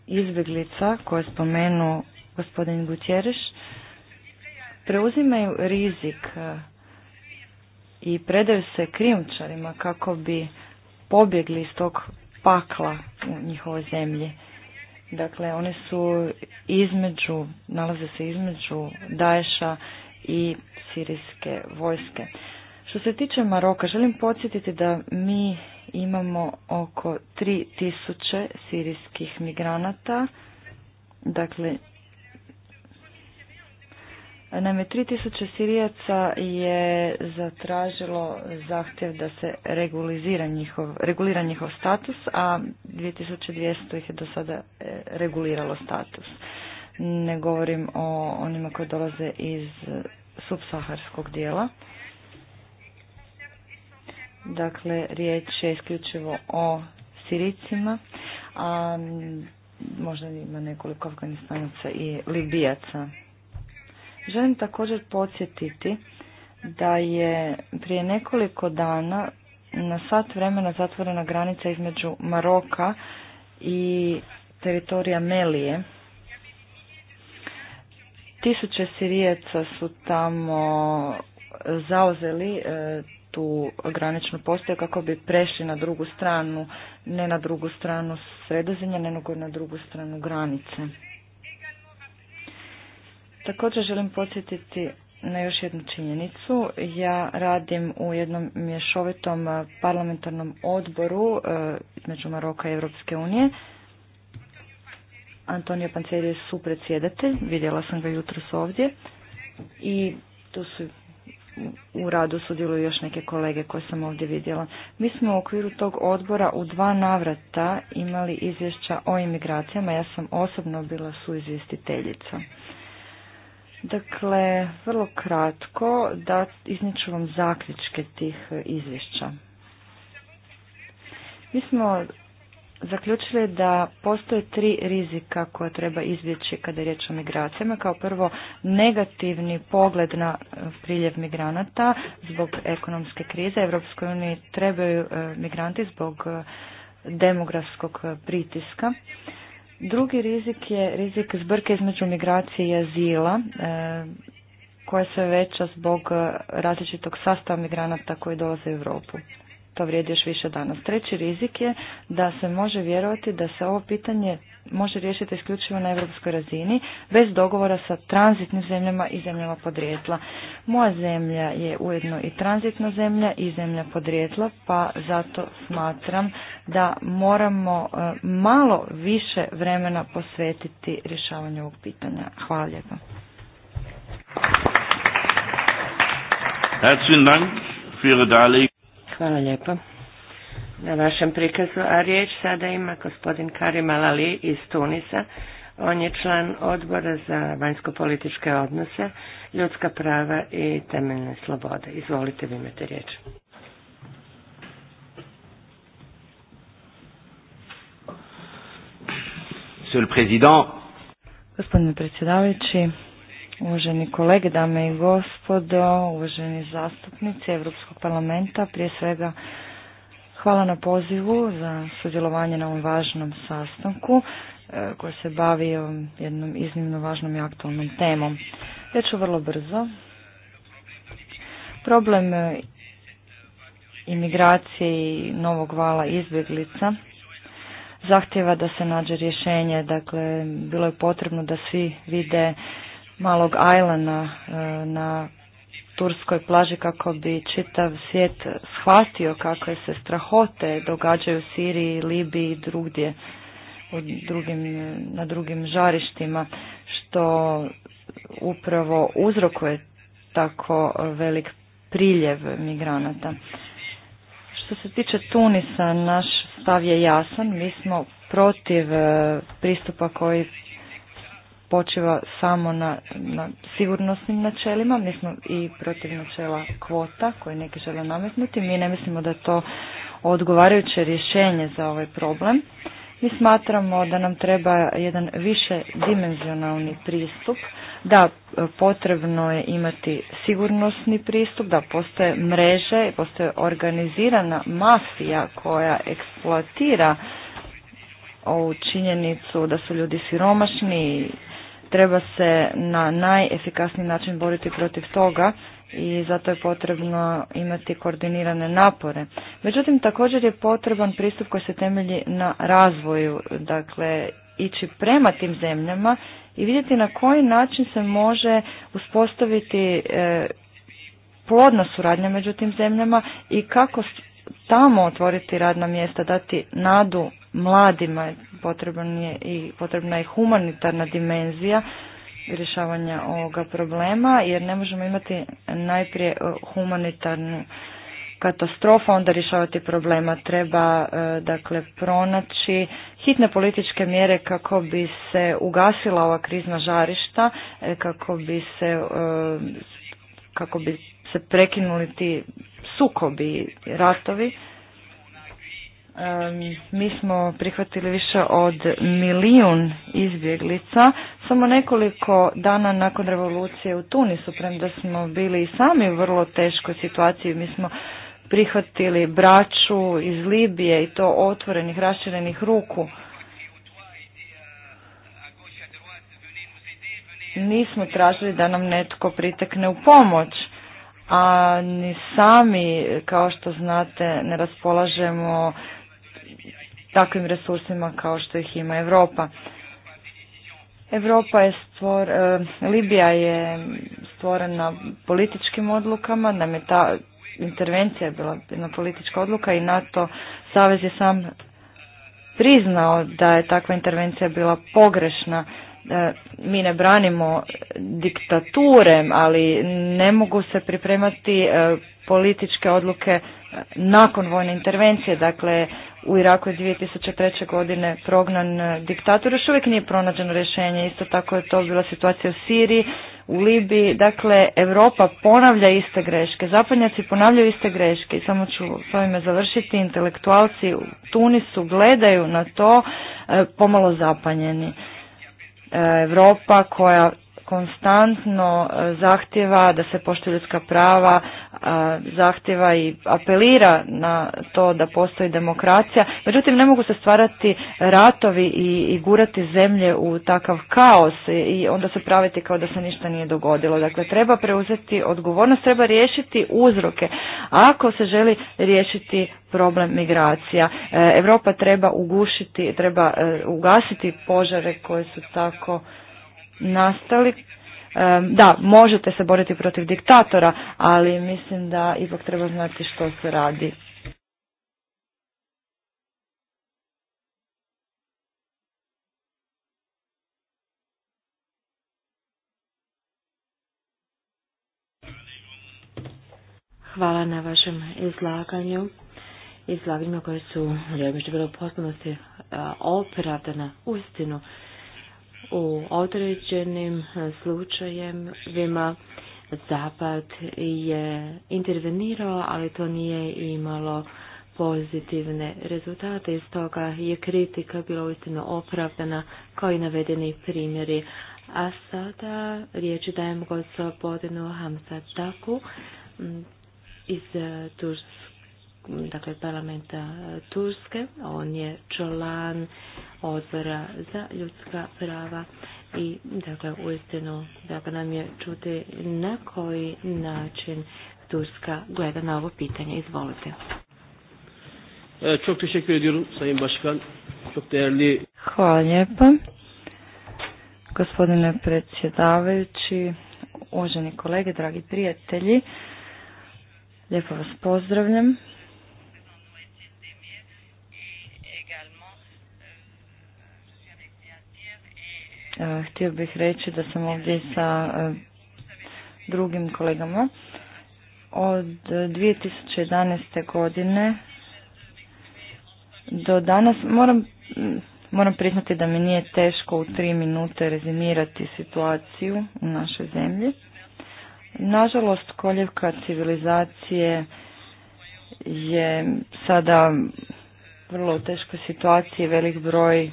izbjeglica koje spomenu gospodin Gutjereš, preuzimaju rizik e, i predaju se krijumčarima kako bi pobjegli iz tog pakla u njihovoj zemlji. Dakle, oni su između, nalaze se između Daesha i sirijske vojske. Što se tiče Maroka, želim podsjetiti da mi imamo oko 3000 sirijskih migranata, dakle Naime, 3000 Sirijaca je zatražilo zahtjev da se regulizira njihov, regulira njihov status, a 2200 ih je do sada e, reguliralo status. Ne govorim o onima koji dolaze iz subsaharskog dijela. Dakle, riječ je isključivo o Sirijcima, a možda ima nekoliko Afganistanaca i Libijaca Želim također podsjetiti da je prije nekoliko dana na sat vremena zatvorena granica između Maroka i teritorija Melije. Tisuće Sirijeca su tamo zauzeli e, tu graničnu postaju kako bi prešli na drugu stranu, ne na drugu stranu sredozemlja, nego na drugu stranu granice. Također želim podsjetiti na još jednu činjenicu. Ja radim u jednom mješovitom eh, parlamentarnom odboru eh, između Maroka i Europske unije. Antonio Panceri je supredsjedatelj, vidjela sam ga jutros ovdje i tu su u radu sudjeluju još neke kolege koje sam ovdje vidjela. Mi smo u okviru tog odbora u dva navrata imali izvješća o imigracijama, ja sam osobno bila suizvjestiteljica. Dakle, vrlo kratko da izniču vam zaključke tih e, izvješća. Mi smo zaključili da postoje tri rizika koje treba izbjeći kada je riječ o migracijama. Kao prvo, negativni pogled na e, priljev migranata zbog ekonomske krize. Europskoj uniji trebaju e, migranti zbog demografskog pritiska. Drugi rizik je rizik zbrke između migracije i azila, e, koja se veća zbog e, različitog sastava migranata koji dolaze u Europu to vrijedi još više danas. Treći rizik je da se može vjerovati da se ovo pitanje može riješiti isključivo na europskoj razini bez dogovora sa tranzitnim zemljama i zemljama podrijetla. Moja zemlja je ujedno i tranzitna zemlja i zemlja podrijetla, pa zato smatram da moramo e, malo više vremena posvetiti rješavanju ovog pitanja. Hvala lijepa. Hvala lijepo na vašem prikazu. A riječ sada ima gospodin Karim Alali iz Tunisa. On je član odbora za vanjsko-političke odnose, ljudska prava i temeljne slobode. Izvolite, vi imate riječ. Gospodine predsjedavajući, Uvaženi kolege, dame i gospodo, uvaženi zastupnici Europskog parlamenta, prije svega hvala na pozivu za sudjelovanje na ovom važnom sastanku e, koji se bavi jednom iznimno važnom i aktualnom temom. Ja ću vrlo brzo. Problem e, imigracije i novog vala izbjeglica zahtjeva da se nađe rješenje. Dakle, bilo je potrebno da svi vide malog ajlana e, na turskoj plaži kako bi čitav svijet shvatio kakve se strahote događaju u Siriji, Libiji i drugdje drugim, na drugim žarištima što upravo uzrokuje tako velik priljev migranata. Što se tiče Tunisa, naš stav je jasan. Mi smo protiv e, pristupa koji počiva samo na, sigurnosnim načelima. Mi smo i protiv načela kvota koje neki žele nametnuti. Mi ne mislimo da je to odgovarajuće rješenje za ovaj problem. Mi smatramo da nam treba jedan više dimenzionalni pristup. Da, potrebno je imati sigurnosni pristup, da postoje mreže, postoje organizirana mafija koja eksploatira ovu činjenicu da su ljudi siromašni treba se na najefikasniji način boriti protiv toga i zato je potrebno imati koordinirane napore. Međutim, također je potreban pristup koji se temelji na razvoju, dakle ići prema tim zemljama i vidjeti na koji način se može uspostaviti e, plodna suradnja među tim zemljama i kako tamo otvoriti radna mjesta, dati nadu mladima, potreban je i potrebna je humanitarna dimenzija rješavanja ovoga problema, jer ne možemo imati najprije e, humanitarnu katastrofa, onda rješavati problema. Treba e, dakle pronaći hitne političke mjere kako bi se ugasila ova krizna žarišta, e, kako bi se kako bi se prekinuli ti sukobi, ratovi mi smo prihvatili više od milijun izbjeglica samo nekoliko dana nakon revolucije u Tunisu, premda smo bili i sami u vrlo teškoj situaciji. Mi smo prihvatili braću iz Libije i to otvorenih, raširenih ruku. Nismo tražili da nam netko pritekne u pomoć a ni sami, kao što znate, ne raspolažemo takvim resursima kao što ih ima Europa. Europa je stvor, e, Libija je stvorena političkim odlukama, nam je ta intervencija bila jedna politička odluka i NATO savez je sam priznao da je takva intervencija bila pogrešna. E, mi ne branimo diktature, ali ne mogu se pripremati e, političke odluke nakon vojne intervencije, dakle u Iraku je 2003. godine prognan e, diktator, još uvijek nije pronađeno rješenje, isto tako je to bila situacija u Siriji, u Libiji, dakle Europa ponavlja iste greške, zapadnjaci ponavljaju iste greške i samo ću s ovime završiti, intelektualci u Tunisu gledaju na to e, pomalo zapanjeni. E, Europa koja konstantno e, zahtjeva da se poštuju ljudska prava, e, zahtjeva i apelira na to da postoji demokracija. Međutim, ne mogu se stvarati ratovi i, i gurati zemlje u takav kaos i onda se praviti kao da se ništa nije dogodilo. Dakle, treba preuzeti odgovornost, treba riješiti uzroke. Ako se želi riješiti problem migracija, e, Europa treba ugušiti, treba ugasiti požare koje su tako nastali. Da, možete se boriti protiv diktatora, ali mislim da ipak treba znati što se radi. Hvala na vašem izlaganju. Izlaganjima koje su, ja bih bilo u potpunosti opravdana, ustinu u određenim e, slučajevima Zapad je intervenirao, ali to nije imalo pozitivne rezultate iz stoga je kritika bila uistinu opravdana kao i navedeni primjeri. A sada riječ dajem gospodinu Hamza Daku iz dakle parlamenta Turske, on je član odbora za ljudska prava i dakle uistinu dakle nam je čuti na koji način Turska gleda na ovo pitanje. Izvolite. E, Hvala lijepa. Gospodine predsjedavajući, uvaženi kolege, dragi prijatelji, lijepo vas pozdravljam. htio bih reći da sam ovdje sa e, drugim kolegama. Od 2011. godine do danas moram, moram priznati da mi nije teško u tri minute rezimirati situaciju u našoj zemlji. Nažalost, koljevka civilizacije je sada vrlo teškoj situaciji, velik broj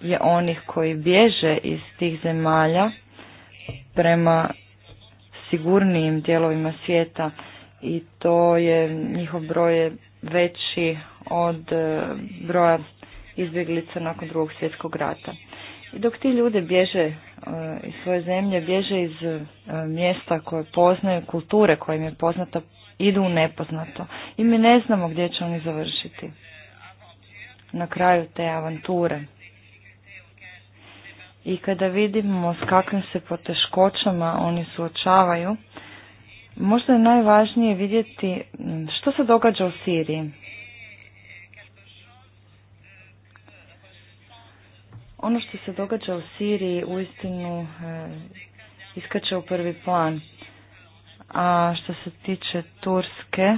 je onih koji bježe iz tih zemalja prema sigurnijim dijelovima svijeta i to je njihov broj je veći od e, broja izbjeglica nakon drugog svjetskog rata. I dok ti ljudi bježe e, iz svoje zemlje, bježe iz e, mjesta koje poznaju, kulture koje im je poznato, idu u nepoznato. I mi ne znamo gdje će oni završiti na kraju te avanture i kada vidimo s kakvim se poteškoćama oni suočavaju, možda je najvažnije vidjeti što se događa u Siriji. Ono što se događa u Siriji uistinu e, iskače u prvi plan. A što se tiče Turske,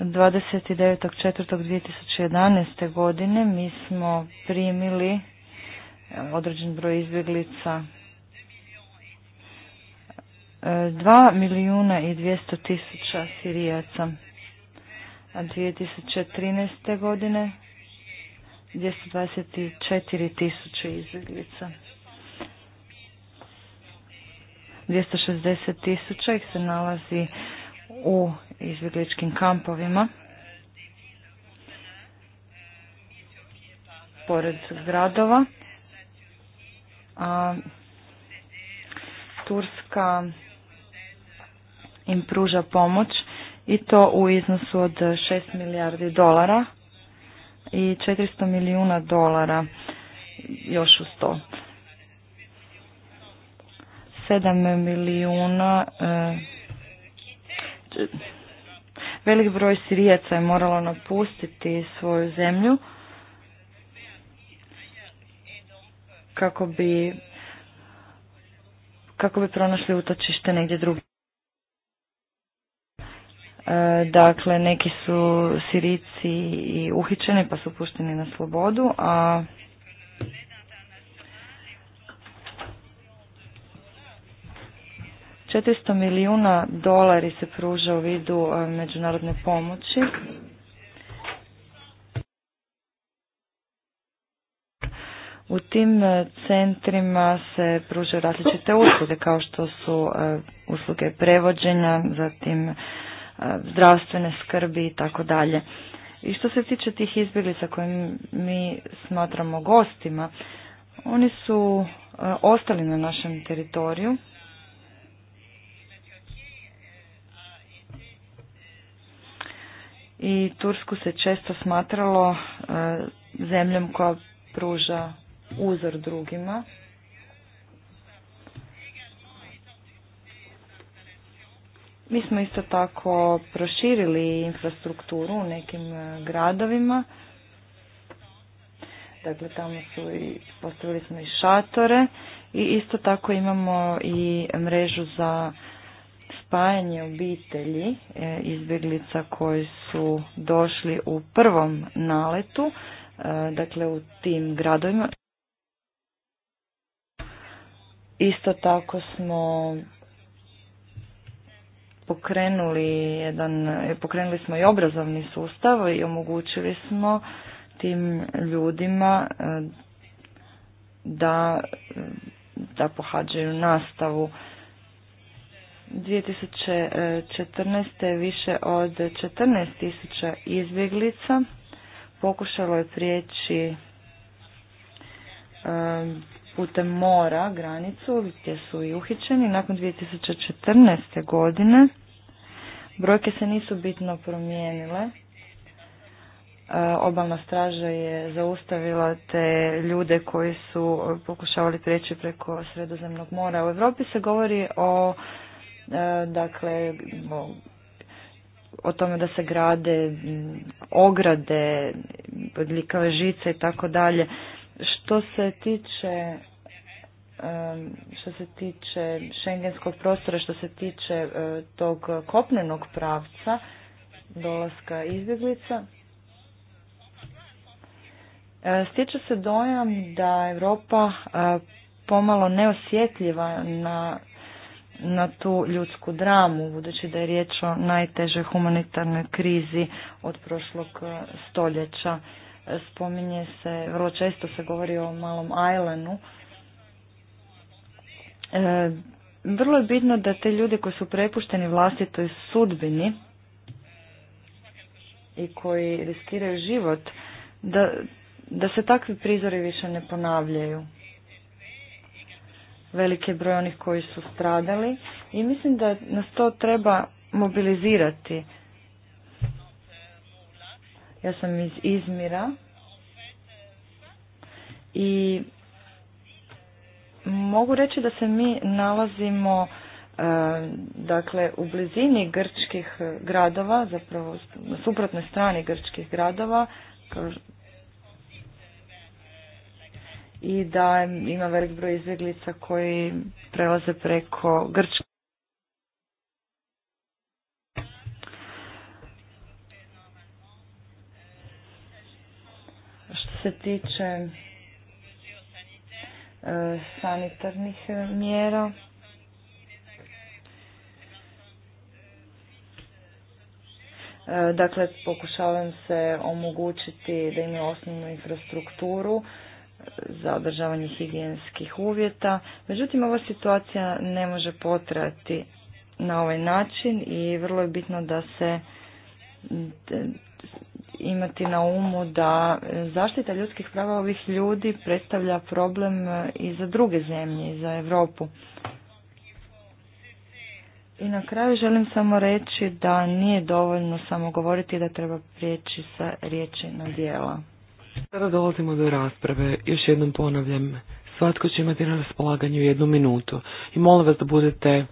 29.4.2011. godine mi smo primili određen broj izbjeglica. E, dva milijuna i dvijesto tisuća Sirijaca. A 2013. godine 224 tisuće izbjeglica. 260 tisuća ih se nalazi u izbjegličkim kampovima. Pored gradova a Turska im pruža pomoć i to u iznosu od 6 milijardi dolara i 400 milijuna dolara još u sto 7 milijuna e, velik broj sirijaca je moralo napustiti svoju zemlju kako bi kako bi pronašli utočište negdje drugi. E, dakle, neki su Sirici i uhičeni pa su pušteni na slobodu, a Četiristo milijuna dolari se pruža u vidu e, međunarodne pomoći U tim e, centrima se pružaju različite usluge kao što su e, usluge prevođenja, zatim e, zdravstvene skrbi i tako dalje. I što se tiče tih izbjeglica koje mi smatramo gostima, oni su ostali na našem teritoriju. I Tursku se često smatralo zemljom koja pruža uzor drugima. Mi smo isto tako proširili infrastrukturu u nekim e, gradovima. Dakle, tamo su i, postavili smo i šatore i isto tako imamo i mrežu za spajanje obitelji e, izbjeglica koji su došli u prvom naletu, e, dakle u tim gradovima. Isto tako smo pokrenuli jedan, pokrenuli smo i obrazovni sustav i omogućili smo tim ljudima eh, da, da pohađaju nastavu. 2014. više od 14.000 izbjeglica pokušalo je prijeći eh, putem mora granicu gdje su i uhićeni. Nakon 2014. godine brojke se nisu bitno promijenile. E, obalna straža je zaustavila te ljude koji su pokušavali preći preko Sredozemnog mora. U Europi se govori o e, dakle o, tome da se grade ograde, odlikave žice i tako dalje. Što se tiče što se tiče šengenskog prostora, što se tiče e, tog kopnenog pravca dolaska izbjeglica. E, Stiče se dojam da Europa e, pomalo neosjetljiva na, na tu ljudsku dramu, budući da je riječ o najtežoj humanitarnoj krizi od prošlog stoljeća. Spominje se, vrlo često se govori o malom ajlenu, E, vrlo je bitno da te ljude koji su prepušteni vlastitoj sudbini i koji riskiraju život, da, da se takvi prizori više ne ponavljaju. Veliki je broj onih koji su stradali i mislim da nas to treba mobilizirati. Ja sam iz Izmira i mogu reći da se mi nalazimo e, dakle u blizini grčkih gradova, zapravo na suprotnoj strani grčkih gradova i da ima velik broj izbjeglica koji prelaze preko Grčke. Što se tiče E, sanitarnih e, mjera. E, dakle, pokušavam se omogućiti da imaju osnovnu infrastrukturu za održavanje higijenskih uvjeta. Međutim, ova situacija ne može potrati na ovaj način i vrlo je bitno da se imati na umu da zaštita ljudskih prava ovih ljudi predstavlja problem e, i za druge zemlje, i za Europu. I na kraju želim samo reći da nije dovoljno samo govoriti da treba prijeći sa riječi na dijela. Sada dolazimo do rasprave. Još jednom ponavljam, svatko će imati na raspolaganju jednu minutu. I molim vas da budete e,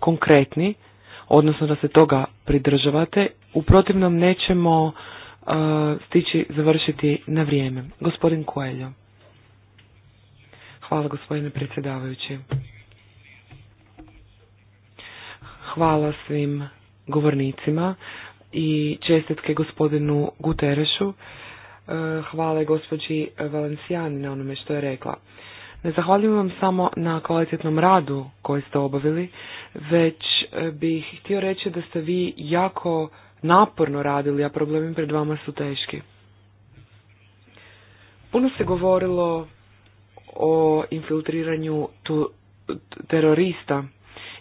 konkretni, odnosno da se toga pridržavate u protivnom nećemo uh, stići završiti na vrijeme. Gospodin Koeljo. Hvala gospodine predsjedavajući. Hvala svim govornicima i čestitke gospodinu Guterešu. Uh, hvala gospođi Valencijani na onome što je rekla. Ne zahvaljujem vam samo na kvalitetnom radu koji ste obavili, već uh, bih htio reći da ste vi jako naporno radili, a problemi pred vama su teški. Puno se govorilo o infiltriranju terorista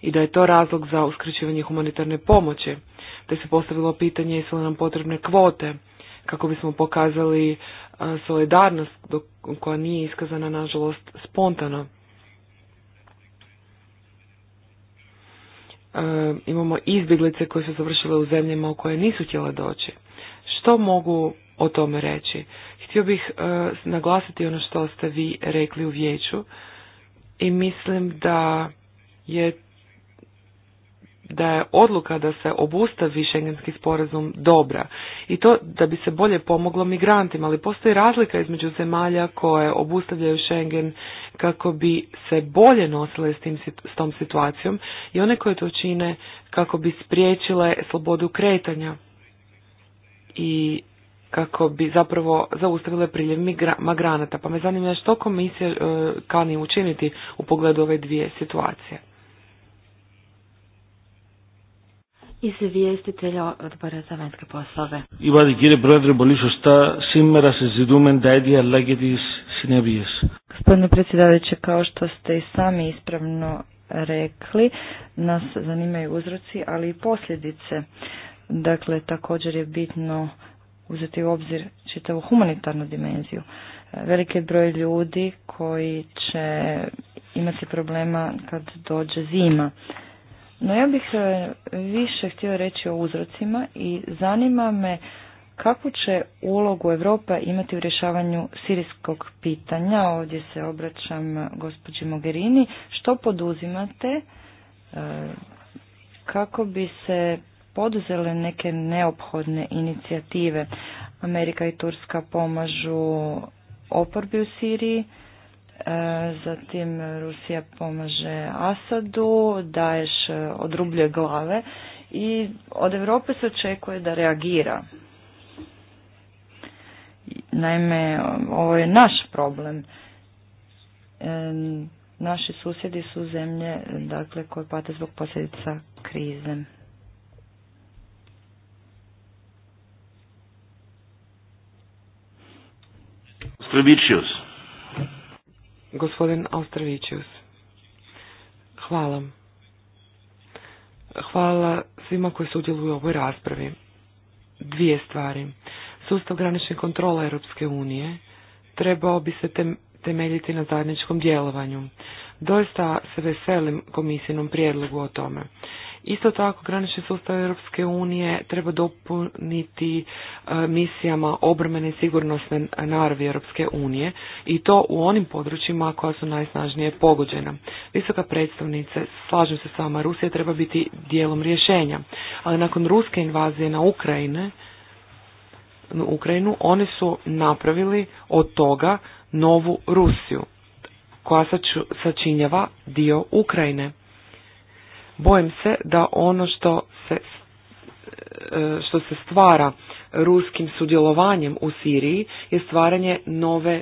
i da je to razlog za uskraćivanje humanitarne pomoći, te se postavilo pitanje jesu li nam potrebne kvote kako bismo pokazali solidarnost koja nije iskazana nažalost spontano. E, imamo izbjeglice koje su završile u zemljama u koje nisu htjele doći. Što mogu o tome reći? Htio bih e, naglasiti ono što ste vi rekli u vijeću i mislim da je da je odluka da se obustavi šengenski sporazum dobra i to da bi se bolje pomoglo migrantima, ali postoji razlika između zemalja koje obustavljaju Schengen kako bi se bolje nosile s, tim, s tom situacijom i one koje to čine kako bi spriječile slobodu kretanja i kako bi zapravo zaustavile priljev migranata. Pa me zanima što komisija e, kani učiniti u pogledu ove dvije situacije. Izvjestitelj odbora za vanjske poslove. kire boli simera se zidumen Gospodine predsjedavajuće, kao što ste i sami ispravno rekli, nas zanimaju uzroci, ali i posljedice. Dakle, također je bitno uzeti u obzir čitavu humanitarnu dimenziju. Veliki broj ljudi koji će imati problema kad dođe zima. No ja bih eh, više htio reći o uzrocima i zanima me kakvu će ulogu Europa imati u rješavanju sirijskog pitanja? Ovdje se obraćam gospođi Mogherini. Što poduzimate e, kako bi se poduzele neke neophodne inicijative? Amerika i Turska pomažu oporbi u Siriji, e, zatim Rusija pomaže Asadu, Daješ odrublje glave i od Europe se očekuje da reagira Naime, ovo je naš problem. E, naši susjedi su zemlje dakle, koje pate zbog posljedica krize. Gospodin Ostravičius. Hvala. Hvala svima koji sudjeluju u ovoj raspravi. Dvije stvari. Sustav granične kontrole Europske unije trebao bi se temeljiti na zajedničkom djelovanju. Doista se veselim komisijnom prijedlogu o tome. Isto tako, granični sustav Europske unije treba dopuniti e, misijama obrmene sigurnosne naravi Europske unije i to u onim područjima koja su najsnažnije pogođena. Visoka predstavnice, slažem se s vama, Rusija treba biti dijelom rješenja, ali nakon ruske invazije na Ukrajine, Ukrajinu, oni su napravili od toga novu Rusiju, koja sačinjava dio Ukrajine. Bojim se da ono što se, e, što se stvara ruskim sudjelovanjem u Siriji je stvaranje nove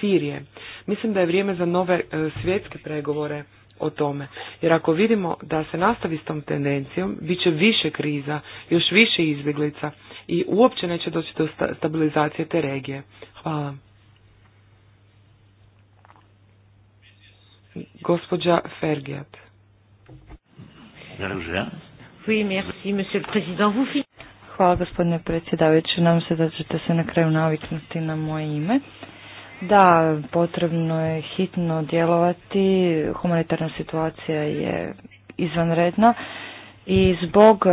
Sirije. Mislim da je vrijeme za nove e, svjetske pregovore o tome. Jer ako vidimo da se nastavi s tom tendencijom, bit će više kriza, još više izbjeglica i uopće neće doći do stabilizacije te regije. Hvala. Gospođa Fergijat. Hvala gospodine predsjedavajući, nam se da ćete se na kraju naviknuti na moje ime. Da, potrebno je hitno djelovati, humanitarna situacija je izvanredna i zbog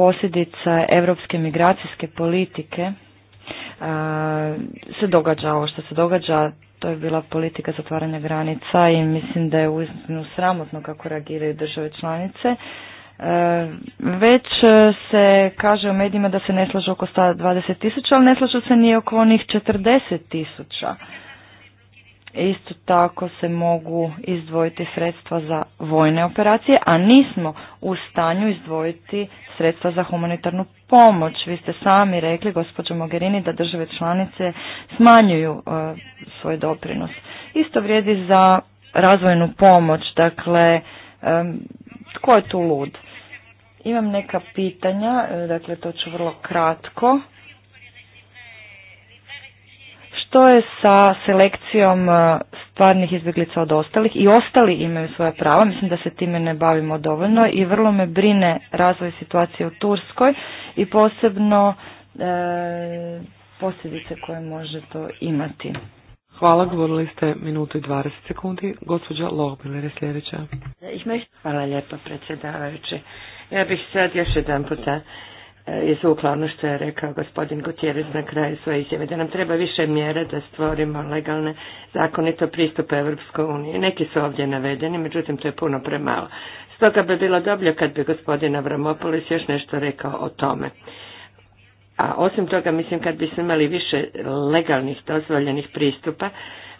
posljedica europske migracijske politike se događa ovo što se događa. To je bila politika zatvaranja granica i mislim da je uistinu sramotno kako reagiraju države članice. Već se kaže u medijima da se ne slažu oko 120 tisuća, ali ne slažu se ni oko onih 40 tisuća. Isto tako se mogu izdvojiti sredstva za vojne operacije, a nismo u stanju izdvojiti sredstva za humanitarnu pomoć. Vi ste sami rekli, gospođo Mogherini, da države članice smanjuju e, svoj doprinos. Isto vrijedi za razvojnu pomoć, dakle, e, tko je tu lud? Imam neka pitanja, e, dakle to ću vrlo kratko što je sa selekcijom e, stvarnih izbjeglica od ostalih i ostali imaju svoja prava, mislim da se time ne bavimo dovoljno i vrlo me brine razvoj situacije u Turskoj i posebno e, posljedice koje može to imati. Hvala, govorili ste minutu i 20 sekundi. Gospođa Lohbiler je sljedeća. Hvala lijepo, predsjedavajući. Ja bih sad još jedan izvukla ono što je rekao gospodin Gutierrez na kraju svoje izjave, da nam treba više mjere da stvorimo legalne zakonito pristupe Europskoj uniji. Neki su ovdje navedeni, međutim to je puno premalo. Stoga bi bilo dobro kad bi gospodin Avramopolis još nešto rekao o tome. A osim toga, mislim, kad bismo imali više legalnih dozvoljenih pristupa,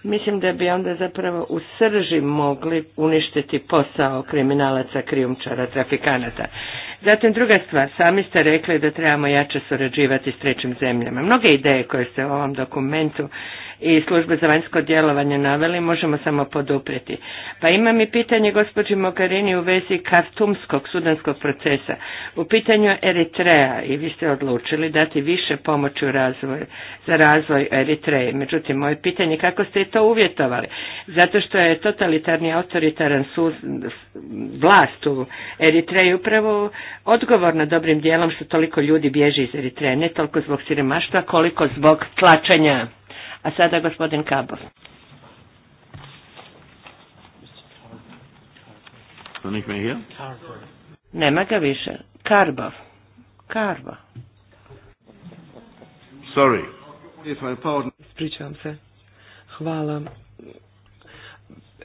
mislim da bi onda zapravo u srži mogli uništiti posao kriminalaca, krijumčara, trafikanata. Zatim druga stvar, sami ste rekli da trebamo jače surađivati s trećim zemljama. Mnoge ideje koje se u ovom dokumentu i službe za vanjsko djelovanje naveli, možemo samo poduprijeti. Pa imam i pitanje gospođi Mogarini u vezi kartumskog sudanskog procesa. U pitanju Eritreja i vi ste odlučili dati više pomoći u razvoju, za razvoj Eritreje. Međutim, moje pitanje je kako ste to uvjetovali? Zato što je totalitarni autoritaran suz, vlast u Eritreji upravo odgovorno dobrim dijelom što toliko ljudi bježi iz Eritreje, ne toliko zbog siromaštva koliko zbog tlačenja. A sada gospodin Kabov. Nema ga više. Karbov. Karbo. Sorry. Ispričavam se. Hvala.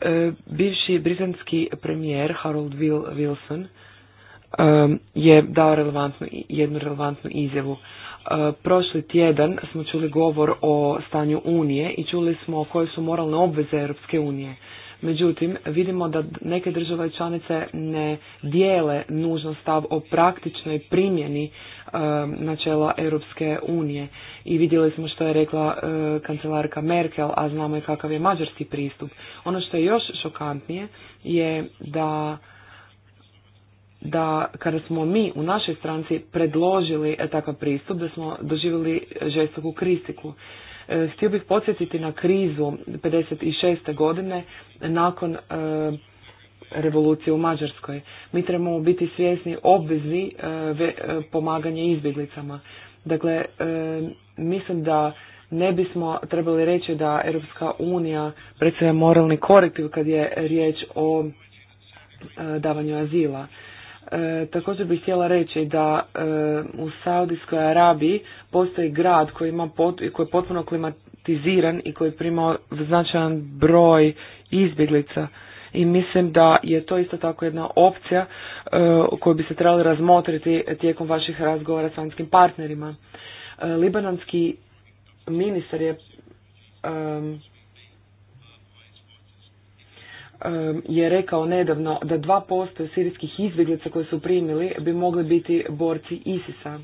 E, bivši britanski premijer Harold Wilson e, je dao jednu relevantnu izjavu E, prošli tjedan smo čuli govor o stanju Unije i čuli smo koje su moralne obveze Europske unije. Međutim, vidimo da neke države članice ne dijele nužno stav o praktičnoj primjeni e, načela Europske unije. I vidjeli smo što je rekla e, kancelarka Merkel, a znamo i kakav je mađarski pristup. Ono što je još šokantnije je da da kada smo mi u našoj stranci predložili e, takav pristup, da smo doživjeli žestoku kritiku. E, htio bih podsjetiti na krizu 56. godine nakon e, revolucije u Mađarskoj. Mi trebamo biti svjesni obvezi pomaganja izbjeglicama. Dakle, mislim da ne bismo trebali reći da Europska unija predstavlja moralni korektiv kad je riječ o davanju azila. E, također bih htjela reći da e, u Saudijskoj Arabiji postoji grad koji, ima koji je potpuno klimatiziran i koji je primao značajan broj izbjeglica. I mislim da je to isto tako jedna opcija e, koju bi se trebali razmotriti tijekom vaših razgovora s vanjskim partnerima. E, libanonski ministar je je rekao nedavno da 2% sirijskih izbjeglica koje su primili bi mogli biti borci ISIS-a.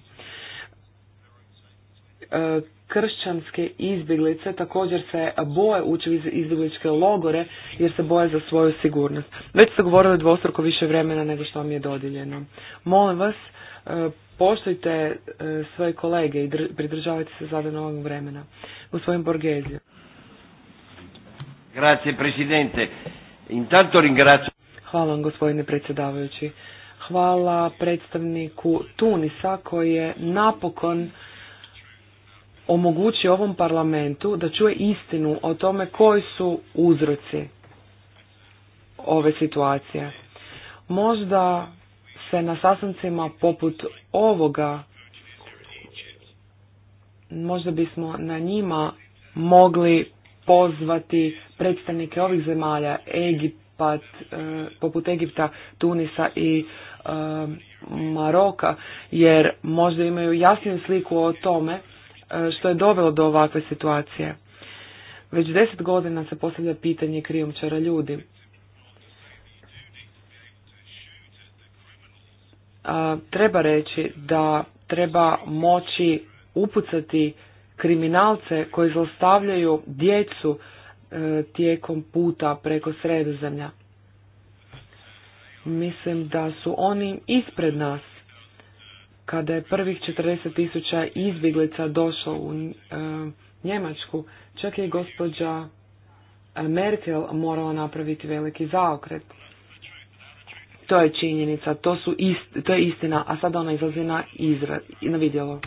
E, kršćanske izbjeglice također se boje ući iz izbjegličke logore jer se boje za svoju sigurnost. Već ste govorili dvostruko više vremena nego što vam je dodijeljeno. Molim vas, e, poštujte e, svoje kolege i pridržavajte se ovog vremena. Gospodin Borgezio. Grazie Presidente. Intanto ringrazio. Hvala vam gospodine predsjedavajući. Hvala predstavniku Tunisa koji je napokon omogućio ovom parlamentu da čuje istinu o tome koji su uzroci ove situacije. Možda se na sastancima poput ovoga možda bismo na njima mogli pozvati predstavnike ovih zemalja, Egipat, e, poput Egipta, Tunisa i e, Maroka, jer možda imaju jasniju sliku o tome e, što je dovelo do ovakve situacije. Već deset godina se postavlja pitanje krijumčara ljudi. Treba reći da treba moći upucati kriminalce koji zlostavljaju djecu e, tijekom puta preko sredozemlja. Mislim da su oni ispred nas kada je prvih 40 tisuća izbjeglica došlo u e, Njemačku, čak je i gospođa e, Merkel morala napraviti veliki zaokret. To je činjenica, to, su ist, to je istina, a sada ona izlazi na, izra, na vidjelo.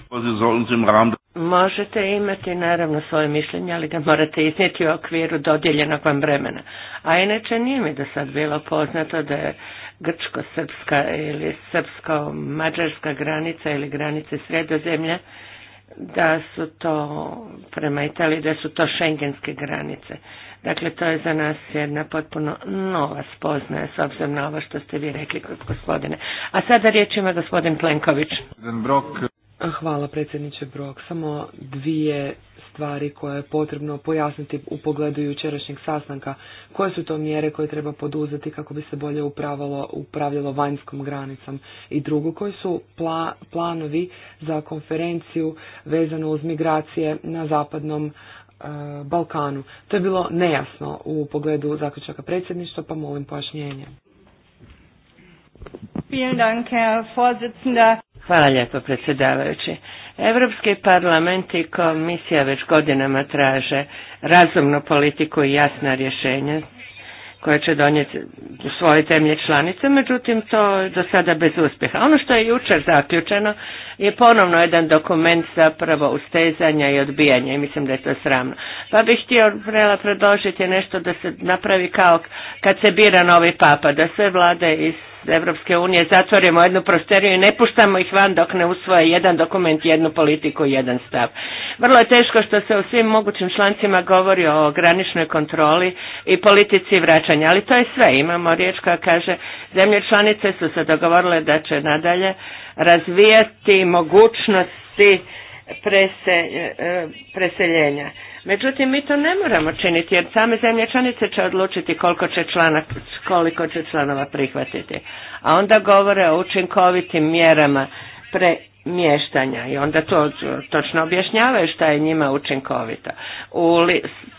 Možete imati naravno svoje mišljenje, ali ga morate iznijeti u okviru dodijeljenog vam vremena. A inače nije mi do sad bilo poznato da je grčko-srpska ili srpsko-mađarska granica ili granice sredozemlja, da su to prema Italiji, da su to šengenske granice. Dakle, to je za nas jedna potpuno nova spoznaja s obzirom na ovo što ste vi rekli gospodine. A sada riječ ima gospodin Plenković. Hvala predsjedniče Brok. Samo dvije stvari koje je potrebno pojasniti u pogledu jučerašnjeg sastanka. Koje su to mjere koje treba poduzeti kako bi se bolje upravalo, upravljalo vanjskom granicom? I drugo, koji su planovi za konferenciju vezanu uz migracije na zapadnom e, Balkanu? To je bilo nejasno u pogledu zaključaka predsjedništva, pa molim pojašnjenje. Hvala lijepo predsjedavajući. Europski parlament i komisija već godinama traže razumnu politiku i jasna rješenja koja će donijeti svoje temlje članice, međutim to je do sada bez uspjeha. Ono što je jučer zaključeno je ponovno jedan dokument zapravo ustezanja i odbijanja i mislim da je to sramno. Pa bih htio predložiti nešto da se napravi kao kad se bira novi papa, da sve vlade iz Evropske unije zatvorimo jednu prosteriju i ne puštamo ih van dok ne usvoje jedan dokument, jednu politiku, jedan stav. Vrlo je teško što se u svim mogućim člancima govori o graničnoj kontroli i politici vraćanja, ali to je sve. Imamo riječ koja kaže zemlje članice su se dogovorile da će nadalje razvijati mogućnosti e, preseljenja. Međutim, mi to ne moramo činiti jer same zemlje članice će odlučiti koliko će, članak, koliko će članova prihvatiti. A onda govore o učinkovitim mjerama premještanja i onda to točno objašnjavaju šta je njima učinkovito. U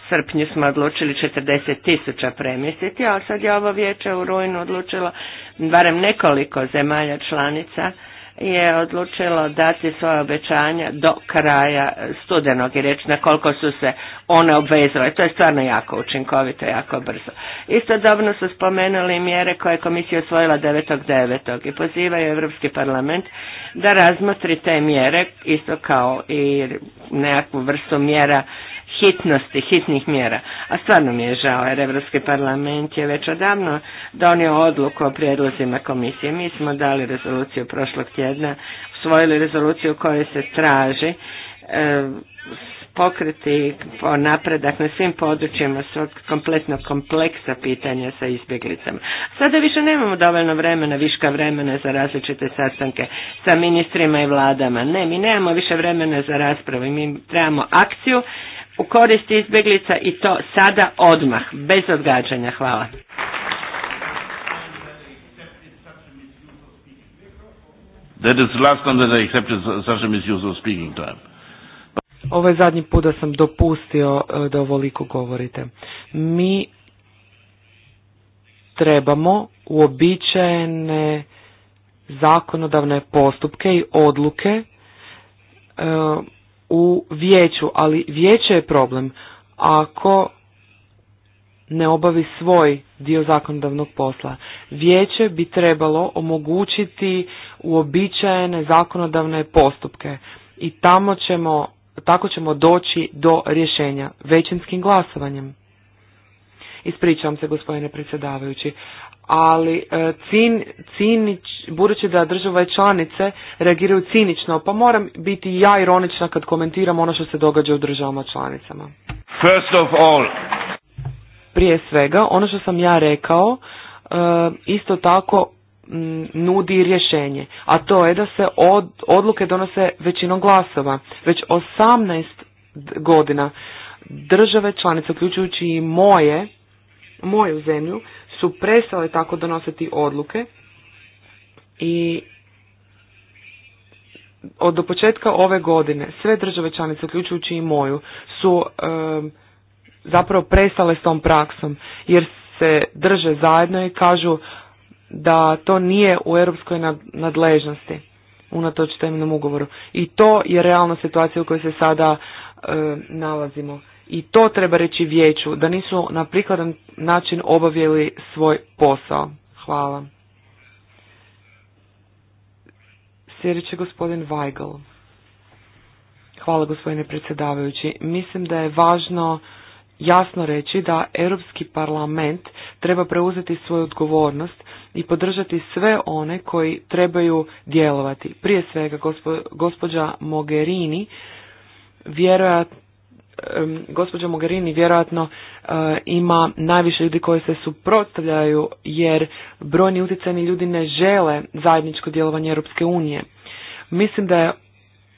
srpnju smo odlučili 40 tisuća premjestiti, ali sad je ovo vijeće u rujnu odlučilo barem nekoliko zemalja članica je odlučilo dati svoje obećanja do kraja studenog i reći na koliko su se one obvezale. To je stvarno jako učinkovito, jako brzo. Istodobno su spomenuli mjere koje je komisija osvojila 9.9. i pozivaju Europski parlament da razmotri te mjere, isto kao i nekakvu vrstu mjera hitnosti, hitnih mjera. A stvarno mi je žao jer Evropski parlament je već odavno donio odluku o prijedlozima komisije. Mi smo dali rezoluciju prošlog tjedna, usvojili rezoluciju kojoj se traži e, pokriti napredak na svim područjima svog kompletnog kompleksa pitanja sa izbjeglicama. Sada više nemamo dovoljno vremena, viška vremena za različite sastanke sa ministrima i vladama. Ne, mi nemamo više vremena za raspravu. Mi trebamo akciju u korist izbjeglica i to sada odmah, bez odgađanja. Hvala. That Ovo je zadnji put da sam dopustio e, da ovoliko govorite. Mi trebamo uobičajene zakonodavne postupke i odluke e, u vijeću, ali vijeće je problem ako ne obavi svoj dio zakonodavnog posla. Vijeće bi trebalo omogućiti uobičajene zakonodavne postupke i tamo ćemo, tako ćemo doći do rješenja većinskim glasovanjem. Ispričavam se gospodine predsjedavajući, ali e, cin, cinič, budući da države članice reagiraju cinično, pa moram biti ja ironična kad komentiram ono što se događa u državama članicama. First of all. Prije svega, ono što sam ja rekao, e, isto tako nudi rješenje, a to je da se od, odluke donose većinom glasova. Već 18 godina države članice, uključujući i moje, moju zemlju, su prestale tako donositi odluke i od do početka ove godine sve države članice, uključujući i moju, su zapravo prestale s tom praksom jer se drže zajedno i kažu da to nije u europskoj nadležnosti unatoč temeljnom ugovoru. I to je realna situacija u kojoj se sada nalazimo. I to treba reći vijeću, da nisu na prikladan način obavili svoj posao. Hvala. Sljedeći gospodin Weigel. Hvala gospodine predsjedavajući. Mislim da je važno jasno reći da Europski parlament treba preuzeti svoju odgovornost i podržati sve one koji trebaju djelovati. Prije svega gospođa Mogherini vjerojatno gospođa Mogherini vjerojatno e, ima najviše ljudi koji se suprotstavljaju jer brojni utjecajni ljudi ne žele zajedničko djelovanje Europske unije. Mislim da je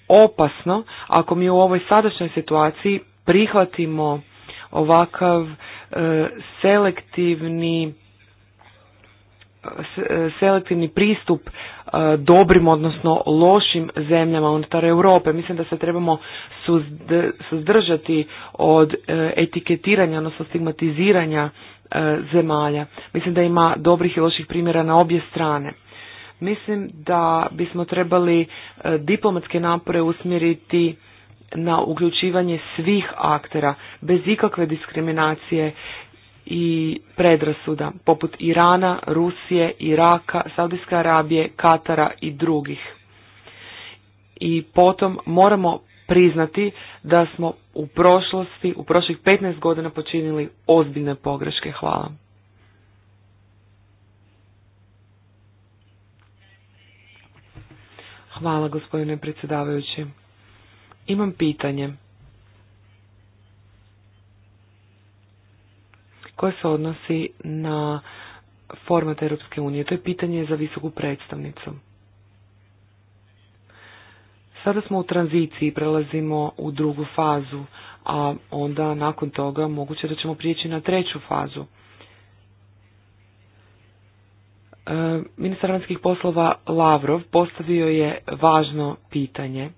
opasno ako mi u ovoj sadašnjoj situaciji prihvatimo ovakav e, selektivni e, selektivni pristup E, dobrim, odnosno lošim zemljama unutar Europe. Mislim da se trebamo suzdržati od e, etiketiranja, odnosno stigmatiziranja e, zemalja. Mislim da ima dobrih i loših primjera na obje strane. Mislim da bismo trebali diplomatske napore usmjeriti na uključivanje svih aktera bez ikakve diskriminacije i predrasuda, poput Irana, Rusije, Iraka, Saudijske Arabije, Katara i drugih. I potom moramo priznati da smo u prošlosti, u prošlih 15 godina počinili ozbiljne pogreške. Hvala. Hvala gospodine predsjedavajući. Imam pitanje. koje se odnosi na format Europske unije. To je pitanje za visoku predstavnicu. Sada smo u tranziciji, prelazimo u drugu fazu, a onda nakon toga moguće da ćemo prijeći na treću fazu. E, ministar vanjskih poslova Lavrov postavio je važno pitanje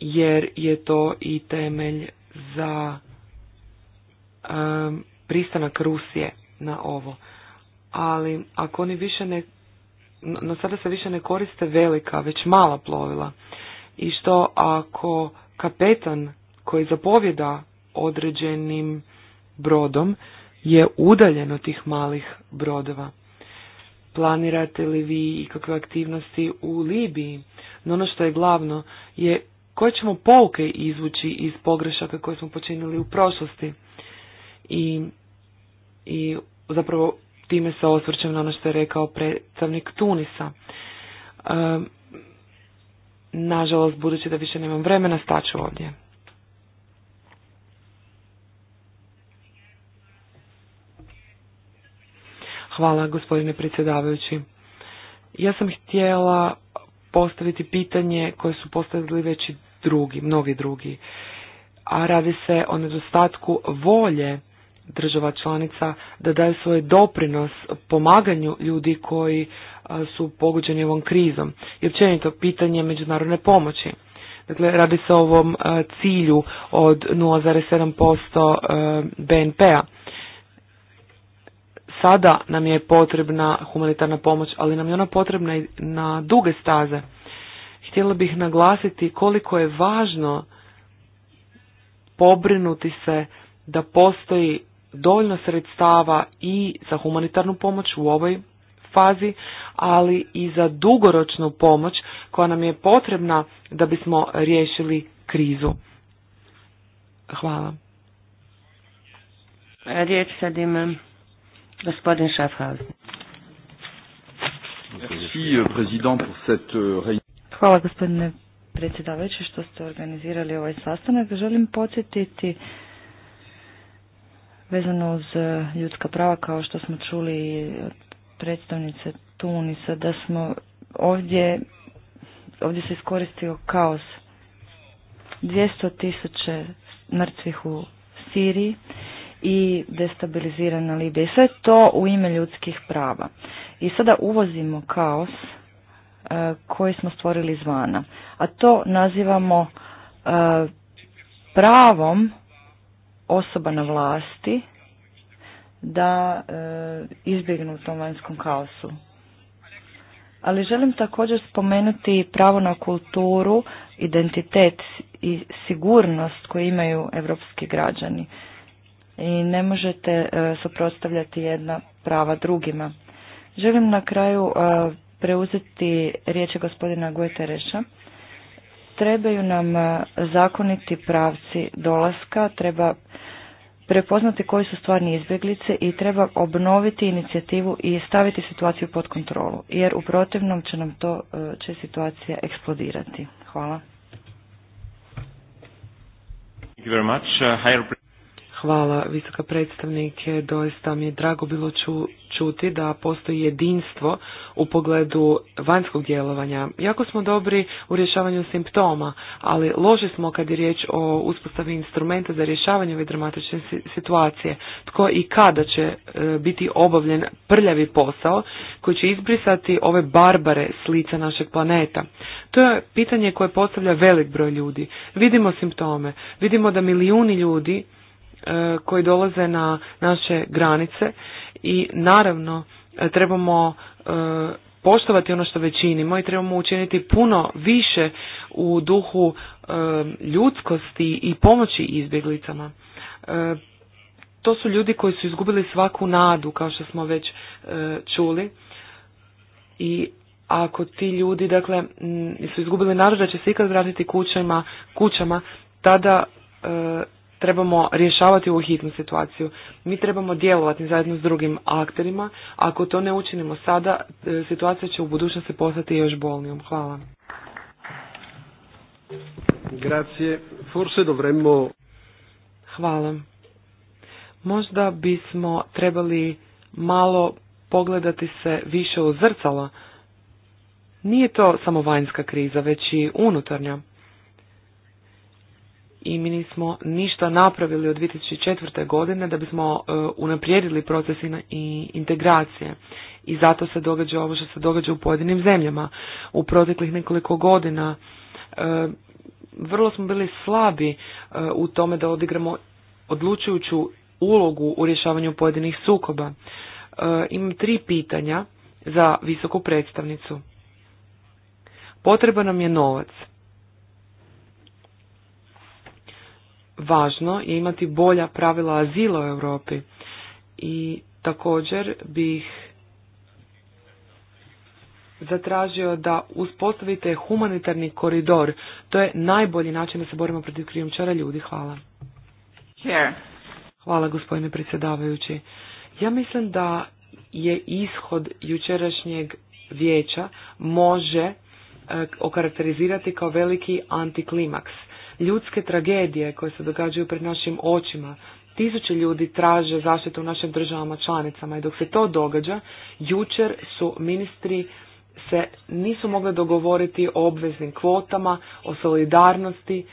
jer je to i temelj za um, pristanak Rusije na ovo. Ali ako oni više ne, no sada se više ne koriste velika, već mala plovila. I što ako kapetan koji zapovjeda određenim brodom je udaljen od tih malih brodova. Planirate li vi ikakve aktivnosti u Libiji? No ono što je glavno je koje ćemo pouke izvući iz pogrešaka koje smo počinili u prošlosti. I, i zapravo time se osvrćem na ono što je rekao predstavnik Tunisa. E, nažalost, budući da više nemam vremena, staću ovdje. Hvala, gospodine predsjedavajući. Ja sam htjela postaviti pitanje koje su postavili već drugi, mnogi drugi. A radi se o nedostatku volje država članica da daju svoj doprinos pomaganju ljudi koji su pogođeni ovom krizom i općenito pitanje međunarodne pomoći. Dakle, radi se o ovom cilju od 0,7% BNP-a. Sada nam je potrebna humanitarna pomoć, ali nam je ona potrebna i na duge staze htjela bih naglasiti koliko je važno pobrinuti se da postoji dovoljno sredstava i za humanitarnu pomoć u ovoj fazi, ali i za dugoročnu pomoć koja nam je potrebna da bismo riješili krizu. Hvala. Riječ sad Hvala gospodine predsjedavajući što ste organizirali ovaj sastanak. Želim podsjetiti vezano uz e, ljudska prava kao što smo čuli od predstavnice Tunisa da smo ovdje ovdje se iskoristio kaos 200 tisuće mrtvih u Siriji i destabilizirana Libija. I sve to u ime ljudskih prava. I sada uvozimo kaos koje smo stvorili izvana. A to nazivamo e, pravom osoba na vlasti da e, izbjegnu tom vanjskom kaosu. Ali želim također spomenuti pravo na kulturu, identitet i sigurnost koje imaju evropski građani. I ne možete e, suprotstavljati jedna prava drugima. Želim na kraju preuzeti riječi gospodina Gojtereša, Trebaju nam e, zakoniti pravci dolaska, treba prepoznati koji su stvarni izbjeglice i treba obnoviti inicijativu i staviti situaciju pod kontrolu, jer u protivnom će nam to, e, će situacija eksplodirati. Hvala. Thank you very much. Uh, Hvala, visoka predstavnike. Doista mi je drago bilo čuti da postoji jedinstvo u pogledu vanjskog djelovanja. Jako smo dobri u rješavanju simptoma, ali loži smo kad je riječ o uspostavi instrumenta za rješavanje ove dramatične situacije. Tko i kada će e, biti obavljen prljavi posao koji će izbrisati ove barbare s lica našeg planeta. To je pitanje koje postavlja velik broj ljudi. Vidimo simptome, vidimo da milijuni ljudi E, koji dolaze na naše granice i naravno e, trebamo e, poštovati ono što već činimo i trebamo učiniti puno više u duhu ljudskosti i pomoći izbjeglicama. To su ljudi koji su izgubili svaku nadu, kao što smo već čuli. I ako ti ljudi, dakle, su izgubili nadu da će se ikad vratiti kućama, kućama tada trebamo rješavati ovu hitnu situaciju. Mi trebamo djelovati zajedno s drugim akterima. Ako to ne učinimo sada, e, situacija će u budućnosti postati još bolnijom. Hvala. Grazie. Forse dovremmo... Hvala. Možda bismo trebali malo pogledati se više u zrcalo. Nije to samo vanjska kriza, već i unutarnja i mi nismo ništa napravili od 2004. godine da bismo e, unaprijedili proces i integracije. I zato se događa ovo što se događa u pojedinim zemljama. U proteklih nekoliko godina e, vrlo smo bili slabi e, u tome da odigramo odlučujuću ulogu u rješavanju pojedinih sukoba. Imam tri pitanja za visoku predstavnicu. Potreban nam je novac važno je imati bolja pravila azila u Europi i također bih zatražio da uspostavite humanitarni koridor. To je najbolji način da se borimo protiv krijumčara ljudi. Hvala. Hvala gospodine predsjedavajući. Ja mislim da je ishod jučerašnjeg vijeća može eh, okarakterizirati kao veliki antiklimaks ljudske tragedije koje se događaju pred našim očima. Tisuće ljudi traže zaštitu u našim državama članicama i dok se to događa, jučer su ministri se nisu mogli dogovoriti o obveznim kvotama, o solidarnosti e,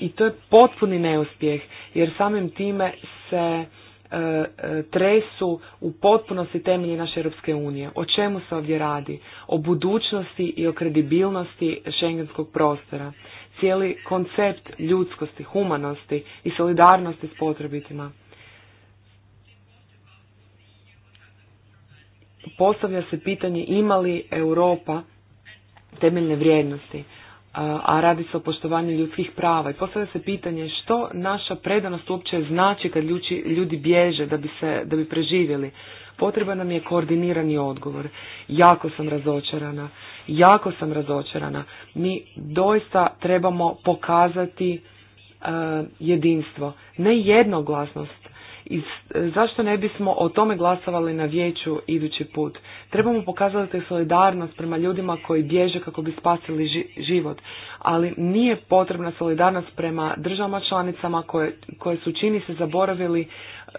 i to je potpuni neuspjeh jer samim time se e, e, tresu u potpunosti temelji naše Europske unije. O čemu se ovdje radi? O budućnosti i o kredibilnosti šengenskog prostora cijeli koncept ljudskosti, humanosti i solidarnosti s potrebitima. Postavlja se pitanje ima li Europa temeljne vrijednosti a radi se o poštovanju ljudskih prava. I postavlja se pitanje što naša predanost uopće znači kad ljudi, bježe da bi, se, da bi preživjeli. Potreba nam je koordinirani odgovor. Jako sam razočarana. Jako sam razočarana. Mi doista trebamo pokazati jedinstvo. Ne jednoglasnost, i e, zašto ne bismo o tome glasovali na vijeću idući put? Trebamo pokazati solidarnost prema ljudima koji bježe kako bi spasili život, ali nije potrebna solidarnost prema državama članicama koje, koje su čini se zaboravili,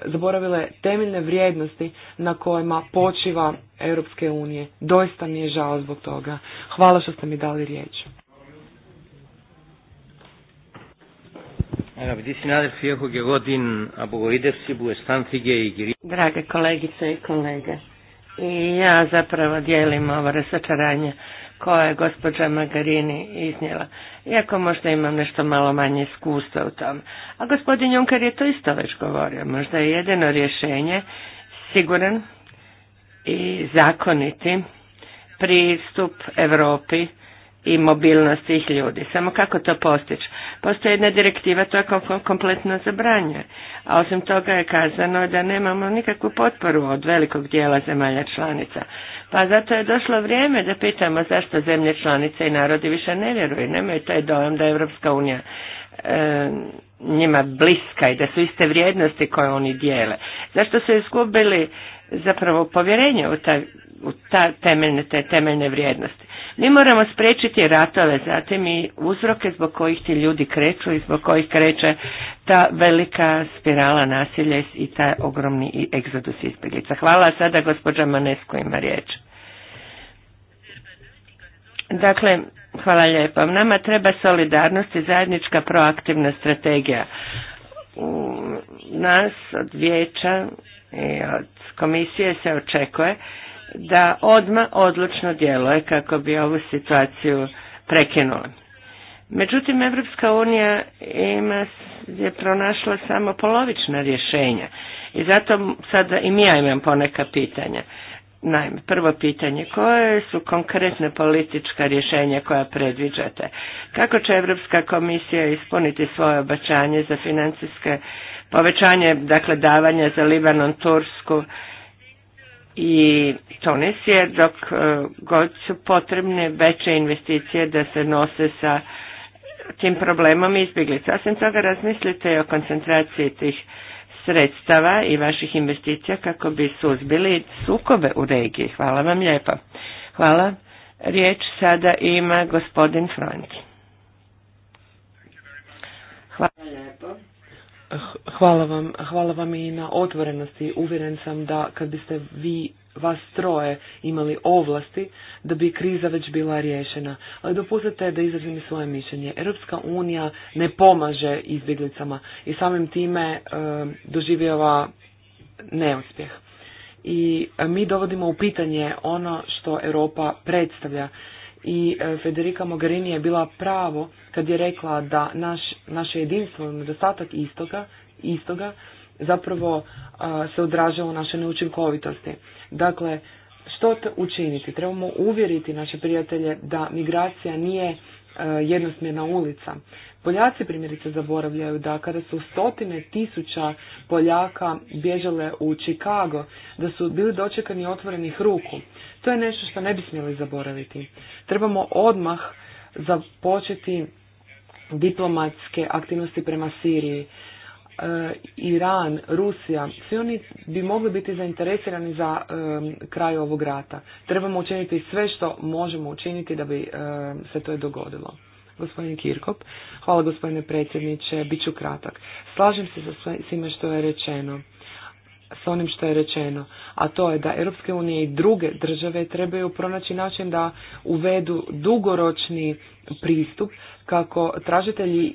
zaboravile temeljne vrijednosti na kojima počiva Europske unije. Doista mi je žao zbog toga. Hvala što ste mi dali riječ. Drage kolegice i kolege, i ja zapravo dijelim ovo razočaranje koje je gospođa Magarini iznijela, iako možda imam nešto malo manje iskustva u tom. A gospodin Juncker je to isto već govorio, možda je jedino rješenje siguran i zakoniti pristup Europi i mobilnost tih ljudi. Samo kako to postići? Postoji jedna direktiva, to kompletno zabranjuje. A osim toga je kazano da nemamo nikakvu potporu od velikog dijela zemalja članica. Pa zato je došlo vrijeme da pitamo zašto zemlje članice i narodi više ne vjeruju. Nemaju taj dojam da je Evropska unija e, njima bliska i da su iste vrijednosti koje oni dijele. Zašto su izgubili zapravo povjerenje u, ta, temeljne, te temeljne vrijednosti? Mi moramo spriječiti ratove, zatim i uzroke zbog kojih ti ljudi kreću i zbog kojih kreće ta velika spirala nasilja i taj ogromni egzodus izbjeglica. Hvala sada gospođa Manesko ima riječ. Dakle, hvala lijepo. Nama treba solidarnost i zajednička proaktivna strategija. U nas od vijeća i od komisije se očekuje da odma odlučno djeluje kako bi ovu situaciju prekinula. Međutim, Evropska unija ima, je pronašla samo polovična rješenja i zato sada i ja imam poneka pitanja. Naime, prvo pitanje, koje su konkretne politička rješenja koja predviđate? Kako će Europska komisija ispuniti svoje obećanje za financijske povećanje, dakle davanja za Libanon, Tursku i to je dok e, god su potrebne veće investicije da se nose sa tim problemom izbjeglica. Osim toga razmislite o koncentraciji tih sredstava i vaših investicija kako bi suzbili sukobe u regiji. Hvala vam lijepo. Hvala. Riječ sada ima gospodin Franki. Hvala lijepo. Hvala vam, hvala vam i na otvorenosti. Uvjeren sam da kad biste vi vas troje imali ovlasti, da bi kriza već bila riješena. Ali dopustite da izrazim svoje mišljenje. Europska unija ne pomaže izbjeglicama i samim time e, neuspjeh. I e, mi dovodimo u pitanje ono što Europa predstavlja i e, Federica Mogherini je bila pravo kad je rekla da naš, naše jedinstvo, nedostatak istoga, istoga zapravo e, se odražava u naše neučinkovitosti. Dakle, što učiniti? Trebamo uvjeriti naše prijatelje da migracija nije a, e, jednosmjerna ulica. Poljaci primjerice zaboravljaju da kada su stotine tisuća Poljaka bježale u Chicago, da su bili dočekani otvorenih ruku. To je nešto što ne bi smjeli zaboraviti. Trebamo odmah započeti diplomatske aktivnosti prema Siriji. E, Iran, Rusija, svi oni bi mogli biti zainteresirani za e, kraj ovog rata. Trebamo učiniti sve što možemo učiniti da bi e, se to je dogodilo. Gospodin Kirkop, hvala gospodine predsjedniče, bit ću kratak. Slažem se sa svime što je rečeno s onim što je rečeno, a to je da Europske unije i druge države trebaju pronaći način da uvedu dugoročni pristup kako tražitelji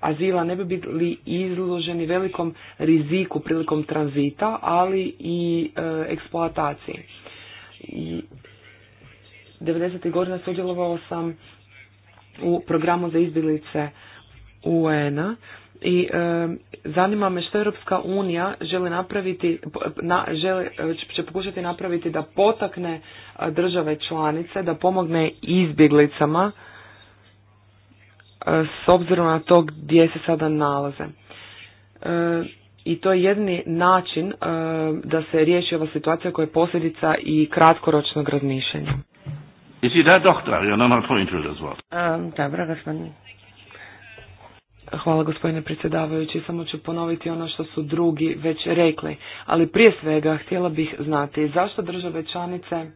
azila ne bi bili izloženi velikom riziku prilikom tranzita, ali i e, eksploataciji. 90. godina sudjelovao sam u programu za izbjeglice UN-a i e, zanima me što Europska unija želi napraviti, na, želi, će pokušati napraviti da potakne e, države članice, da pomogne izbjeglicama e, s obzirom na to gdje se sada nalaze. E, I to je jedni način da se riješi ova situacija koja je posljedica i kratkoročnog razmišljanja. Um, dobro, gospodin. Hvala gospodine predsjedavajući, samo ću ponoviti ono što su drugi već rekli, ali prije svega htjela bih znati zašto države članice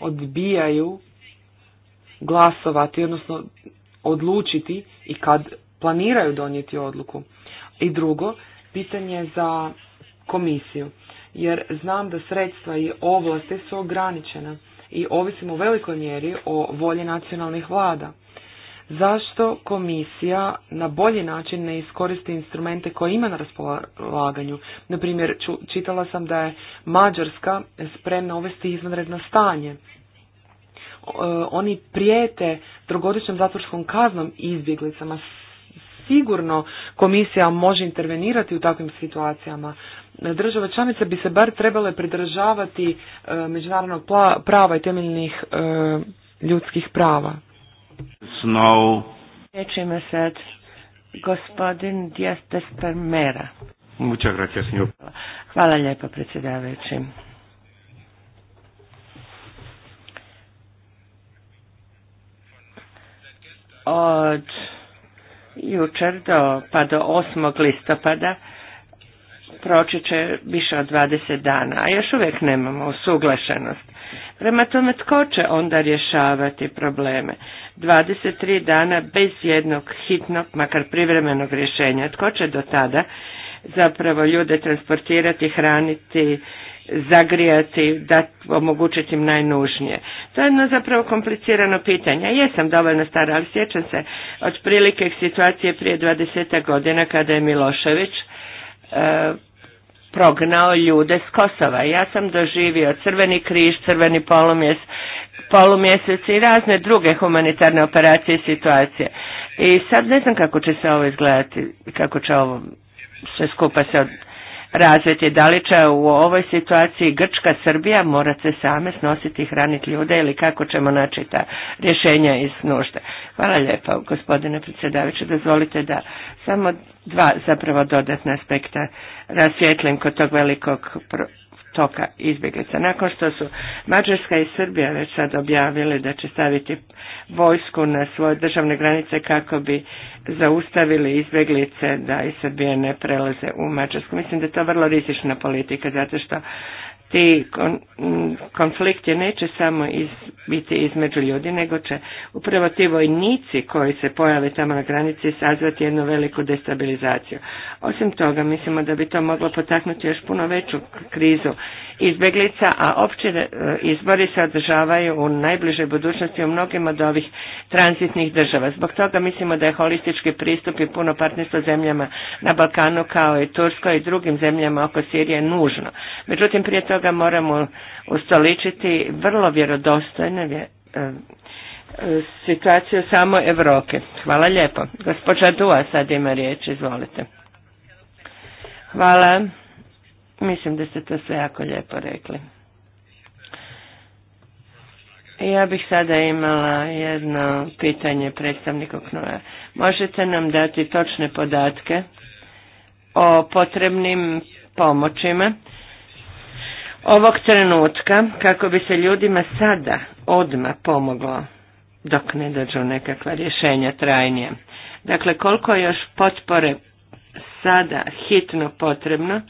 odbijaju glasovati, odnosno odlučiti i kad planiraju donijeti odluku. I drugo, pitanje za komisiju, jer znam da sredstva i ovlasti su ograničena i ovisimo u velikoj mjeri o volji nacionalnih vlada zašto komisija na bolji način ne iskoristi instrumente koje ima na raspolaganju. Na primjer, čitala sam da je Mađarska spremna uvesti izvanredno stanje. E, oni prijete trogodišnjom zatvorskom kaznom izbjeglicama. Sigurno komisija može intervenirati u takvim situacijama. Države članice bi se bar trebale pridržavati e, međunarodnog prava i temeljnih e, ljudskih prava. Snow. Riječ ima sad gospodin Dias Despermera. Muchas gracias, señor. Hvala lijepo, predsjedavajući. Od jučer do, pa do 8. listopada proći će više od 20 dana, a još uvijek nemamo usuglašenost. Prema tome, tko će onda rješavati probleme? 23 dana bez jednog hitnog, makar privremenog rješenja. Tko će do tada zapravo ljude transportirati, hraniti, zagrijati, da omogućiti im najnužnije. To je jedno zapravo komplicirano pitanje. Jesam dovoljno stara, ali sjećam se od prilike situacije prije 20. godina kada je Milošević e, prognao ljude s Kosova. Ja sam doživio Crveni križ, Crveni polumjes, polumjesec i razne druge humanitarne operacije i situacije. I sad ne znam kako će se ovo izgledati, kako će ovo sve skupa se od razviti. Da li će u ovoj situaciji Grčka, Srbija morat se same snositi i hraniti ljude ili kako ćemo naći ta rješenja iz nužde. Hvala lijepa gospodine predsjedavajući. Dozvolite da samo dva zapravo dodatna aspekta rasvijetlim kod tog velikog toka izbjeglica. Nakon što su Mađarska i Srbija već sad objavili da će staviti vojsku na svoje državne granice kako bi zaustavili izbjeglice da i Srbije ne prelaze u Mađarsku. Mislim da je to vrlo rizična politika zato što ti mm, konflikti neće samo iz, biti između ljudi, nego će upravo ti vojnici koji se pojave tamo na granici sazvati jednu veliku destabilizaciju. Osim toga, mislimo da bi to moglo potaknuti još puno veću krizu izbjeglica, a opći e, izbori se održavaju u najbližoj budućnosti u mnogim od ovih tranzitnih država. Zbog toga mislimo da je holistički pristup i puno partnerstvo zemljama na Balkanu kao i Turskoj i drugim zemljama oko Sirije nužno. Međutim, prije toga moramo ustoličiti vrlo vjerodostojne e, e, situaciju samo Europe. Hvala lijepo. Gospođa Dua sad ima riječ, izvolite. Hvala. Mislim da ste to sve jako lijepo rekli. Ja bih sada imala jedno pitanje predstavniku Knoja. Možete nam dati točne podatke o potrebnim pomoćima ovog trenutka kako bi se ljudima sada odma pomoglo dok ne dođu nekakva rješenja trajnije. Dakle, koliko je još potpore sada hitno potrebno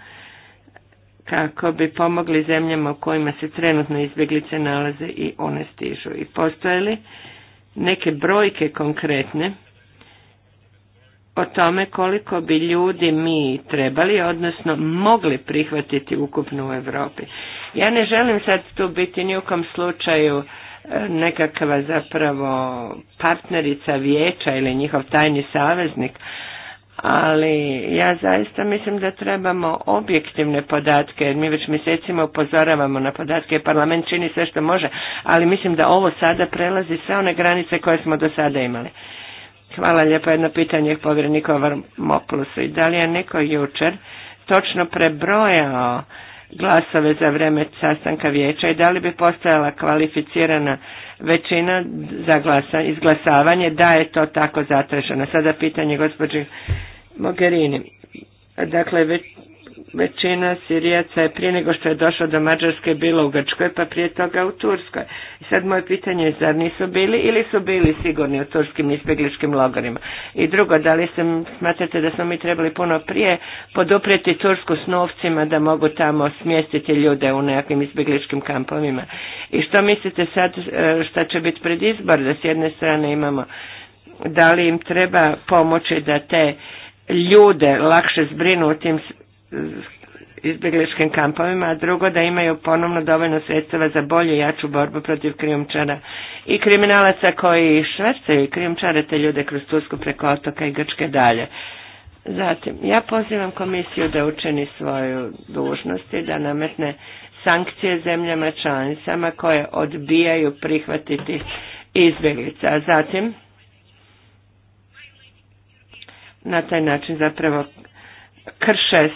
kako bi pomogli zemljama u kojima se trenutno izbjeglice nalaze i one stižu. I postoje li neke brojke konkretne o tome koliko bi ljudi mi trebali, odnosno mogli prihvatiti ukupno u Europi. Ja ne želim sad tu biti ni u kom slučaju e, nekakva zapravo partnerica vijeća ili njihov tajni saveznik, ali ja zaista mislim da trebamo objektivne podatke, jer mi već mjesecima upozoravamo na podatke, parlament čini sve što može, ali mislim da ovo sada prelazi sve one granice koje smo do sada imali. Hvala lijepo, jedno pitanje povjerenika Vrmoplusu. I da li je neko jučer točno prebrojao glasove za vrijeme sastanka vijeća i da li bi postojala kvalificirana većina za glasa, izglasavanje da je to tako zatraženo. Sada pitanje gospođe Mogherini. Dakle, većina Sirijaca je prije nego što je došlo do Mađarske bilo u Grčkoj, pa prije toga u Turskoj. I sad moje pitanje je zar nisu bili ili su bili sigurni u turskim izbjegličkim logorima. I drugo, da li se smatrate da smo mi trebali puno prije poduprijeti Tursku s novcima da mogu tamo smjestiti ljude u nekakvim izbjegličkim kampovima? I što mislite sad e, što će biti pred izbor? Da s jedne strane imamo da li im treba pomoći da te ljude lakše zbrinu u tim izbjegličkim kampovima, a drugo da imaju ponovno dovoljno sredstava za i jaču borbu protiv krijumčara i kriminalaca koji švercaju i krijumčare te ljude kroz Tursku preko otoka i Grčke dalje. Zatim, ja pozivam komisiju da učini svoju dužnost i da nametne sankcije zemljama članicama koje odbijaju prihvatiti izbjeglica. A zatim, na taj način zapravo krše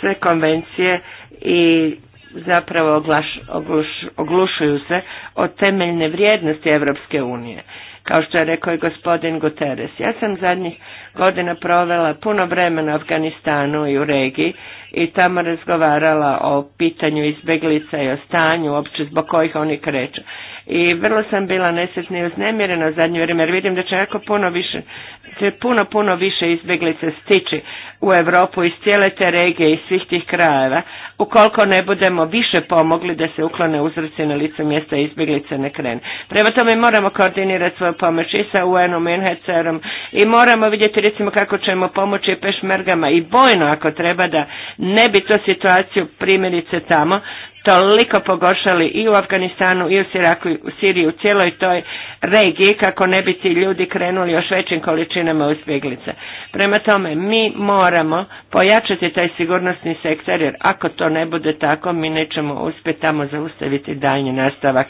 sve konvencije i zapravo oglaš, oglušuju se o temeljne vrijednosti Europske unije. Kao što je rekao i gospodin Guterres. Ja sam zadnjih godina provela puno vremena u Afganistanu i u regiji i tamo razgovarala o pitanju izbjeglica i o stanju uopće zbog kojih oni kreću i vrlo sam bila nesretna i uznemirena u zadnje vrijeme jer vidim da će jako puno više, će puno, puno više izbjeglice stići u Europu iz cijele te regije, i svih tih krajeva, ukoliko ne budemo više pomogli da se uklone uzroci na licu mjesta izbjeglice ne krene. Prema tome moramo koordinirati svoju pomoć i sa UN-om i om i moramo vidjeti recimo kako ćemo pomoći pešmergama i bojno ako treba da ne bi to situaciju primjerice tamo toliko pogoršali i u Afganistanu i u Siraku i u Siriji u cijeloj toj regiji kako ne bi ti ljudi krenuli još većim količinama uzbjeglica. Prema tome mi moramo pojačati taj sigurnosni sektor jer ako to ne bude tako mi nećemo uspjeti tamo zaustaviti daljnji nastavak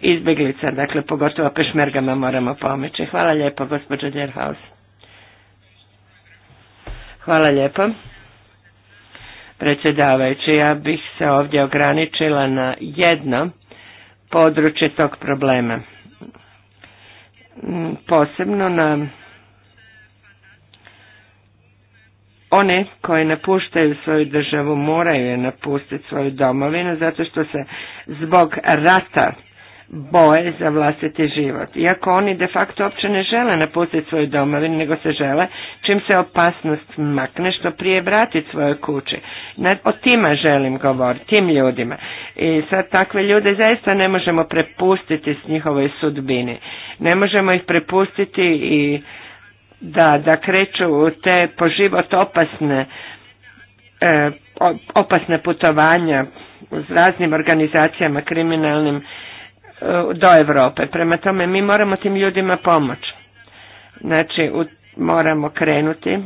izbjeglica, dakle pogotovo pešmergama moramo pomoći. Hvala lijepo gospođo Djerhaus. Hvala lijepo predsjedavajući. Ja bih se ovdje ograničila na jedno područje tog problema. Mm, posebno na one koji napuštaju svoju državu moraju je napustiti svoju domovinu zato što se zbog rata boje za vlastiti život. Iako oni de facto uopće ne žele napustiti svoju domovinu, nego se žele čim se opasnost makne što prije vratiti svoje kuće. O tima želim govoriti, tim ljudima. I sad takve ljude zaista ne možemo prepustiti s njihovoj sudbini. Ne možemo ih prepustiti i da, da kreću u te po život opasne e, putovanja s raznim organizacijama kriminalnim E, do Europe. Prema tome mi moramo tim ljudima pomoći. Znači u, moramo krenuti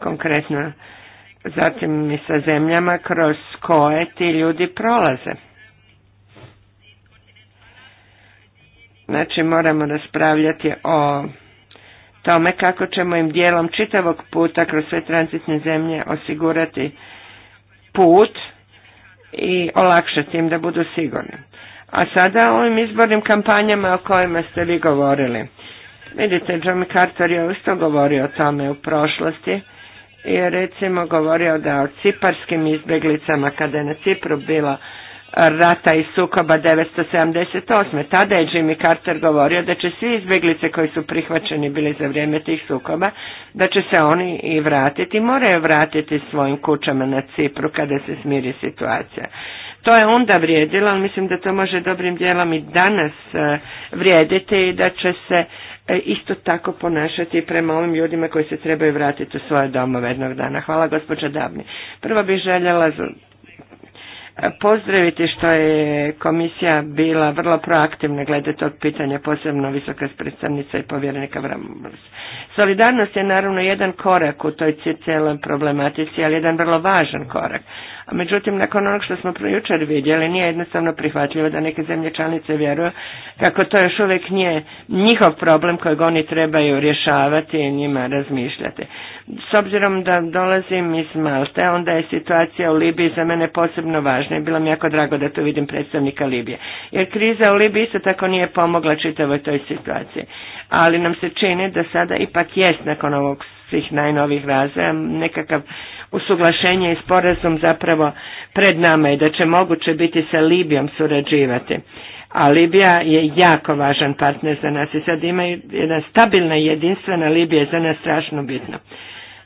konkretno zatim i sa zemljama kroz koje ti ljudi prolaze. Znači moramo raspravljati o tome kako ćemo im dijelom čitavog puta kroz sve transitne zemlje osigurati put i olakšati im da budu sigurni. A sada o ovim izbornim kampanjama o kojima ste vi govorili. Vidite, Jimmy Carter je isto govorio o tome u prošlosti i recimo govorio da o ciparskim izbjeglicama kada je na Cipru bila rata i sukoba 978. Tada je Jimmy Carter govorio da će svi izbjeglice koji su prihvaćeni bili za vrijeme tih sukoba, da će se oni i vratiti, moraju vratiti svojim kućama na Cipru kada se smiri situacija. To je onda vrijedilo, ali mislim da to može dobrim dijelom i danas e, vrijediti i da će se e, isto tako ponašati prema ovim ljudima koji se trebaju vratiti u svoje domove jednog dana. Hvala gospođa Dabni. Prvo bih željela pozdraviti što je komisija bila vrlo proaktivna glede tog pitanja, posebno visoka predstavnica i povjerenika Solidarnost je naravno jedan korak u toj cijeloj problematici, ali jedan vrlo važan korak. Međutim, nakon onog što smo jučer vidjeli, nije jednostavno prihvatljivo da neke zemlje članice vjeruju kako to još uvijek nije njihov problem kojeg oni trebaju rješavati i njima razmišljati. S obzirom da dolazim iz Malte, onda je situacija u Libiji za mene posebno važna i bilo mi jako drago da tu vidim predstavnika Libije. Jer kriza u Libiji isto tako nije pomogla čitavoj toj situaciji. Ali nam se čini da sada ipak jest nakon ovog svih najnovih razvoja nekakav usuglašenje i sporazum zapravo pred nama i da će moguće biti sa Libijom surađivati. A Libija je jako važan partner za nas i sad ima jedna stabilna i jedinstvena Libija za nas strašno bitno.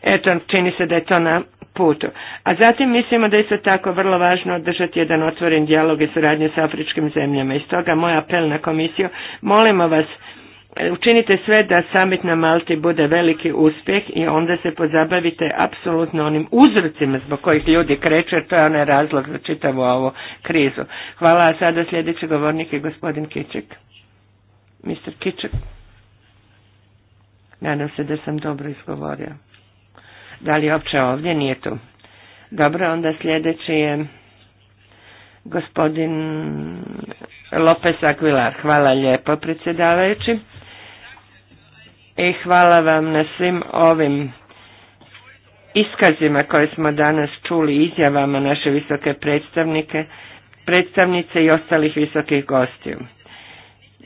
Eto, čini se da je to na putu. A zatim mislimo da je isto tako vrlo važno održati jedan otvoren dijalog i suradnju sa afričkim zemljama. I stoga moj apel na komisiju, molimo vas učinite sve da samit na Malti bude veliki uspjeh i onda se pozabavite apsolutno onim uzrocima zbog kojih ljudi kreću, jer to je onaj razlog za čitavu ovu krizu. Hvala, a sada sljedeći govornik je gospodin Kiček. Mr. Kiček. Nadam se da sam dobro izgovorio. Da li je opće ovdje? Nije tu. Dobro, onda sljedeći je gospodin Lopez Aguilar. Hvala lijepo, predsjedavajući i e, hvala vam na svim ovim iskazima koje smo danas čuli, izjavama naše visoke predstavnike, predstavnice i ostalih visokih gostiju.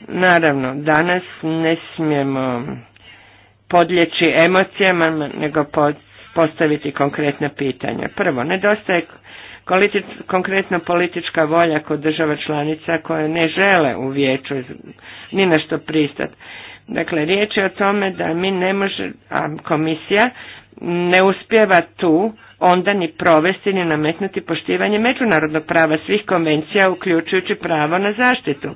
Naravno, danas ne smijemo podljeći emocijama, nego postaviti konkretna pitanja. Prvo, nedostaje konkretno konkretna politička volja kod država članica koje ne žele u vijeću ni na što pristati. Dakle, riječ je o tome da mi ne može, a komisija ne uspjeva tu onda ni provesti ni nametnuti poštivanje međunarodnog prava svih konvencija uključujući pravo na zaštitu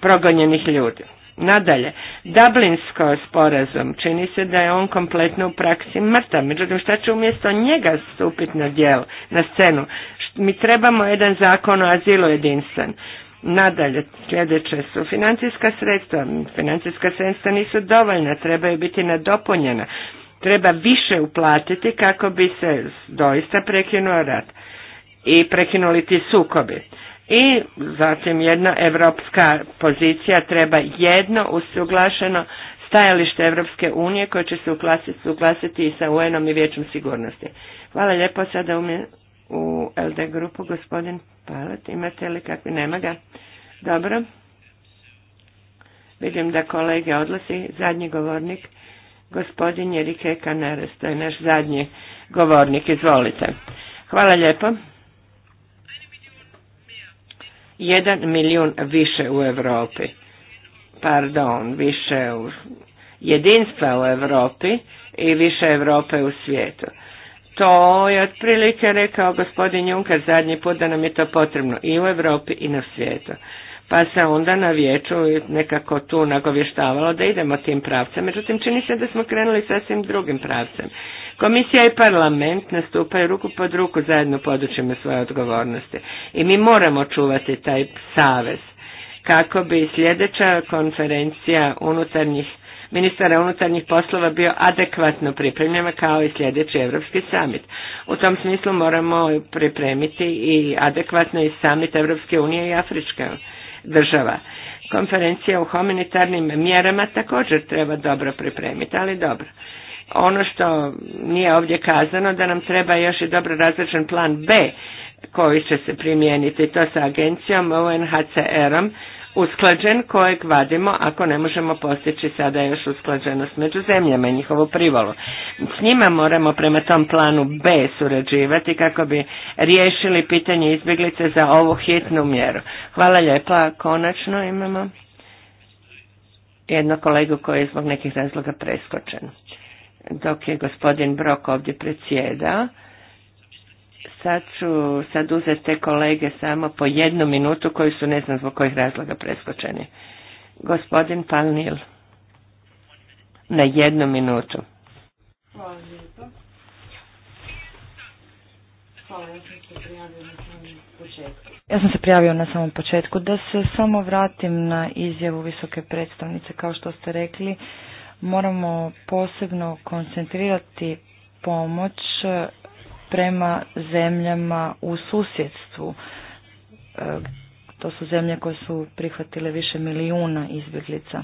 progonjenih ljudi. Nadalje, Dublinsko sporazum čini se da je on kompletno u praksi mrtav, međutim šta će umjesto njega stupiti na djelo, na scenu? Mi trebamo jedan zakon o azilu jedinstven. Nadalje, sljedeće su financijska sredstva. Financijska sredstva nisu dovoljna, trebaju biti nadopunjena. Treba više uplatiti kako bi se doista prekinuo rat i prekinuli ti sukobi. I zatim jedna evropska pozicija treba jedno usuglašeno stajalište Evropske unije koje će se uglasiti, i sa UN-om i Vijećem sigurnosti. Hvala lijepo sada u u LD grupu, gospodin Palet, imate li kakvi? Nema ga. Dobro. Vidim da kolege odlasi. zadnji govornik, gospodin Jerike Kaneres, to je naš zadnji govornik, izvolite. Hvala lijepo. Jedan milijun više u Europi, pardon, više u jedinstva u Europi i više Europe u svijetu. To je otprilike rekao gospodin Juncker zadnji put da nam je to potrebno i u Europi i na svijetu. Pa se onda na vijeću nekako tu nagovještavalo da idemo tim pravcem. Međutim, čini se da smo krenuli sasvim drugim pravcem. Komisija i parlament nastupaju ruku pod ruku zajedno područjima svoje odgovornosti. I mi moramo čuvati taj savez kako bi sljedeća konferencija unutarnjih ministara unutarnjih poslova bio adekvatno pripremljen kao i sljedeći Europski summit. U tom smislu moramo pripremiti i adekvatno i samit Europske unije i Afrička država. Konferencija u humanitarnim mjerama također treba dobro pripremiti, ali dobro. Ono što nije ovdje kazano da nam treba još i dobro različan plan B koji će se primijeniti to sa agencijom UNHCR-om usklađen kojeg vadimo ako ne možemo postići sada još usklađenost među zemljama i njihovu privolu. S njima moramo prema tom planu B surađivati kako bi riješili pitanje izbjeglice za ovu hitnu mjeru. Hvala lijepa. Konačno imamo jednu kolegu koji je zbog nekih razloga preskočen. Dok je gospodin Brok ovdje predsjedao, Sad ću sad uzeti te kolege samo po jednu minutu koji su ne znam zbog kojih razloga preskočeni. Gospodin Palnil. Na jednu minutu. Hvala lijepo. ja sam se prijavio na samom početku. Da se samo vratim na izjavu visoke predstavnice, kao što ste rekli, moramo posebno koncentrirati pomoć prema zemljama u susjedstvu. E, to su zemlje koje su prihvatile više milijuna izbjeglica.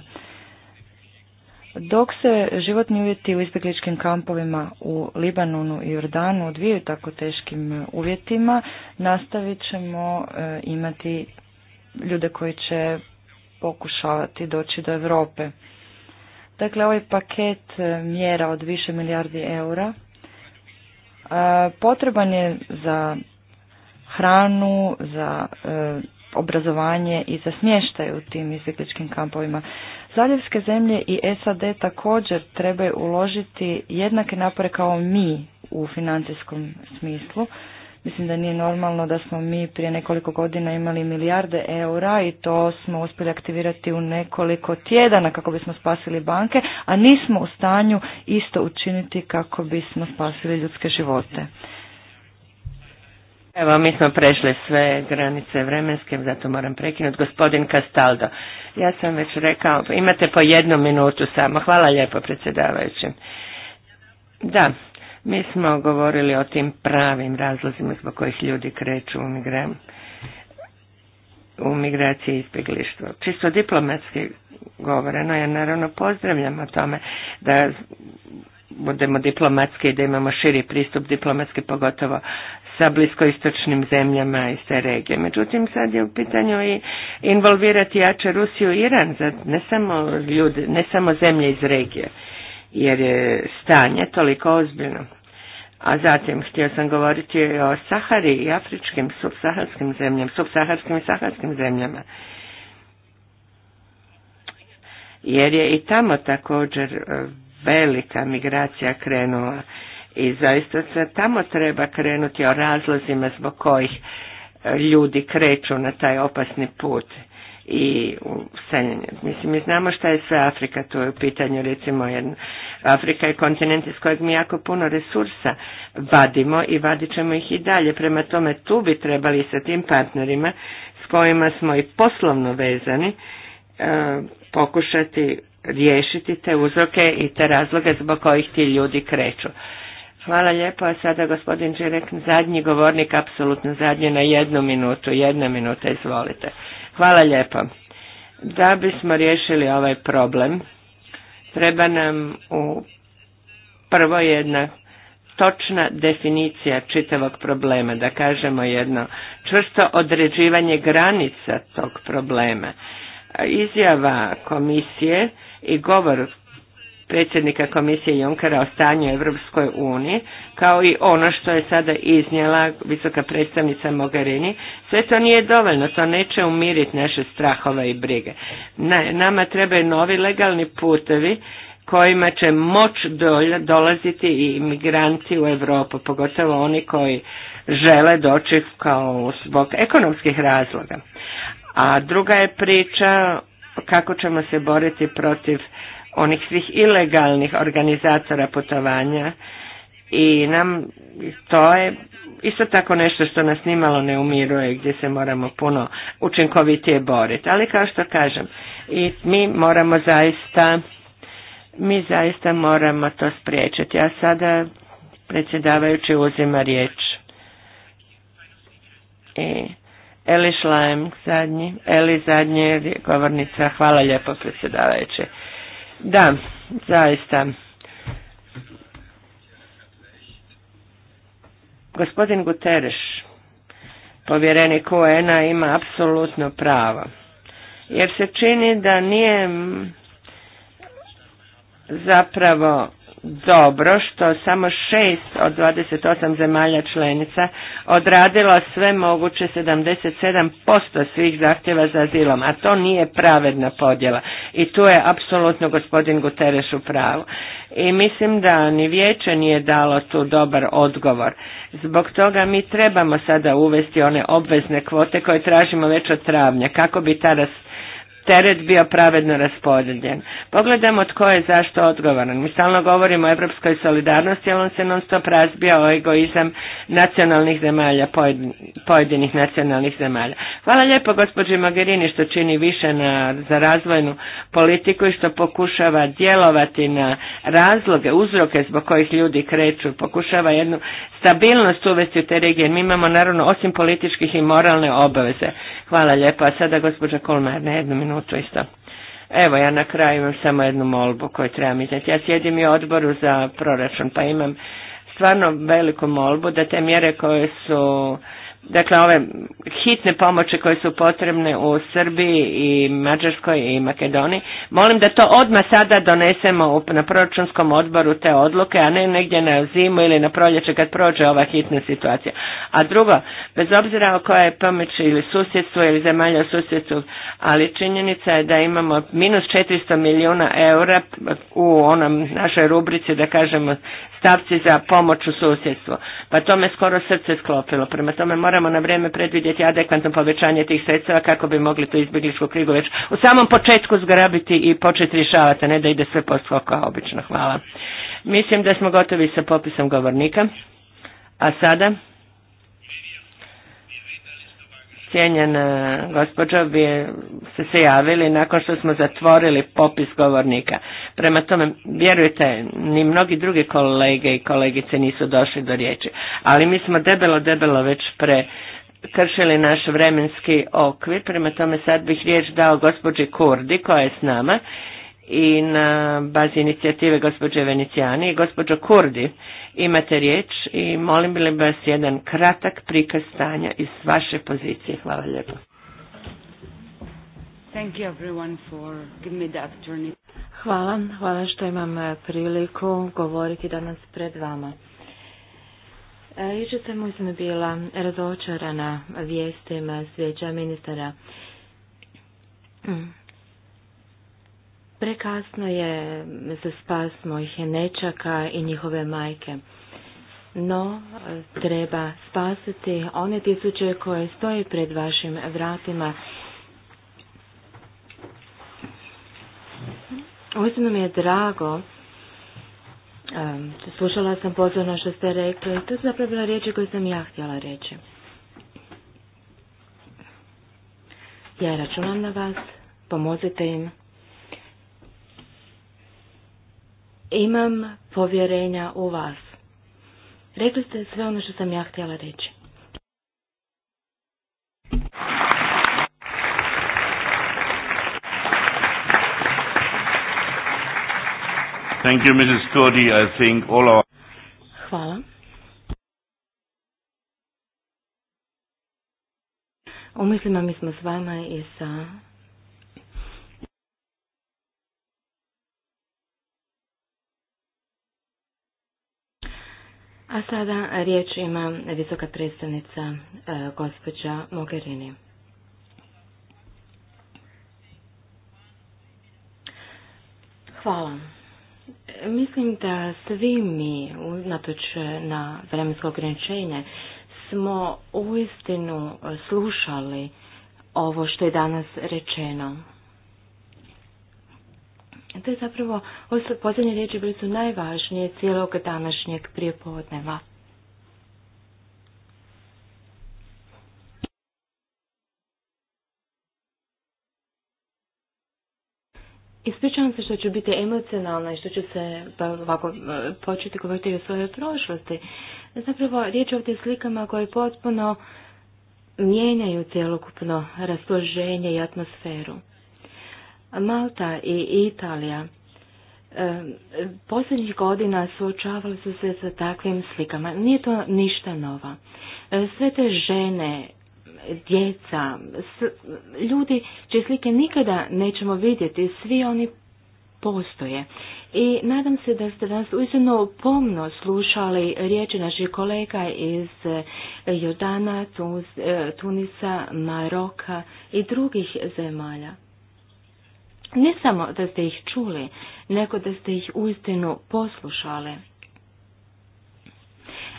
Dok se životni uvjeti u izbjegličkim kampovima u Libanonu i Jordanu odvijaju tako teškim uvjetima, nastavit ćemo e, imati ljude koji će pokušavati doći do Europe. Dakle, ovaj paket e, mjera od više milijardi eura E, potreban je za hranu, za e, obrazovanje i za smještaj u tim izbjegličkim kampovima. Zaljevske zemlje i SAD također trebaju uložiti jednake napore kao mi u financijskom smislu Mislim da nije normalno da smo mi prije nekoliko godina imali milijarde eura i to smo uspjeli aktivirati u nekoliko tjedana kako bismo spasili banke, a nismo u stanju isto učiniti kako bismo spasili ljudske živote. Evo, mi smo prešli sve granice vremenske, zato moram prekinuti. Gospodin Castaldo, ja sam već rekao, imate po jednu minutu samo. Hvala lijepo, predsjedavajući. Da, mi smo govorili o tim pravim razlozima zbog kojih ljudi kreću u, migra... u migraciji i izbjeglištvo. Čisto diplomatski govoreno, ja naravno pozdravljam o tome da budemo diplomatski i da imamo širi pristup diplomatski, pogotovo sa bliskoistočnim zemljama i te regije. Međutim, sad je u pitanju i involvirati jače Rusiju i Iran, ne samo, ljudi, ne samo zemlje iz regije, jer je stanje toliko ozbiljno. A zatim htio sam govoriti o Sahari i afričkim subsaharskim zemljama, subsaharskim i saharskim zemljama. Jer je i tamo također e, velika migracija krenula i zaista se tamo treba krenuti o razlozima zbog kojih e, ljudi kreću na taj opasni put i Mislim, mi znamo šta je sve Afrika, to je u pitanju recimo jedna. Afrika je kontinent iz kojeg mi jako puno resursa vadimo i vadit ćemo ih i dalje. Prema tome tu bi trebali sa tim partnerima s kojima smo i poslovno vezani e, pokušati riješiti te uzroke i te razloge zbog kojih ti ljudi kreću. Hvala lijepo, a sada gospodin Žirek, zadnji govornik, apsolutno zadnji na jednu minutu, jedna minuta, izvolite. Hvala lijepo. Da bismo riješili ovaj problem, treba nam u prvo jedna točna definicija čitavog problema, da kažemo jedno čvrsto određivanje granica tog problema. Izjava komisije i govor predsjednika komisije Junkera o stanju Evropskoj uniji, kao i ono što je sada iznijela visoka predstavnica Mogherini, sve to nije dovoljno, to neće umiriti naše strahove i brige. nama trebaju novi legalni putevi kojima će moć dolaziti i imigranti u Europu, pogotovo oni koji žele doći kao zbog ekonomskih razloga. A druga je priča kako ćemo se boriti protiv onih svih ilegalnih organizatora putovanja i nam to je isto tako nešto što nas nimalo ne umiruje gdje se moramo puno učinkovitije boriti. Ali kao što kažem, i mi moramo zaista mi zaista moramo to spriječiti. A sada predsjedavajući uzima riječ. I Eli Šlajem zadnji, Eli zadnje govornica. Hvala lijepo predsjedavajući. Da, zaista. Gospodin Guterres, povjerenik UN-a, ima apsolutno pravo. Jer se čini da nije zapravo dobro što samo šest od 28 zemalja članica odradilo sve moguće 77% svih zahtjeva za azilom, a to nije pravedna podjela i tu je apsolutno gospodin Guterres u pravu. I mislim da ni vijeće nije dalo tu dobar odgovor. Zbog toga mi trebamo sada uvesti one obvezne kvote koje tražimo već od travnja kako bi ta teret bio pravedno raspodijeljen. Pogledamo tko je zašto odgovoran. Mi stalno govorimo o evropskoj solidarnosti, jer on se non stop razbija o egoizam nacionalnih zemalja, pojedinih nacionalnih zemalja. Hvala lijepo gospođi Mogherini što čini više na, za razvojnu politiku i što pokušava djelovati na razloge, uzroke zbog kojih ljudi kreću, pokušava jednu stabilnost uvesti u te regije. Mi imamo naravno osim političkih i moralne obaveze. Hvala lijepo. A sada gospođa Kolmar na jednu minutu minutu Evo ja na kraju imam samo jednu molbu koju trebam iznijeti. Ja sjedim i u odboru za proračun pa imam stvarno veliku molbu da te mjere koje su dakle ove hitne pomoći koje su potrebne u Srbiji i Mađarskoj i Makedoniji, molim da to odmah sada donesemo na proračunskom odboru te odluke, a ne negdje na zimu ili na proljeće kad prođe ova hitna situacija. A drugo, bez obzira o koja je pomoć ili susjedstvo ili zemalja u susjedstvu, ali činjenica je da imamo minus 400 milijuna eura u onom našoj rubrici, da kažemo, stavci za pomoć u susjedstvu. Pa to me skoro srce sklopilo. Prema tome moramo na vrijeme predvidjeti adekvatno povećanje tih sredstava kako bi mogli tu izbjegličku krigu već u samom početku zgrabiti i početi rješavati, a ne da ide sve posto kao obično. Hvala. Mislim da smo gotovi sa popisom govornika. A sada cijenjena gospođo, bi se se javili nakon što smo zatvorili popis govornika. Prema tome, vjerujte, ni mnogi drugi kolege i kolegice nisu došli do riječi, ali mi smo debelo, debelo već pre kršili naš vremenski okvir, prema tome sad bih riječ dao gospođi Kurdi koja je s nama i na bazi inicijative gospođe Venicijani i gospođo Kurdi imate riječ i molim bi vas jedan kratak prikaz stanja iz vaše pozicije. Hvala lijepo. Thank you everyone for Hvala, hvala što imam e, priliku govoriti danas pred vama. Iče e, sam uzme bila razočarana vijestima sveća ministara. Prekasno je za spas mojih nečaka i njihove majke. No, treba spasiti one tisuće koje stoje pred vašim vratima. Uistinu mi je drago slušala sam pozorno što ste rekli. To su zapravo riječi koje sam ja htjela reći. Ja računam na vas. Pomozite im. imam povjerenja u vas. Rekli ste sve ono što sam ja htjela reći. Thank you, Mrs. Cody. I think all our... Hvala. U mislima mi smo s vama i sa A sada riječ ima visoka predstavnica e, gospođa Mogherini. Hvala. Mislim da svi mi, unatoč na vremensko ograničenje, smo uistinu slušali ovo što je danas rečeno. To je zapravo, posljednje riječi bili su najvažnije cijelog današnjeg prijepodneva. Ispričavam se što ću biti emocionalna i što ću se pa, ovako, e, početi govoriti o svojoj prošlosti. Zapravo, riječ je ovdje slikama koje potpuno mijenjaju cjelokupno raspoloženje i atmosferu. Malta i Italija posljednjih godina suočavali su se sa takvim slikama. Nije to ništa nova. E, sve te žene, djeca, ljudi čije slike nikada nećemo vidjeti, svi oni postoje. I nadam se da ste nas uistinu pomno slušali riječi naših kolega iz e, Jordana, e, Tunisa, Maroka i drugih zemalja. Ne samo da ste ih čuli, nego da ste ih uistinu poslušali.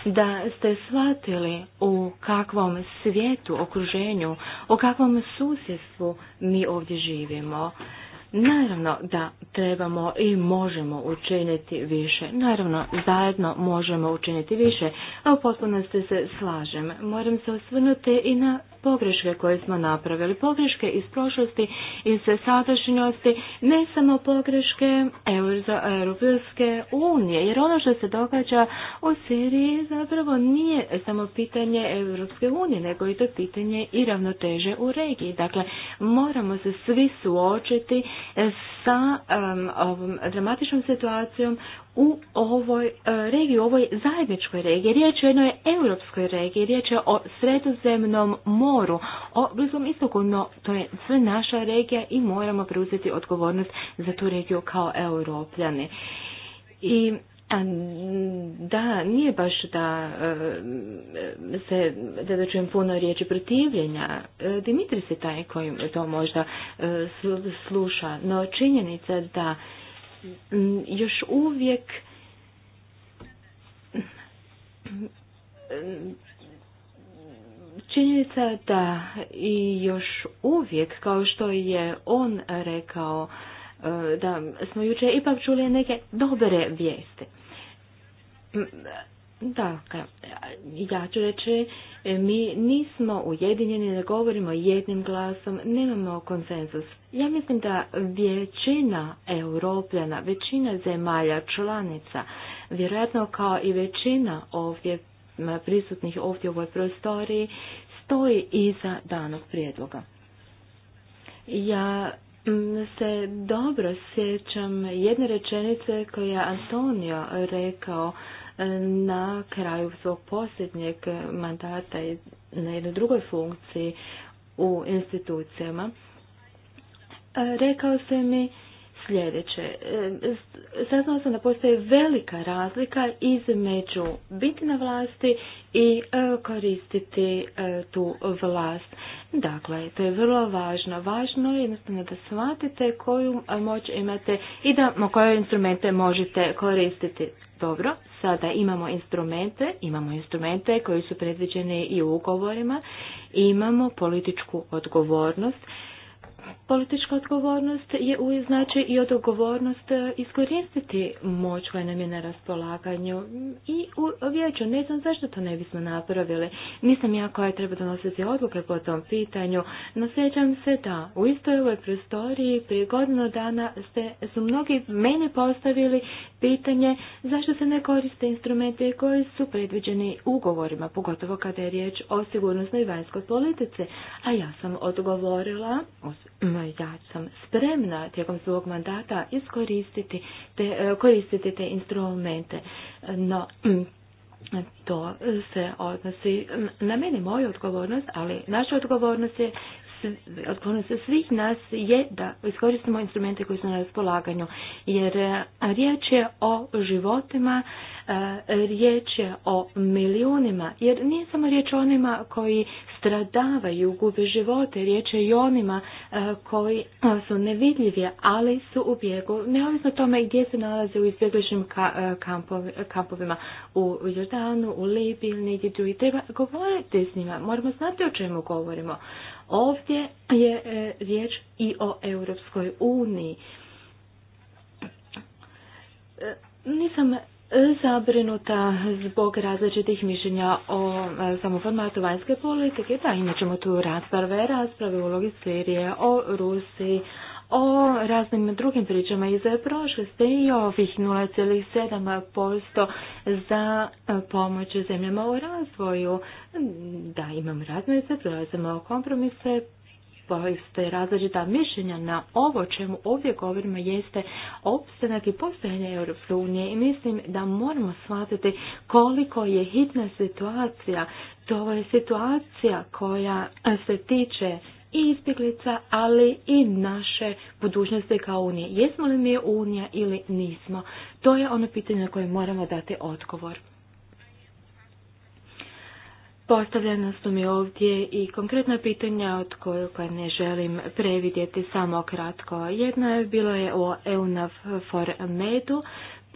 Da ste shvatili u kakvom svijetu, okruženju, u kakvom susjedstvu mi ovdje živimo. Naravno da trebamo i možemo učiniti više. Naravno, zajedno možemo učiniti više, a u potpunosti se slažem. Moram se osvrnuti i na pogreške koje smo napravili. Pogreške iz prošlosti, iz sadašnjosti, ne samo pogreške Europske unije, jer ono što se događa u Siriji zapravo nije samo pitanje Europske unije, nego i to pitanje i ravnoteže u regiji. Dakle, moramo se svi suočiti sa ovom dramatičnom situacijom u ovoj e, regiji, u ovoj zajedničkoj regiji. Riječ je o jednoj europskoj regiji, riječ je o sredozemnom moru, o blizom istoku, no to je sve naša regija i moramo preuzeti odgovornost za tu regiju kao europljani. I da, nije baš da e, se, da, da čujem puno riječi protivljenja. E, Dimitris je taj koji to možda e, sluša, no činjenica da još uvijek činjenica da i još uvijek, kao što je on rekao, Eh, da smo jučer ipak čuli neke dobre vijeste. Da, dakle, ja ću reći, eh, mi nismo ujedinjeni, ne govorimo jednim glasom, nemamo konsenzus. Ja mislim da većina europljana, većina zemalja, članica, vjerojatno kao i većina ovdje prisutnih ovdje u ovoj prostoriji, stoji iza danog prijedloga. Ja Mm, se dobro sjećam jedne rečenice koju je Antonio rekao mm, na kraju svog posljednjeg mandata i na jednoj drugoj funkciji u institucijama. E, rekao se mi sljedeće. E, saznala sam da postoji velika razlika između biti na vlasti i e, koristiti e, tu vlast. Dakle, to je vrlo važno. Važno je jednostavno da shvatite koju moć imate i da koje instrumente možete koristiti. Dobro, sada imamo instrumente, imamo instrumente koji su predviđeni i u ugovorima, imamo političku odgovornost Politička odgovornost je uvijek znači i odgovornost e, iskoristiti moć koja nam je na raspolaganju i u vijeću. Ne znam zašto to ne bismo napravili. Nisam ja koja treba donositi odluke po tom pitanju, no sjećam se da u istoj ovoj prostoriji prije godinu dana ste, su mnogi meni postavili pitanje zašto se ne koriste instrumente koji su predviđeni ugovorima, pogotovo kada je riječ o sigurnosnoj vanjskoj politici. A ja sam odgovorila, ja sam spremna tijekom svog mandata iskoristiti te, e, koristiti te instrumente, no mm, to se odnosi na meni moju odgovornost, ali naša odgovornost je se svih nas je da iskoristimo instrumente koji su na raspolaganju, jer e, riječ je o životima, e, riječ je o milijunima, jer nije samo riječ o onima koji stradavaju, gube živote, riječ je i onima e, koji su nevidljivi, ali su u bijegu, neovisno tome gdje se nalaze u izbjegličnim kampovima, u Jordanu, u Libiji ili negdje drugi. Treba govoriti s njima, moramo znati o čemu govorimo. Ovdje je e, riječ i o Europskoj uniji. E, nisam zabrinuta zbog različitih mišljenja o e, samoformatu vanjske politike. Da, imat ćemo tu rasprave, rasprave u Sirije, o Rusiji, o raznim drugim pričama iz prošlosti i ovih 0,7% za e, pomoć zemljama u razvoju. Da, imam razmice, o kompromise, postoje različita mišljenja na ovo čemu ovdje govorimo jeste opstanak i postojanje Europske unije i mislim da moramo shvatiti koliko je hitna situacija. To je situacija koja se tiče i izbjeglica, ali i naše budućnosti kao Unije. Jesmo li mi Unija ili nismo? To je ono pitanje na koje moramo dati odgovor. Postavljena su mi ovdje i konkretna pitanja od koje ne želim previdjeti samo kratko. Jedno je bilo je o EUNAV for medu,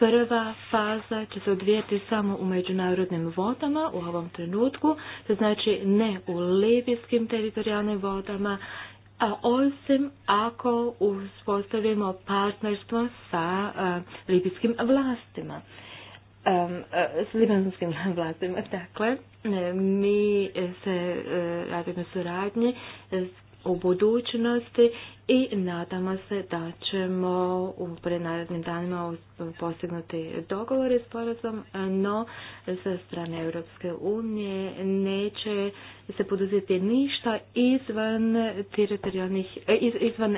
Prva faza će se odvijeti samo u međunarodnim vodama u ovom trenutku, znači ne u libijskim teritorijalnim vodama, a osim ako uspostavimo partnerstvo sa libijskim vlastima s libanskim vlastima. Dakle, mi se e, radimo suradnje u budućnosti i nadamo se da ćemo u prenarodnim danima postignuti dogovor i sporazum, no sa strane Europske unije neće se poduzeti ništa izvan teritorijalnih, e, izvan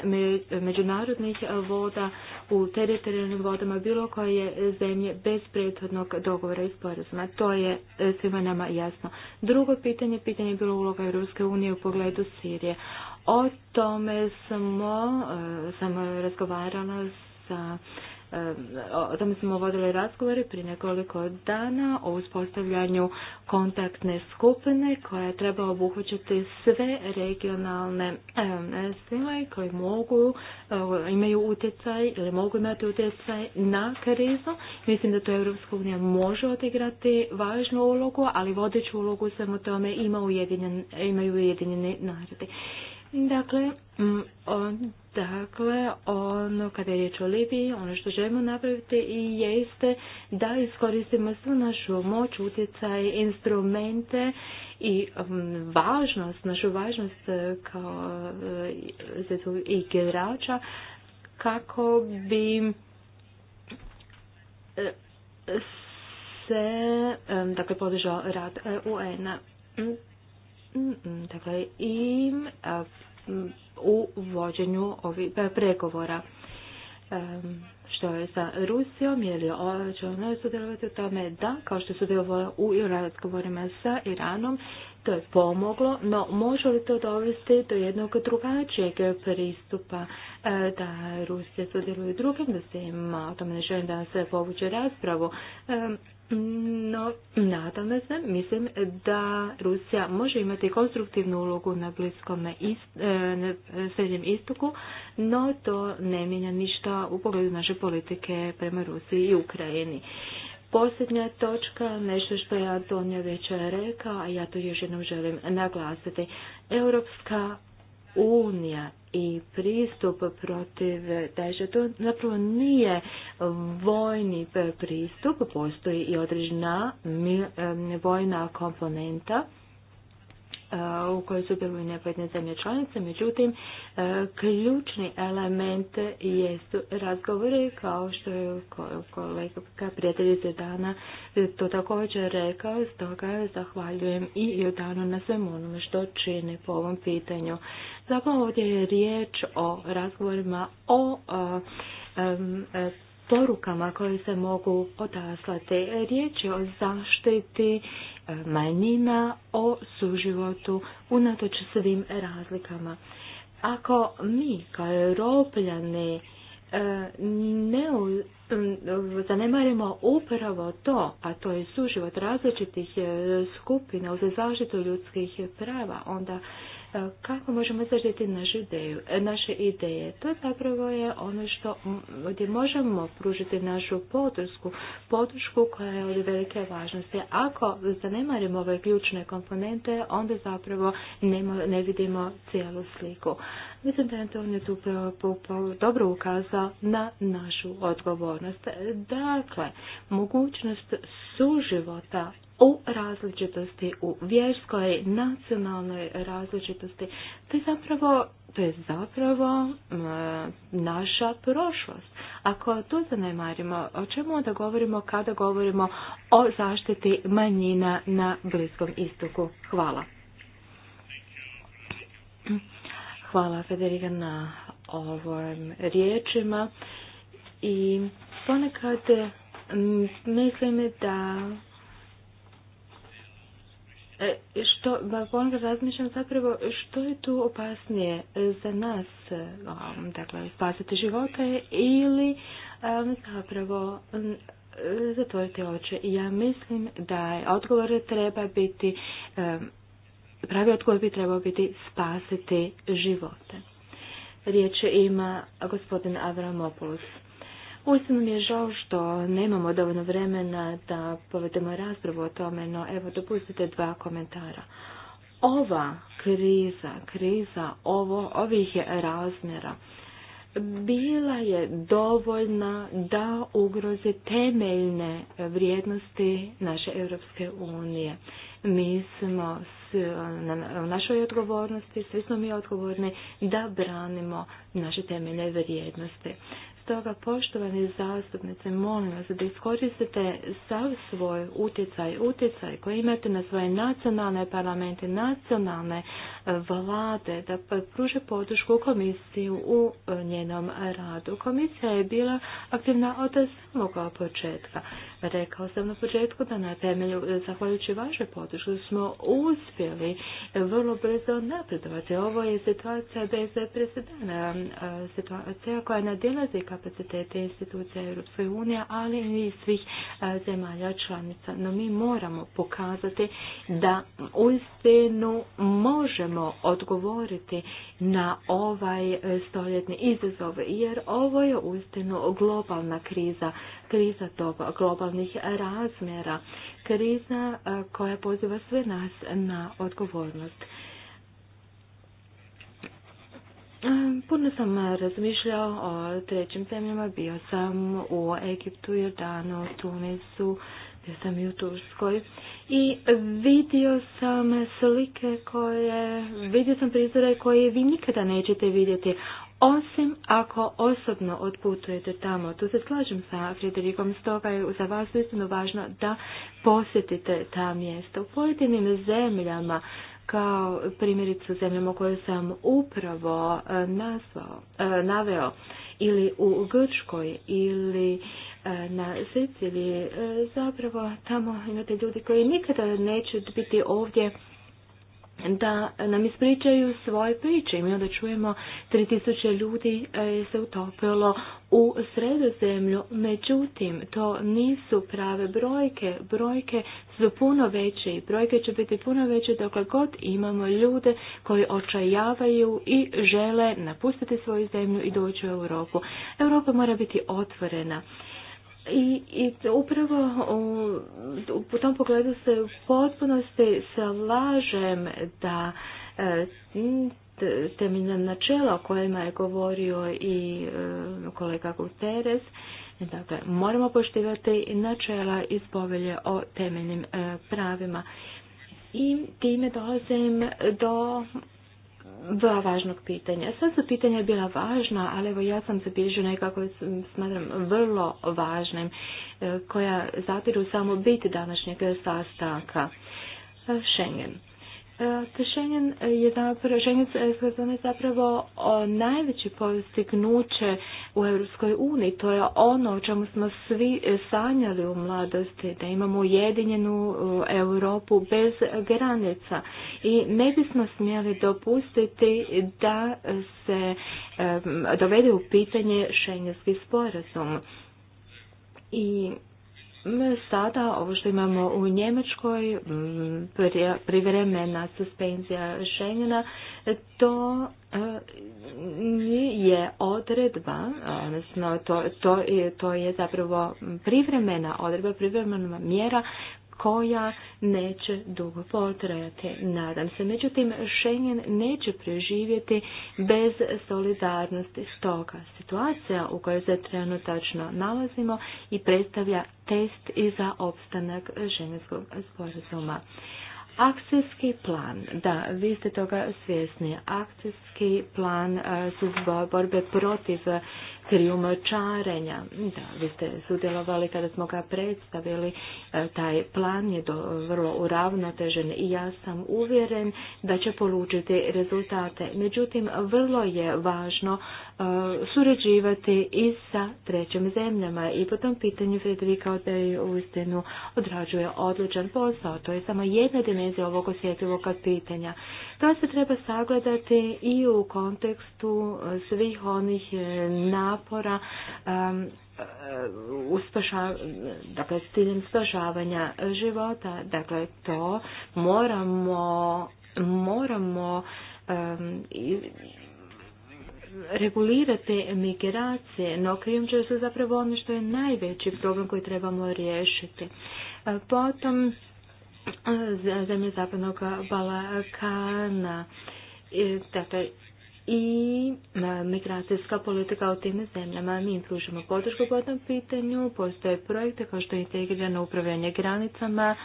međunarodnih voda u teritorijalnim vodama bilo koje zemlje bez prethodnog dogovora i sporazuma. To je e, svima nama jasno. Drugo pitanje, pitanje je bilo uloga Europske unije u pogledu Sirije. O tome smo, e, sam razgovarala sa e, o tome smo vodili razgovore prije nekoliko dana o uspostavljanju kontaktne skupine koja treba obuhvaćati sve regionalne e, sile koje mogu, imaju utjecaj ili mogu imati utjecaj na krizu. Mislim da to Europska unija može odigrati važnu ulogu, ali vodeću ulogu samo tome ima ujedinjen, imaju ujedinjeni narodi. Dakle, mm, on, dakle, ono kada je riječ o Libiji, ono što želimo napraviti i jeste da iskoristimo svu našu moć, utjecaj, instrumente i mm, važnost, našu važnost e, kao e, igrača kako bi e, se dakle podržao rad UN-a dakle, i u vođenju ovih e, pregovora što je sa Rusijom, je li će ono sudjelovati u tome? Da, kao što je sudjelovala u razgovorima sa Iranom to je pomoglo, no može li to dovesti do jednog drugačijeg pristupa e, da Rusija sudjeluje u drugim da o tome ne želim da se povuče raspravu. E, no, nadam se, mislim da Rusija može imati konstruktivnu ulogu na bliskom e, srednjem istoku, no to ne mijenja ništa u pogledu naše politike prema Rusiji i Ukrajini. Posljednja točka, nešto što je Antonija već rekao, a ja to još jednom želim naglasiti. Europska unija i pristup protiv teže to zapravo nije vojni pristup, postoji i određena vojna komponenta E, u kojoj sudjeluju nepojedne zemlje članice, međutim e, ključni element jesu razgovori kao što je kolega prijateljice dana to također rekao, stoga zahvaljujem i Danu na svemu onome što čini po ovom pitanju. Zapravo dakle, ovdje je riječ o razgovorima o e, porukama koje se mogu odaslati. Riječ je o zaštiti e, manjina, o suživotu, unatoč svim razlikama. Ako mi kao europljani e, ne zanemarimo upravo to, a to je suživot različitih e, skupina uz zaštitu ljudskih prava, onda E, kako možemo zaštiti našu ideju, e, naše ideje. To zapravo je ono što gdje možemo pružiti našu podršku, podršku koja je od velike važnosti. Ako zanemarimo ove ključne komponente, onda zapravo ne vidimo cijelu sliku. Mislim da je Antonio tu dobro ukazao na našu odgovornost. Dakle, mogućnost suživota u različitosti, u vjerskoj, nacionalnoj različitosti. To je zapravo, to je zapravo naša prošlost. Ako to zanemarimo, o čemu da govorimo kada govorimo o zaštiti manjina na Bliskom istoku? Hvala. Hvala Federica na ovim riječima i ponekad mislim da E, što, ponekad razmišljam zapravo što je tu opasnije e, za nas, e, um, dakle spasiti živote ili um, zapravo zatvoriti oči. Ja mislim da odgovor treba biti, pravi odgovor bi trebao biti spasiti živote. Riječ ima gospodin Avramopoulos. Uistinu mi je žao što nemamo dovoljno vremena da povedemo raspravu o tome, no evo dopustite dva komentara. Ova kriza, kriza ovo, ovih je razmjera, bila je dovoljna da ugrozi temeljne vrijednosti naše Europske unije. Mi smo na, u našoj odgovornosti, svi smo mi odgovorni da branimo naše temeljne vrijednosti. Stoga, poštovani zastupnici, molim vas da iskoristite sav svoj utjecaj, utjecaj koji imate na svoje nacionalne parlamente, nacionalne eh, vlade, da pruže podršku komisiju u eh, njenom radu. Komisija je bila aktivna od samog početka. Rekao sam na početku da na temelju, e, zahvaljujući vaše podršku, smo uspjeli vrlo brzo napredovati. Ovo je situacija bez presedana, e, situacija koja nadilazi kapacitete institucija Europske unije, ali i svih e, zemalja članica. No mi moramo pokazati da uistinu možemo odgovoriti na ovaj stoljetni izazov, jer ovo je uistinu globalna kriza kriza tog globalnih razmjera, kriza e, koja poziva sve nas na odgovornost. E, puno sam razmišljao o trećim zemljama, bio sam u Egiptu, Jordanu, Tunisu, bio sam i u Turskoj i vidio sam slike koje, vidio sam prizore koje vi nikada nećete vidjeti, osim ako osobno odputujete tamo. Tu se slažem sa Frederikom, stoga je za vas uistinu važno da posjetite ta mjesta. U pojedinim zemljama, kao primjerice u zemljama koje sam upravo e, nazvao, e, naveo, ili u Grčkoj, ili e, na Siciliji, zapravo tamo imate ljudi koji nikada neće biti ovdje da nam ispričaju svoje priče. I onda čujemo 3000 ljudi e, se utopilo u sredozemlju. Međutim, to nisu prave brojke. Brojke su puno veće i brojke će biti puno veće dok god imamo ljude koji očajavaju i žele napustiti svoju zemlju i doći u Europu. Europa mora biti otvorena. I, i upravo u, u tom pogledu se u potpunosti slažem da e, temeljna načela o kojima je govorio i e, kolega Guterres, dakle moramo poštivati načela iz povelje o temeljnim e, pravima. I time dolazim do dva važnog pitanja. Sva su pitanja bila važna, ali evo ja sam zabilježila nekako smatram vrlo važnim e, koja zapiru samo biti današnjeg sastanka. Schengen. Te e, je zapravo, je zapravo najveće postignuće u Europskoj uniji. To je ono o čemu smo svi e, sanjali u mladosti, da imamo ujedinjenu Europu bez granica. I ne bismo smjeli dopustiti da se e, dovede u pitanje šenjenski sporazum. I Sada, ovo što imamo u Njemačkoj, privremena suspenzija Schengena, to e, je odredba, to, to, to je zapravo privremena odredba, privremena mjera koja neće dugo potrajati. Nadam se, međutim, Schengen neće preživjeti bez solidarnosti. Stoga, situacija u kojoj se trenutačno nalazimo i predstavlja test i za opstanak Schengenskog sporazuma. Akcijski plan, da, vi ste toga svjesni. Akcijski plan eh, su borbe protiv krijumčarenja. Da, vi ste sudjelovali kada smo ga predstavili. E, taj plan je do, vrlo uravnotežen i ja sam uvjeren da će polučiti rezultate. Međutim, vrlo je važno e, surađivati i sa trećim zemljama i po tom pitanju Frederika je uistinu odrađuje odličan posao. To je samo jedna dimenzija ovog osjetljivog pitanja. To se treba sagledati i u kontekstu e, svih onih e, napora e, dakle, s ciljem spašavanja života. Dakle, to moramo, moramo regulirati migracije, no će su zapravo ono što je najveći problem koji trebamo riješiti. Potom, zemlje zapadnog Balkana. Dakle, i e, migracijska politika u tim zemljama. Mi im pružimo podršku po tom pitanju, postoje projekte kao što je integrirano upravljanje granicama,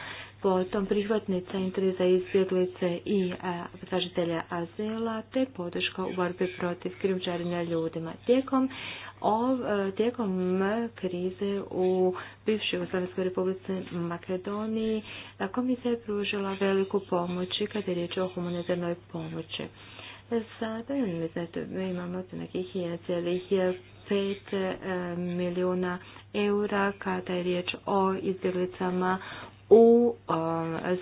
potom prihvatni centri za izbjeglice i e, tražitelja azila, te podrška u borbi protiv krijumčarenja ljudima. Tijekom o, e, tijekom krize u bivšoj Jugoslavijskoj republici Makedoniji e, komisija je pružila veliku pomoć i kada je riječ o humanitarnoj pomoći. Sada imamo nekih 1,5 e, milijuna eura kada je riječ o izbjeglicama u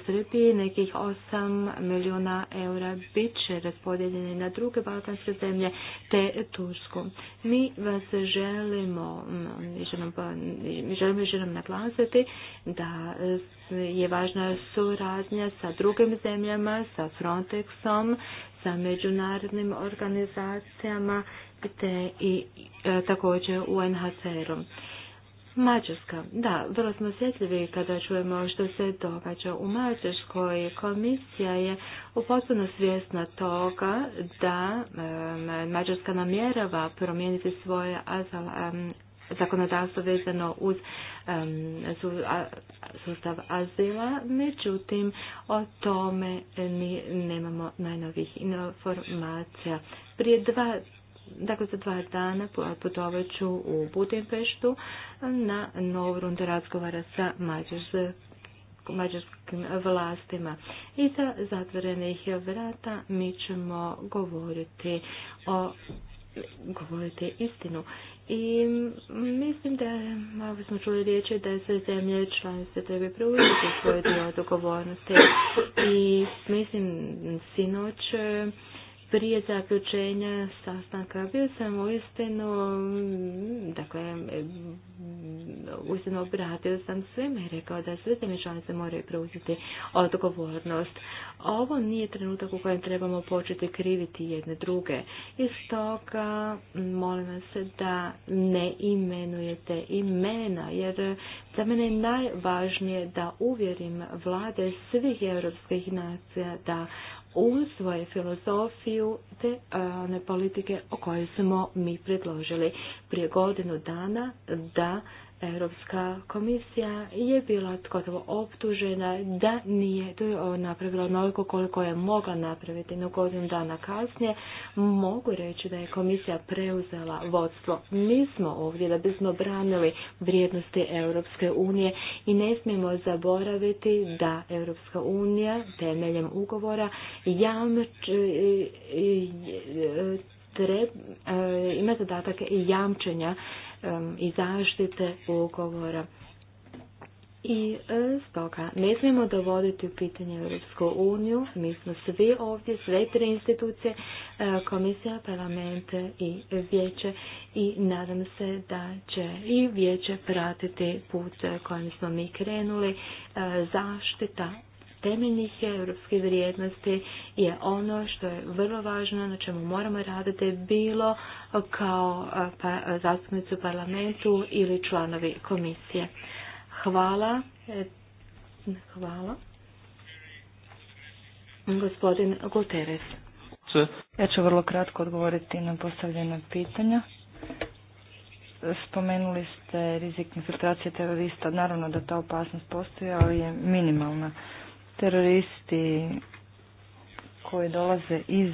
Srbiji nekih 8 milijuna eura bit će raspodijeljeni na druge balkanske zemlje te Tursku. Mi vas želimo, želimo, želimo naglasiti da je važna suradnja sa drugim zemljama, sa Frontexom, sa međunarodnim organizacijama te i e, također UNHCR-om. Mađarska. Da, vrlo smo osjetljivi kada čujemo što se događa u Mađarskoj. Komisija je potpuno svjesna toga da Mađarska namjerava promijeniti svoje zakonodavstvo vezano uz sustav azila, međutim o tome mi nemamo najnovih informacija. Prije dva Dakle, za dva dana putovat u Budimpeštu na novu rundu razgovara sa mađarskim vlastima. I za zatvorenih vrata mi ćemo govoriti o govoriti istinu. I mislim da, ovo smo čuli riječi, da se zemlje članice treba preuzeti svoje dio odgovornosti. I mislim, sinoć prije zaključenja sastanka bio sam uistinu, mm, dakle, mm, uistinu obratio sam svima i rekao da sve te članice moraju preuzeti odgovornost. Ovo nije trenutak u kojem trebamo početi kriviti jedne druge. I stoga mm, molim vas da ne imenujete imena, jer za mene je najvažnije da uvjerim vlade svih europskih nacija da usvoje filozofiju te one politike o kojoj smo mi predložili prije godinu dana da Europska komisija je bila gotovo optužena da nije to napravila onoliko koliko je mogla napraviti no godinu dana kasnije. Mogu reći da je komisija preuzela vodstvo. Mi smo ovdje da bismo branili vrijednosti Europske unije i ne smijemo zaboraviti da Europska unija temeljem ugovora jamči treba, ima zadatak jamčenja i zaštite ugovora. I e, stoga ne smijemo dovoditi u pitanje Europsku uniju, mi smo svi ovdje, sve tri institucije, e, komisija, parlamente i vijeće i nadam se da će i vijeće pratiti put kojim smo mi krenuli, e, zaštita temeljnih europskih vrijednosti je ono što je vrlo važno, na čemu moramo raditi, bilo kao pa, zastupnici u parlamentu ili članovi komisije. Hvala. E, hvala. Gospodin Guterres. Ja ću vrlo kratko odgovoriti na postavljena pitanja. Spomenuli ste rizik infiltracije terorista. Naravno da ta opasnost postoji, ali je minimalna teroristi koji dolaze iz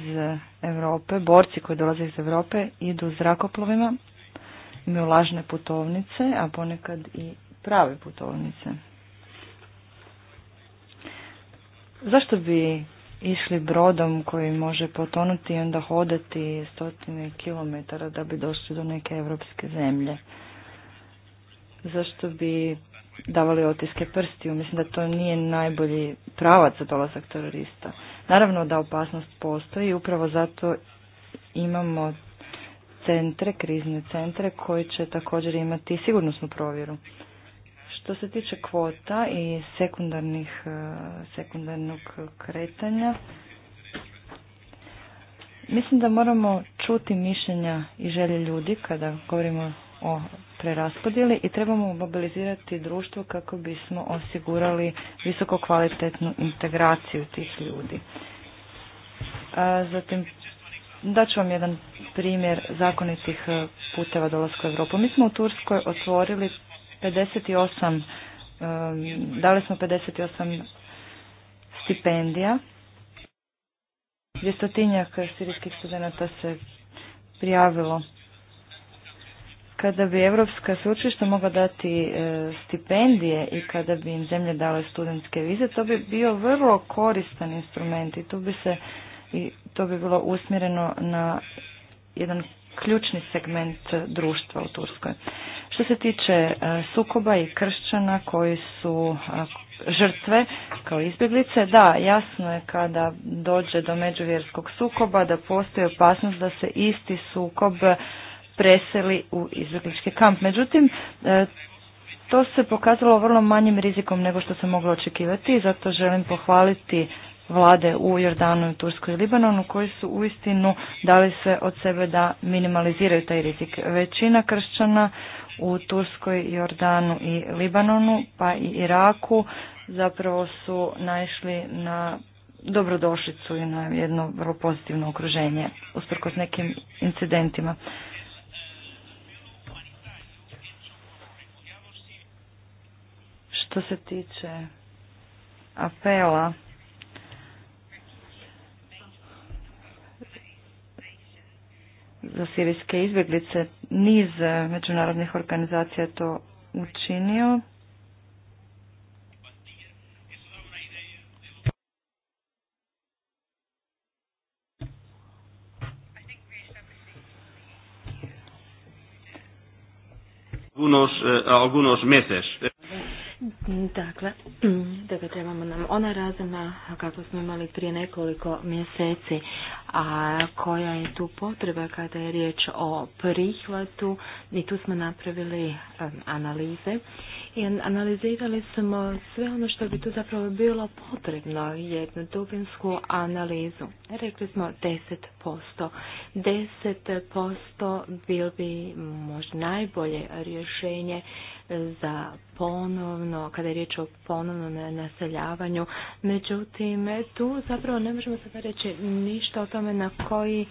Europe, borci koji dolaze iz Europe idu zrakoplovima, imaju lažne putovnice, a ponekad i prave putovnice. Zašto bi išli brodom koji može potonuti i onda hodati stotine kilometara da bi došli do neke evropske zemlje? Zašto bi davali otiske prstiju. Mislim da to nije najbolji pravac za dolazak terorista. Naravno da opasnost postoji i upravo zato imamo centre, krizne centre koji će također imati sigurnosnu provjeru. Što se tiče kvota i sekundarnih, e, sekundarnog kretanja, mislim da moramo čuti mišljenja i želje ljudi kada govorimo o preraspodjeli i trebamo mobilizirati društvo kako bismo osigurali visoko kvalitetnu integraciju tih ljudi. Zatim, daću vam jedan primjer zakonitih e, puteva dolaska u Europu. Mi smo u Turskoj otvorili 58, e, dali smo 58 stipendija dvjestotinjak sirijskih studenta se prijavilo kada bi Evropska sveučilišta mogla dati e, stipendije i kada bi im zemlje dale studentske vize, to bi bio vrlo koristan instrument i bi se i to bi bilo usmjereno na jedan ključni segment društva u Turskoj. Što se tiče e, sukoba i kršćana koji su žrtve kao izbjeglice, da, jasno je kada dođe do međuvjerskog sukoba da postoji opasnost da se isti sukob preseli u izbjeglički kamp. Međutim, e, to se pokazalo vrlo manjim rizikom nego što se moglo očekivati i zato želim pohvaliti vlade u Jordanu, Turskoj i Libanonu koji su uistinu dali sve od sebe da minimaliziraju taj rizik. Većina kršćana u Turskoj, Jordanu i Libanonu pa i Iraku zapravo su naišli na dobrodošlicu i na jedno vrlo pozitivno okruženje usprkos nekim incidentima. Što se tiče apela za sirijske izbjeglice, niz međunarodnih organizacija je to učinio. algunos, eh, algunos meses. Dakle, dakle, trebamo nam ona razina kako smo imali prije nekoliko mjeseci, a koja je tu potreba kada je riječ o prihvatu i tu smo napravili analize i analizirali smo sve ono što bi tu zapravo bilo potrebno, jednu dubinsku analizu. Rekli smo 10%. 10% bil bi možda najbolje rješenje za ponovno, kada je riječ o ponovnom naseljavanju. Međutim, tu zapravo ne možemo sada reći ništa o tome na koji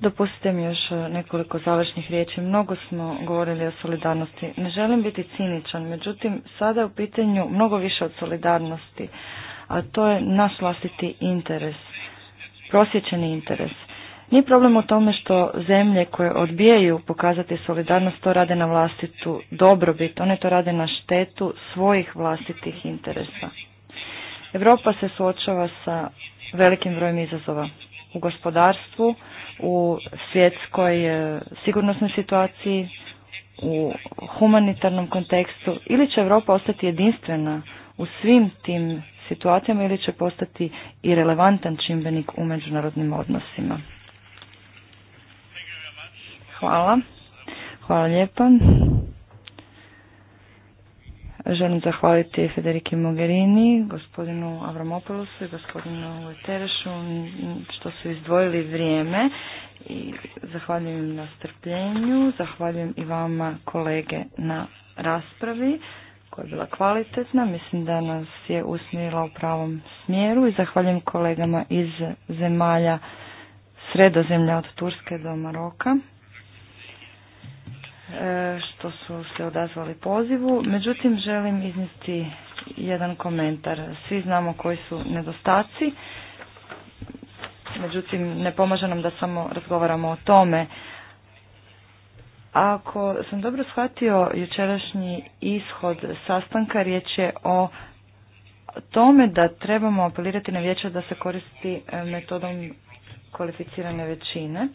Dopustite mi još e, nekoliko završnih riječi. Mnogo smo govorili o solidarnosti. Ne želim biti ciničan, međutim, sada je u pitanju mnogo više od solidarnosti, a to je naš vlastiti interes, prosječeni interes. Nije problem u tome što zemlje koje odbijaju pokazati solidarnost to rade na vlastitu dobrobit, one to rade na štetu svojih vlastitih interesa. Europa se suočava sa velikim brojem izazova u gospodarstvu, u svjetskoj eh, sigurnosnoj situaciji, u humanitarnom kontekstu ili će Europa ostati jedinstvena u svim tim situacijama ili će postati i relevantan čimbenik u međunarodnim odnosima. Hvala. Hvala lijepa. Želim zahvaliti Federiki Mogherini, gospodinu Avramopoulosu i gospodinu Leterešu što su izdvojili vrijeme i zahvaljujem na strpljenju, zahvaljujem i vama kolege na raspravi koja je bila kvalitetna, mislim da nas je usmjerila u pravom smjeru i zahvaljujem kolegama iz zemalja sredozemlja od Turske do Maroka. E, što su se odazvali pozivu. Međutim, želim iznijeti jedan komentar. Svi znamo koji su nedostaci. Međutim, ne pomaže nam da samo razgovaramo o tome. Ako sam dobro shvatio jučerašnji ishod sastanka, riječ je o tome da trebamo apelirati na vječer da se koristi metodom kvalificirane većine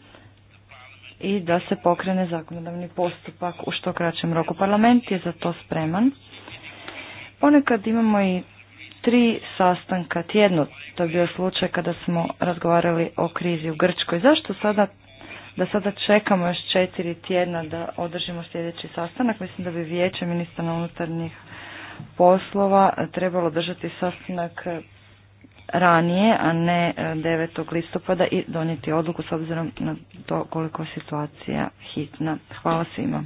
i da se pokrene zakonodavni postupak u što kraćem roku. Parlament je za to spreman. Ponekad imamo i tri sastanka tjedno. To je bio slučaj kada smo razgovarali o krizi u Grčkoj. Zašto sada da sada čekamo još četiri tjedna da održimo sljedeći sastanak? Mislim da bi vijeće ministra unutarnjih poslova trebalo držati sastanak ranije, a ne 9. E, listopada i donijeti odluku s obzirom na to koliko je situacija hitna. Hvala svima.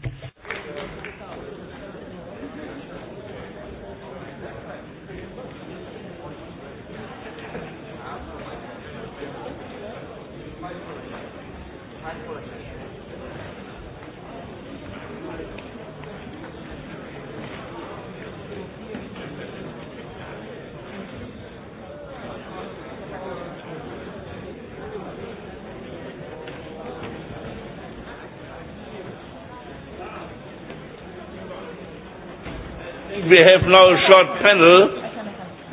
we have now a short panel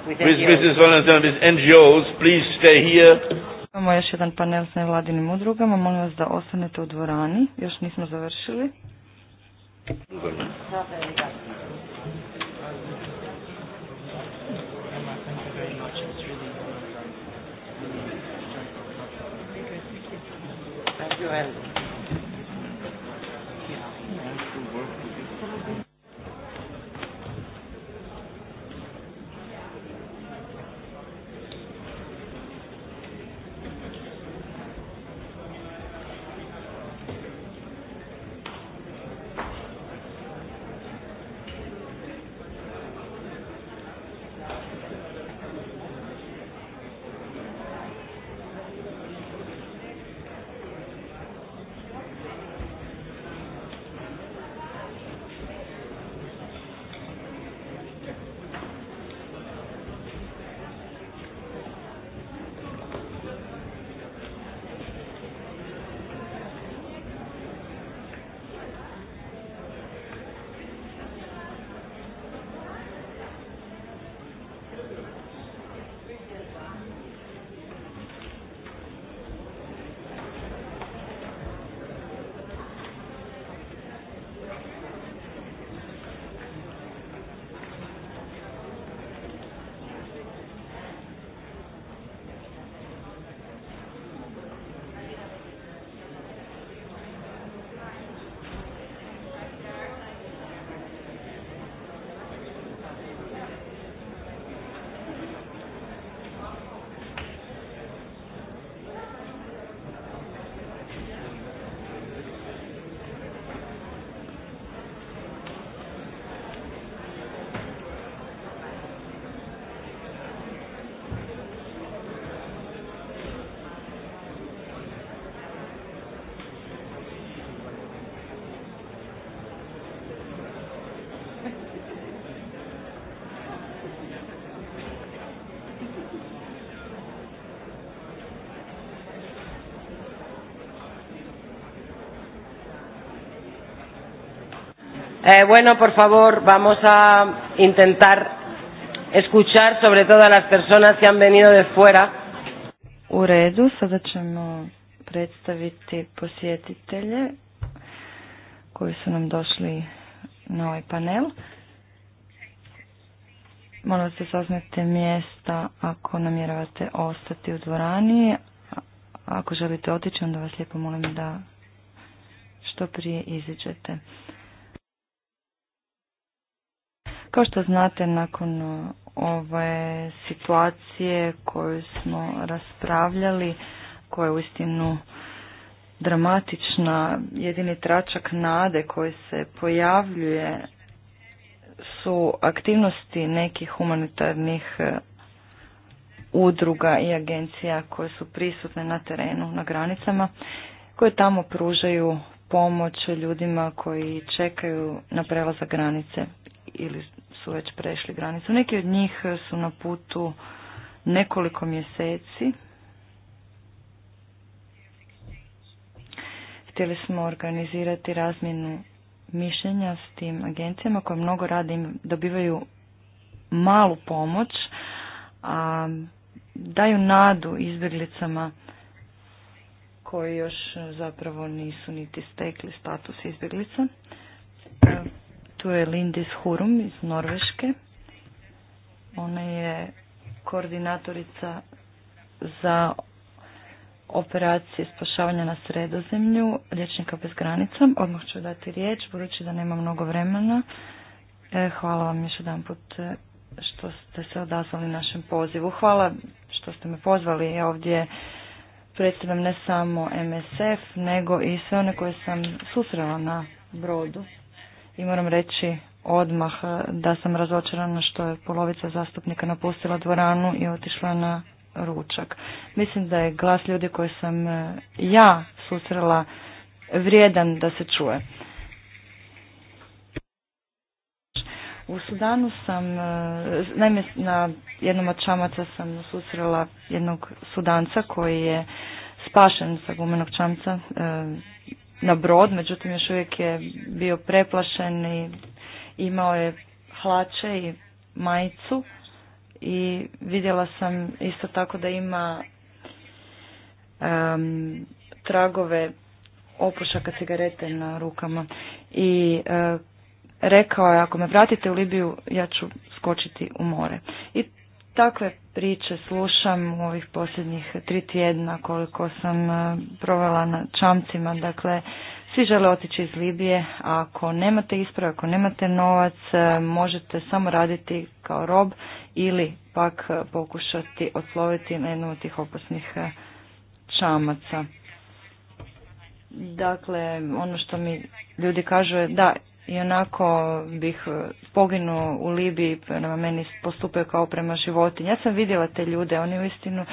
with Mrs. Valentin, with NGOs. Please stay here. Imamo još jedan panel s nevladinim udrugama. Molim vas da ostanete u dvorani. Još nismo završili. Thank you Eh, bueno, por favor, vamos a intentar escuchar sobre todo las personas que han venido de fuera. U redu, sada ćemo predstaviti posjetitelje koji su nam došli na ovaj panel. Molim vas da saznate mjesta ako namjeravate ostati u dvorani. Ako želite otići, onda vas lijepo molim da što prije iziđete. Kao što znate, nakon uh, ove situacije koju smo raspravljali, koja je uistinu dramatična, jedini tračak nade koji se pojavljuje su aktivnosti nekih humanitarnih uh, udruga i agencija koje su prisutne na terenu, na granicama, koje tamo pružaju pomoć ljudima koji čekaju na prelazak granice ili su već prešli granicu. Neki od njih su na putu nekoliko mjeseci. Htjeli smo organizirati razmjenu mišljenja s tim agencijama koje mnogo rade dobivaju malu pomoć, a daju nadu izbjeglicama koji još zapravo nisu niti stekli status izbjeglica. Tu je Lindis Hurum iz Norveške. Ona je koordinatorica za operacije spašavanja na sredozemlju Lječnika bez granica. Odmah ću dati riječ, budući da nema mnogo vremena. E, hvala vam još jedan put e, što ste se odazvali našem pozivu. Hvala što ste me pozvali. Ja ovdje predstavljam ne samo MSF, nego i sve one koje sam susrela na brodu i moram reći odmah eh, da sam razočarana što je polovica zastupnika napustila dvoranu i otišla na ručak. Mislim da je glas ljudi koje sam eh, ja susrela vrijedan da se čuje. U Sudanu sam, eh, naime na jednom od čamaca sam susrela jednog Sudanca koji je spašen sa gumenog čamca na brod, međutim još uvijek je bio preplašen i imao je hlače i majicu i vidjela sam isto tako da ima um, tragove opušaka cigarete na rukama i e, rekao je ako me vratite u Libiju ja ću skočiti u more. I Takve priče slušam u ovih posljednjih tri tjedna koliko sam e, provela na čamcima. Dakle, svi žele otići iz Libije, a ako nemate isprave, ako nemate novac, e, možete samo raditi kao rob ili pak e, pokušati osloviti na jednu od tih opasnih čamaca. Dakle, ono što mi ljudi kažu je da i onako bih e, poginuo u Libiji, prema meni postupio kao prema životinji. Ja sam vidjela te ljude, oni istinu,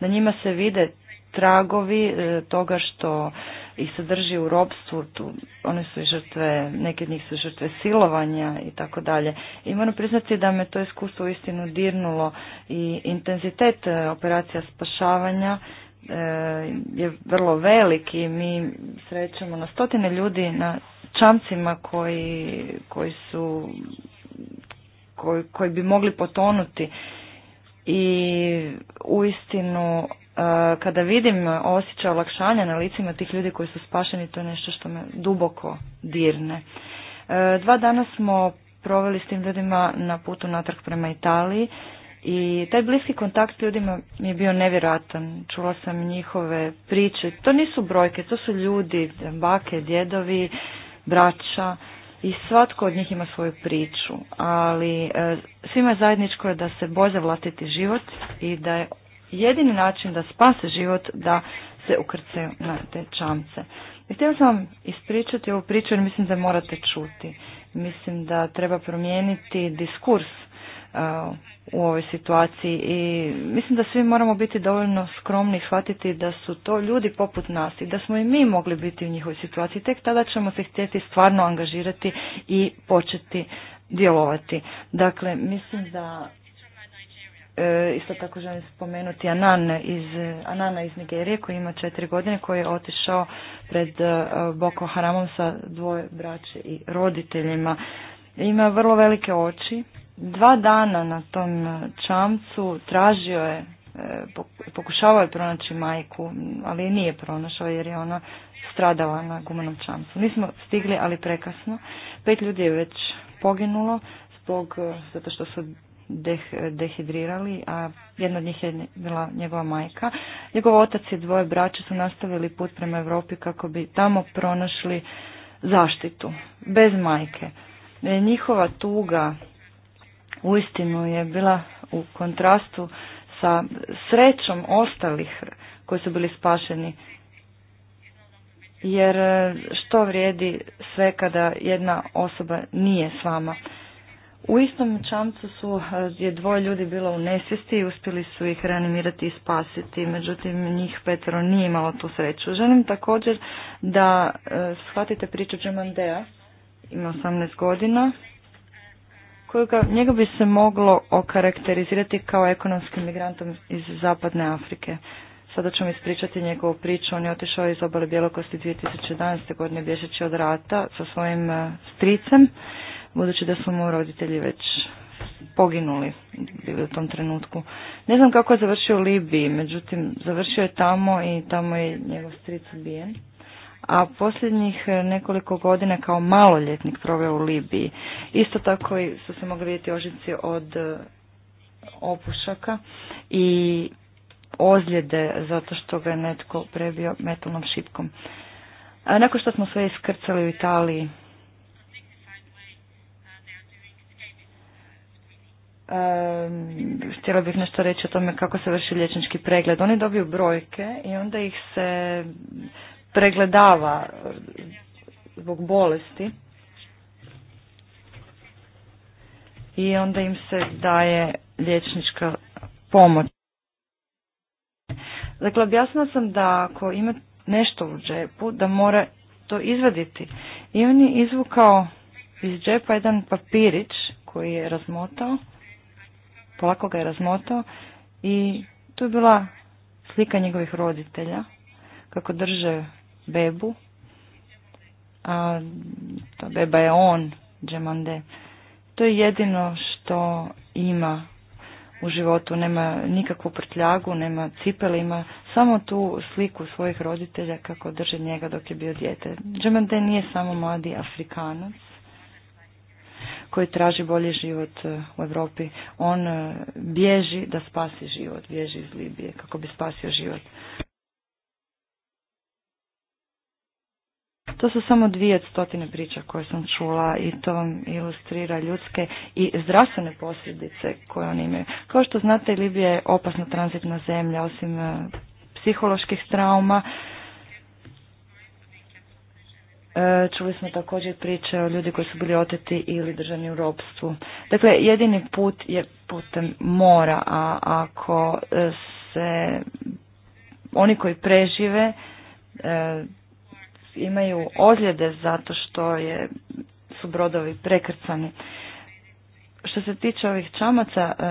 na njima se vide tragovi e, toga što ih se drži u robstvu, tu, one su i žrtve, neke od njih su žrtve silovanja i tako dalje. I moram priznati da me to iskustvo istinu dirnulo i intenzitet e, operacija spašavanja E, je vrlo velik i mi srećemo na stotine ljudi na čamcima koji, koji su koji, koji bi mogli potonuti i uistinu e, kada vidim osjećaj olakšanja na licima tih ljudi koji su spašeni, to je nešto što me duboko dirne. E, dva dana smo proveli s tim ljudima na putu natrag prema Italiji i taj bliski kontakt s ljudima mi je bio nevjerojatan. Čula sam njihove priče. To nisu brojke, to su ljudi, bake, djedovi, braća i svatko od njih ima svoju priču. Ali e, svima zajedničko je da se boje vlatiti vlastiti život i da je jedini način da spase život da se ukrce na te čamce. I htjela sam vam ispričati ovu priču jer mislim da morate čuti. Mislim da treba promijeniti diskurs u ovoj situaciji i mislim da svi moramo biti dovoljno skromni i shvatiti da su to ljudi poput nas i da smo i mi mogli biti u njihovoj situaciji. Tek tada ćemo se htjeti stvarno angažirati i početi djelovati. Dakle, mislim da e, isto tako želim spomenuti Anan iz, Anana iz Nigerije koji ima četiri godine koji je otišao pred e, Boko Haramom sa dvoje braće i roditeljima. Ima vrlo velike oči dva dana na tom e, čamcu tražio je, e, pokušavao je pronaći majku, ali nije pronašao jer je ona stradala na gumanom čamcu. Nismo stigli, ali prekasno. Pet ljudi je već poginulo zbog, e, zato što su deh, dehidrirali, a jedna od njih je bila njegova majka. Njegov otac i dvoje braće su nastavili put prema Europi kako bi tamo pronašli zaštitu, bez majke. Njihova tuga uistinu je bila u kontrastu sa srećom ostalih koji su bili spašeni. Jer e, što vrijedi sve kada jedna osoba nije s vama? U istom čamcu su e, je dvoje ljudi bilo u nesvijesti i uspjeli su ih reanimirati i spasiti, međutim njih Petro nije imalo tu sreću. Želim također da e, shvatite priču Džemandea, ima 18 godina, kojega, njega bi se moglo okarakterizirati kao ekonomskim migrantom iz zapadne Afrike. Sada ću ispričati njegovu priču. On je otišao iz obale Bjelokosti 2011. godine bježeći od rata sa svojim e, stricem, budući da su mu roditelji već poginuli bili u tom trenutku. Ne znam kako je završio u Libiji, međutim završio je tamo i tamo je njegov stric ubijen a posljednjih e, nekoliko godina kao maloljetnik proveo u Libiji. Isto tako su se mogli vidjeti ožici od e, opušaka i ozljede zato što ga je netko prebio metalnom šipkom. A nakon što smo sve iskrcali u Italiji, Um, htjela bih nešto reći o tome kako se vrši liječnički pregled. Oni dobiju brojke i onda ih se pregledava e, zbog bolesti i onda im se daje liječnička pomoć. Dakle, objasnila sam da ako ima nešto u džepu, da mora to izvaditi. I on je izvukao iz džepa jedan papirić koji je razmotao, polako ga je razmotao i tu je bila slika njegovih roditelja kako drže Bebu. A ta Beba je on, Džemande. To je jedino što ima u životu. Nema nikakvu prtljagu, nema cipele, ima samo tu sliku svojih roditelja kako drže njega dok je bio dijete. Džemande nije samo mladi Afrikanac koji traži bolji život e, u Europi. On e, bježi da spasi život, bježi iz Libije kako bi spasio život. To su samo dvije stotine priča koje sam čula i to vam ilustrira ljudske i zdravstvene posljedice koje oni imaju. Kao što znate, Libija je opasna tranzitna zemlja, osim e, psiholoških trauma. E, čuli smo također priče o ljudi koji su bili oteti ili držani u robstvu. Dakle, jedini put je putem mora, a ako e, se oni koji prežive imaju ozljede zato što je, su brodovi prekrcani. Što se tiče ovih čamaca, e,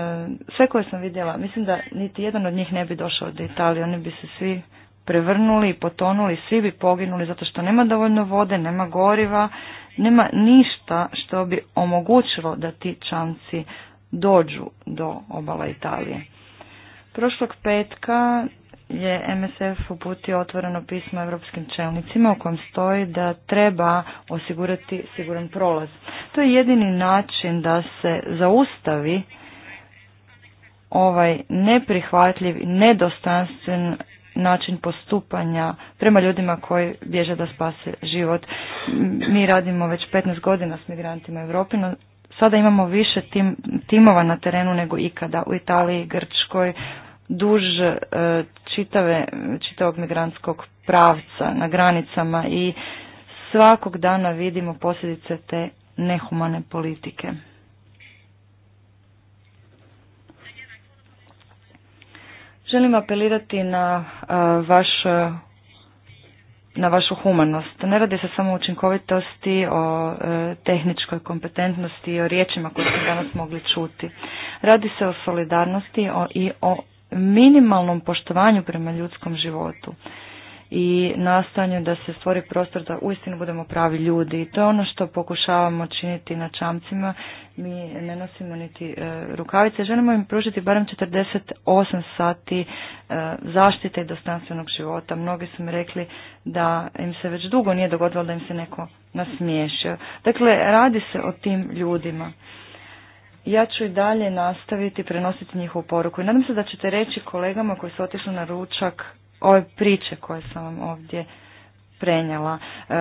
sve koje sam vidjela, mislim da niti jedan od njih ne bi došao do Italije, oni bi se svi prevrnuli i potonuli, svi bi poginuli zato što nema dovoljno vode, nema goriva, nema ništa što bi omogućilo da ti čamci dođu do obala Italije. Prošlog petka je MSF uputio otvoreno pismo europskim čelnicima u kojem stoji da treba osigurati siguran prolaz. To je jedini način da se zaustavi ovaj neprihvatljiv, nedostanstven način postupanja prema ljudima koji bježe da spase život. Mi radimo već 15 godina s migrantima u Europi, no sada imamo više timova na terenu nego ikada u Italiji, Grčkoj, duž e, čitave, čitavog migrantskog pravca na granicama i svakog dana vidimo posljedice te nehumane politike. Želim apelirati na e, vaš na vašu humanost. Ne radi se samo o učinkovitosti, o e, tehničkoj kompetentnosti i o riječima koje smo danas mogli čuti. Radi se o solidarnosti o, i o minimalnom poštovanju prema ljudskom životu i nastojanju da se stvori prostor da uistinu budemo pravi ljudi. I to je ono što pokušavamo činiti na čamcima. Mi ne nosimo niti e, rukavice. Želimo im pružiti barem 48 sati e, zaštite i dostanstvenog života. Mnogi su mi rekli da im se već dugo nije dogodilo da im se neko nasmiješio. Dakle, radi se o tim ljudima ja ću i dalje nastaviti prenositi njihovu poruku. I nadam se da ćete reći kolegama koji su otišli na ručak ove priče koje sam vam ovdje prenjela. E,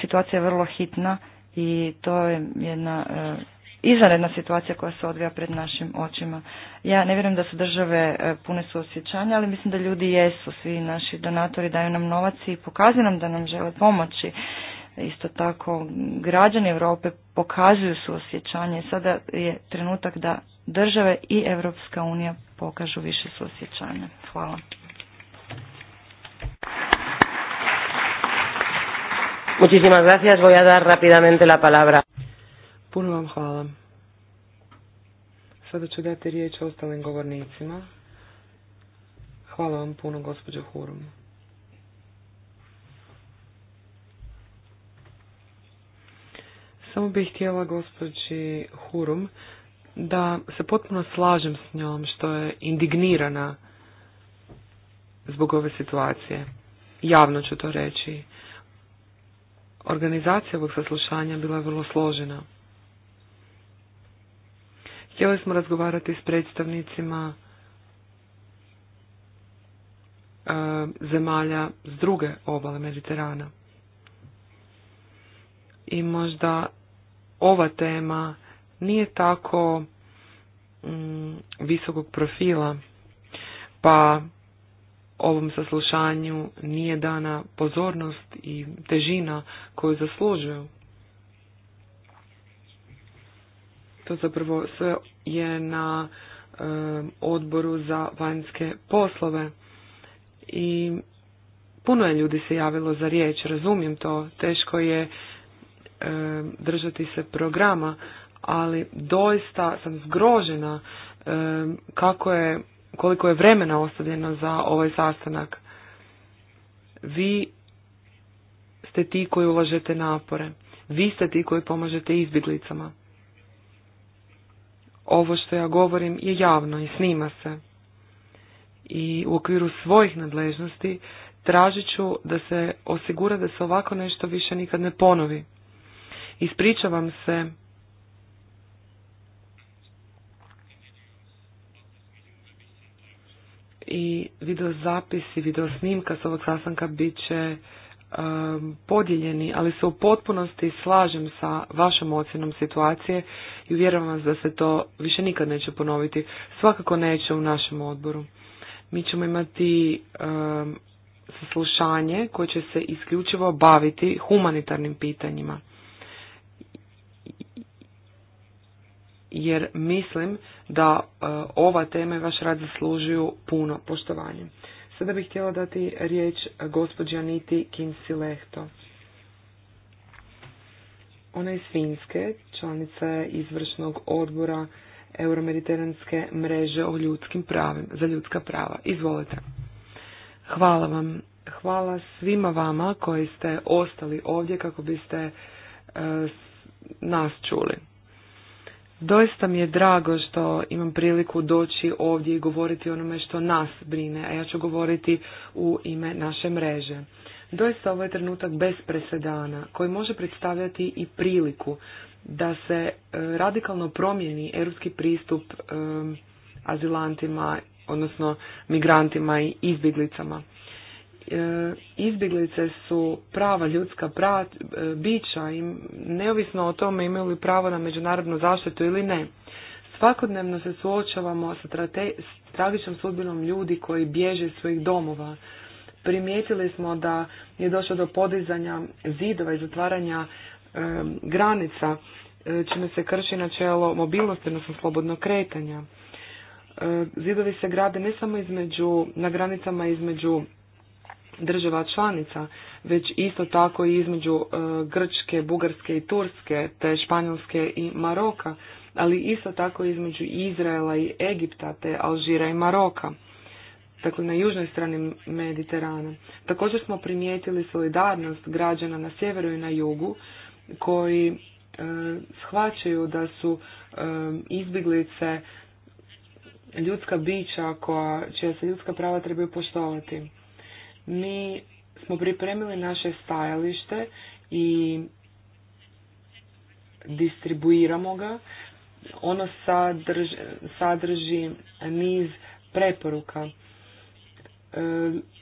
situacija je vrlo hitna i to je jedna e, izvanredna situacija koja se odvija pred našim očima. Ja ne vjerujem da su države e, pune su osjećanja, ali mislim da ljudi jesu, svi naši donatori daju nam novac i pokazuju nam da nam žele pomoći isto tako građani Europe pokazuju suosjećanje. Sada je trenutak da države i Europska unija pokažu više suosjećanja. Hvala. Muchísimas gracias. Voy a dar rápidamente la palabra. Puno vam hvala. Sada ću dati riječ ostalim govornicima. Hvala vam puno, gospođo Hurum. Samo bih htjela gospođi Hurum da se potpuno slažem s njom što je indignirana zbog ove situacije. Javno ću to reći. Organizacija ovog saslušanja bila je vrlo složena. Htjeli smo razgovarati s predstavnicima e, zemalja s druge obale Mediterana. I možda ova tema nije tako mm, visokog profila, pa ovom saslušanju nije dana pozornost i težina koju zaslužuju. To zapravo sve je na odboru za vanjske poslove i puno je ljudi se javilo za riječ, razumijem to, teško je držati se programa, ali doista sam zgrožena kako je, koliko je vremena ostavljeno za ovaj sastanak. Vi ste ti koji ulažete napore. Vi ste ti koji pomažete izbjeglicama. Ovo što ja govorim je javno i snima se. I u okviru svojih nadležnosti tražit ću da se osigura da se ovako nešto više nikad ne ponovi. Ispričavam se. I video zapis i video snimka s ovog sastanka bit će um, podijeljeni, ali se u potpunosti slažem sa vašom ocjenom situacije i vjerujem vas da se to više nikad neće ponoviti. Svakako neće u našem odboru. Mi ćemo imati um, saslušanje koje će se isključivo baviti humanitarnim pitanjima. jer mislim da e, ova tema i vaš rad zaslužuju puno poštovanje. Sada bih htjela dati riječ gospođi Aniti Kinsilehto. Ona je iz Finske, članica je izvršnog odbora Euromediteranske mreže o ljudskim za ljudska prava. Izvolite. Hvala vam. Hvala svima vama koji ste ostali ovdje kako biste e, nas čuli. Doista mi je drago što imam priliku doći ovdje i govoriti onome što nas brine, a ja ću govoriti u ime naše mreže. Doista ovo je trenutak bez presedana koji može predstavljati i priliku da se e, radikalno promijeni europski pristup e, azilantima, odnosno migrantima i izbjeglicama. E, izbjeglice su prava ljudska e, bića i neovisno o tome imaju li pravo na međunarodnu zaštitu ili ne. Svakodnevno se suočavamo sa tragičnom sudbinom ljudi koji bježe iz svojih domova. Primijetili smo da je došlo do podizanja zidova i zatvaranja e, granica, čime se krši načelo mobilnosti, odnosno slobodnog kretanja. zidovi se grade ne samo između, na granicama između država članica, već isto tako i između e, Grčke, Bugarske i Turske, te Španjolske i Maroka, ali isto tako između Izraela i Egipta, te Alžira i Maroka dakle na južnoj strani Mediterana. Također smo primijetili solidarnost građana na sjeveru i na jugu koji e, shvaćaju da su e, izbjeglice ljudska bića koja, čija se ljudska prava trebaju poštovati. Mi smo pripremili naše stajalište i distribuiramo ga. Ono sadrži, sadrži niz preporuka. E,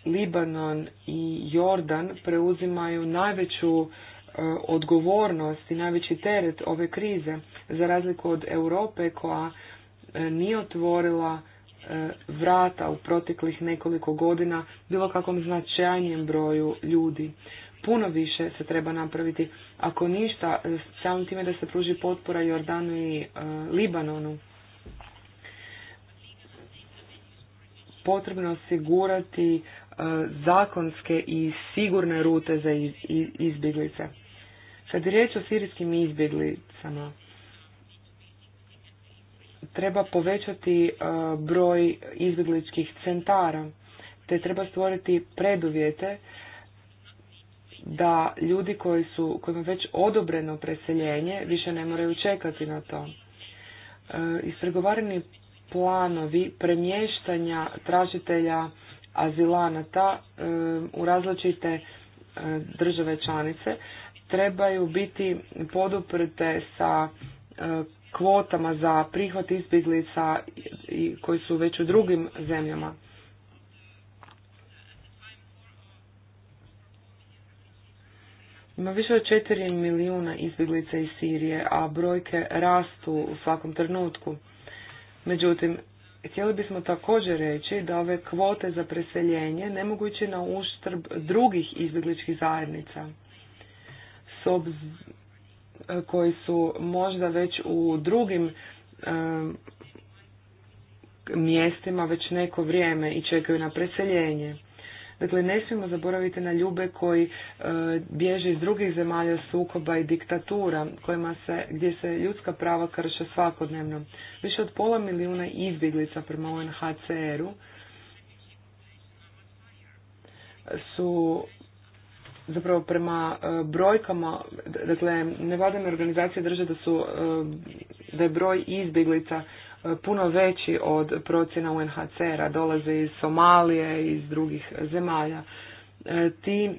Libanon i Jordan preuzimaju najveću e, odgovornost i najveći teret ove krize, za razliku od Europe koja e, nije otvorila E, vrata u proteklih nekoliko godina bilo kakvom značajnijem broju ljudi. Puno više se treba napraviti, ako ništa, e, samim time da se pruži potpora Jordanu i e, Libanonu. Potrebno osigurati zakonske i sigurne rute za izbjeglice. Kad je riječ o sirijskim izbjeglicama, treba povećati e, broj izbjegličkih centara, te treba stvoriti preduvjete da ljudi koji su, kojima već odobreno preseljenje više ne moraju čekati na to. E, ispregovarani planovi premještanja tražitelja azilanata e, u različite države članice trebaju biti poduprte sa kvotama za prihvat izbjeglica koji su već u drugim zemljama. Ima više od 4 milijuna izbjeglica iz Sirije, a brojke rastu u svakom trenutku. Međutim, htjeli bismo također reći da ove kvote za preseljenje ne mogu ići na uštrb drugih izbjegličkih zajednica. S, obz koji su možda već u drugim eh, mjestima već neko vrijeme i čekaju na preseljenje. Dakle, ne smijemo zaboraviti na ljube koji eh, bježe iz drugih zemalja sukoba i diktatura kojima se, gdje se ljudska prava krše svakodnevno. Više od pola milijuna izbjeglica prema UNHCR-u su zapravo prema e, brojkama, dakle nevladane organizacije drže da su e, da je broj izbjeglica e, puno veći od procjena UNHCR-a, dolaze iz Somalije iz drugih zemalja. Ti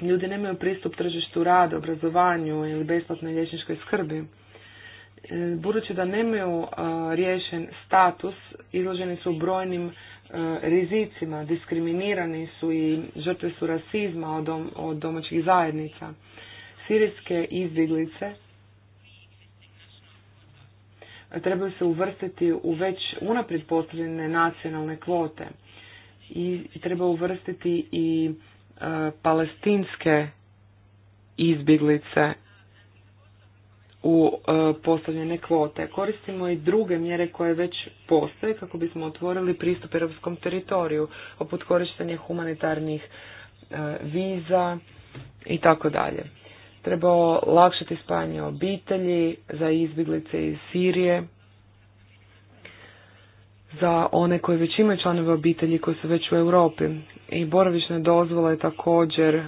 ljudi nemaju pristup tržištu rada, obrazovanju ili besplatnoj liječničkoj skrbi. Budući da nemaju riješen status, izloženi su brojnim E, rizicima, diskriminirani su i žrtve su rasizma od, od domaćih zajednica. Sirijske izbjeglice trebaju se uvrstiti u već unaprijed postavljene nacionalne kvote i treba uvrstiti i e, palestinske izbjeglice u e, postavljene kvote. Koristimo i druge mjere koje već postoje kako bismo otvorili pristup europskom teritoriju, poput korištenja humanitarnih e, viza i tako dalje. Treba olakšati spajanje obitelji za izbjeglice iz Sirije, za one koji već imaju članove obitelji koji su već u Europi. I boravišne dozvole također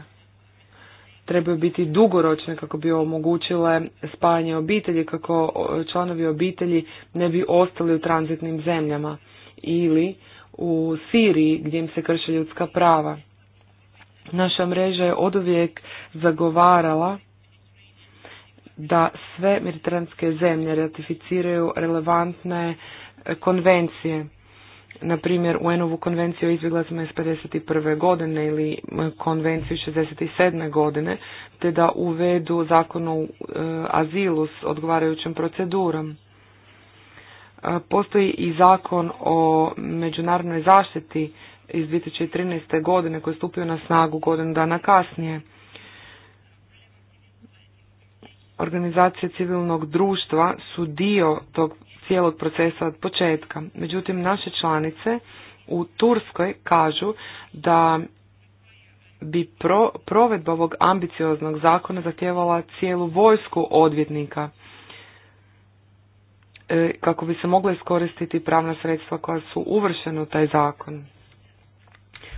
trebaju biti dugoročne kako bi omogućile spajanje obitelji, kako članovi obitelji ne bi ostali u tranzitnim zemljama ili u Siriji gdje im se krše ljudska prava. Naša mreža je oduvijek zagovarala da sve mediteranske zemlje ratificiraju relevantne konvencije na primjer UN-ovu konvenciju o izbjeglacima iz 51. godine ili e, konvenciju 67. godine, te da uvedu zakon o e, azilu s odgovarajućom procedurom. E, postoji i zakon o međunarodnoj zaštiti iz 2013. godine koji je stupio na snagu godinu dana kasnije. Organizacije civilnog društva su dio tog cijelog procesa od početka. Međutim, naše članice u Turskoj kažu da bi pro, provedba ovog ambicioznog zakona zahtijevala cijelu vojsku odvjetnika e, kako bi se mogla iskoristiti pravna sredstva koja su uvršena u taj zakon.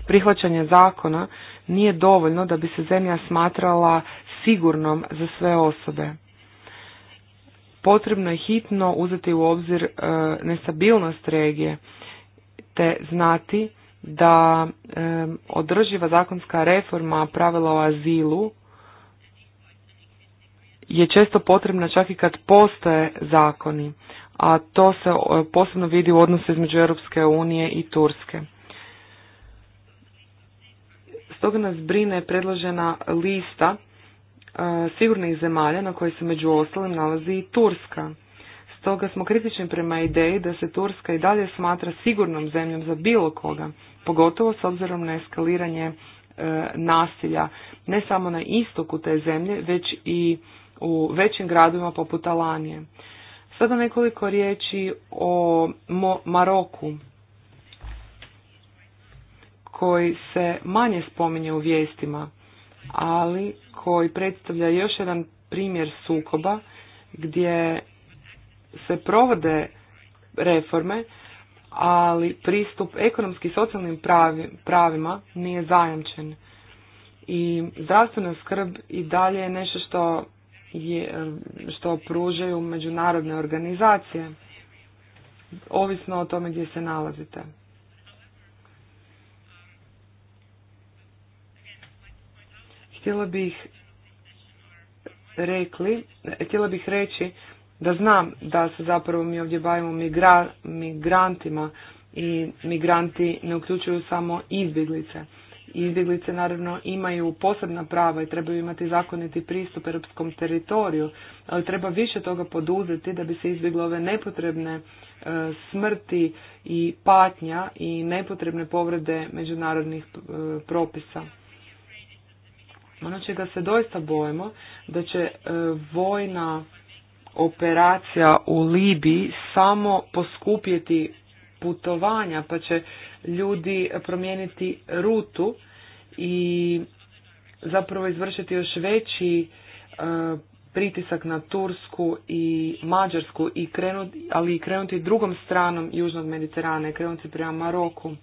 Prihvaćanje zakona nije dovoljno da bi se zemlja smatrala sigurnom za sve osobe potrebno je hitno uzeti u obzir e, nestabilnost regije te znati da e, održiva zakonska reforma pravila o azilu je često potrebna čak i kad postoje zakoni, a to se e, posebno vidi u odnosu između Europske unije i Turske. Stoga nas brine predložena lista sigurnih zemalja na kojoj se među ostalim nalazi i Turska. Stoga smo kritični prema ideji da se Turska i dalje smatra sigurnom zemljom za bilo koga, pogotovo s obzirom na eskaliranje e, nasilja, ne samo na istoku te zemlje, već i u većim gradovima poput Alanije. Sada nekoliko riječi o Maroku, koji se manje spominje u vijestima, ali koji predstavlja još jedan primjer sukoba gdje se provode reforme, ali pristup ekonomski i socijalnim pravima nije zajamčen. I zdravstvena skrb i dalje je nešto što, je, što pružaju međunarodne organizacije, ovisno o tome gdje se nalazite. htjela bih rekli, htjela bih reći da znam da se zapravo mi ovdje bavimo migrantima i migranti ne uključuju samo izbjeglice. Izbjeglice naravno imaju posebna prava i trebaju imati zakoniti pristup europskom teritoriju, ali treba više toga poduzeti da bi se izbjegle ove nepotrebne e, smrti i patnja i nepotrebne povrede međunarodnih e, propisa. Ono da se doista bojimo da će e, vojna operacija u Libiji samo poskupjeti putovanja, pa će ljudi promijeniti rutu i zapravo izvršiti još veći e, pritisak na Tursku i Mađarsku, i ali i krenuti drugom stranom Južnog Mediterana krenuti prema Maroku.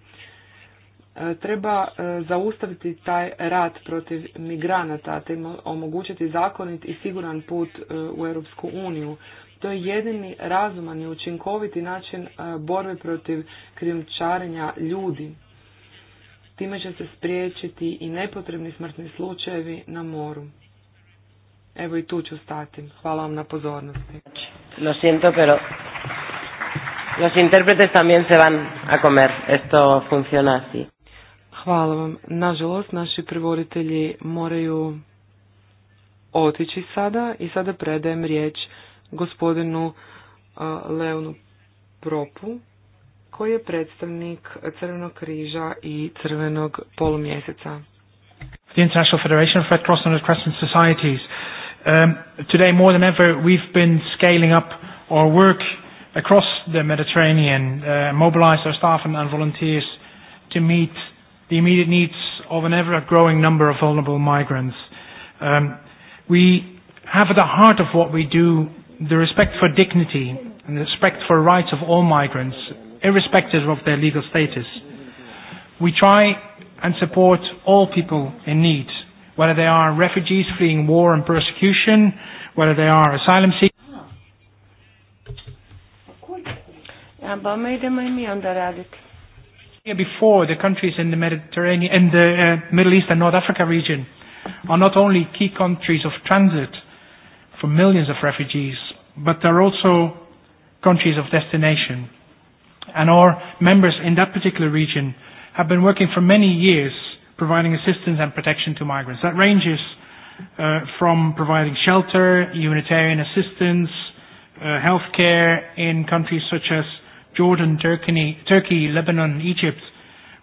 E, treba e, zaustaviti taj rat protiv migranata, te omogućiti zakonit i siguran put e, u Europsku uniju. To je jedini razuman i učinkoviti način borbe protiv krijumčarenja ljudi. Time će se spriječiti i nepotrebni smrtni slučajevi na moru. Evo i tu ću stati. Hvala vam na pozornosti. Lo siento, pero los intérpretes también se van a comer. Esto funciona así. Hvala vam. Nažalost, naši prevoditelji moraju otići sada i sada predajem riječ gospodinu uh, Leonu Propu, koji je predstavnik Crvenog križa i Crvenog polumjeseca. The International Federation of Red Cross and Red Crescent Societies. Um, today more than ever we've been scaling up our work across the Mediterranean, uh, mobilized our staff and volunteers to meet the immediate needs of an ever-growing number of vulnerable migrants. Um, we have at the heart of what we do the respect for dignity and the respect for rights of all migrants, irrespective of their legal status. We try and support all people in need, whether they are refugees fleeing war and persecution, whether they are asylum seekers. Pa idemo i mi onda raditi before, the countries in the Mediterranean in the uh, Middle East and North Africa region are not only key countries of transit for millions of refugees, but are also countries of destination. And our members in that particular region have been working for many years providing assistance and protection to migrants. That ranges uh, from providing shelter, humanitarian assistance, uh, health care in countries such as Jordan, Turkey, Turkey, Lebanon, Egypt,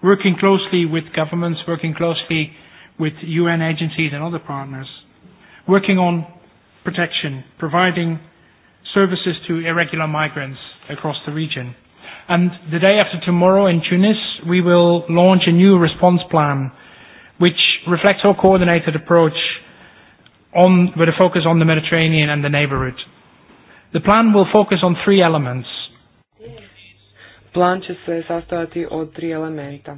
working closely with governments, working closely with UN agencies and other partners, working on protection, providing services to irregular migrants across the region. And the day after tomorrow in Tunis, we will launch a new response plan which reflects our coordinated approach on, with a focus on the Mediterranean and the neighborhood. The plan will focus on three elements. Plan će se sastojati od tri elementa. E,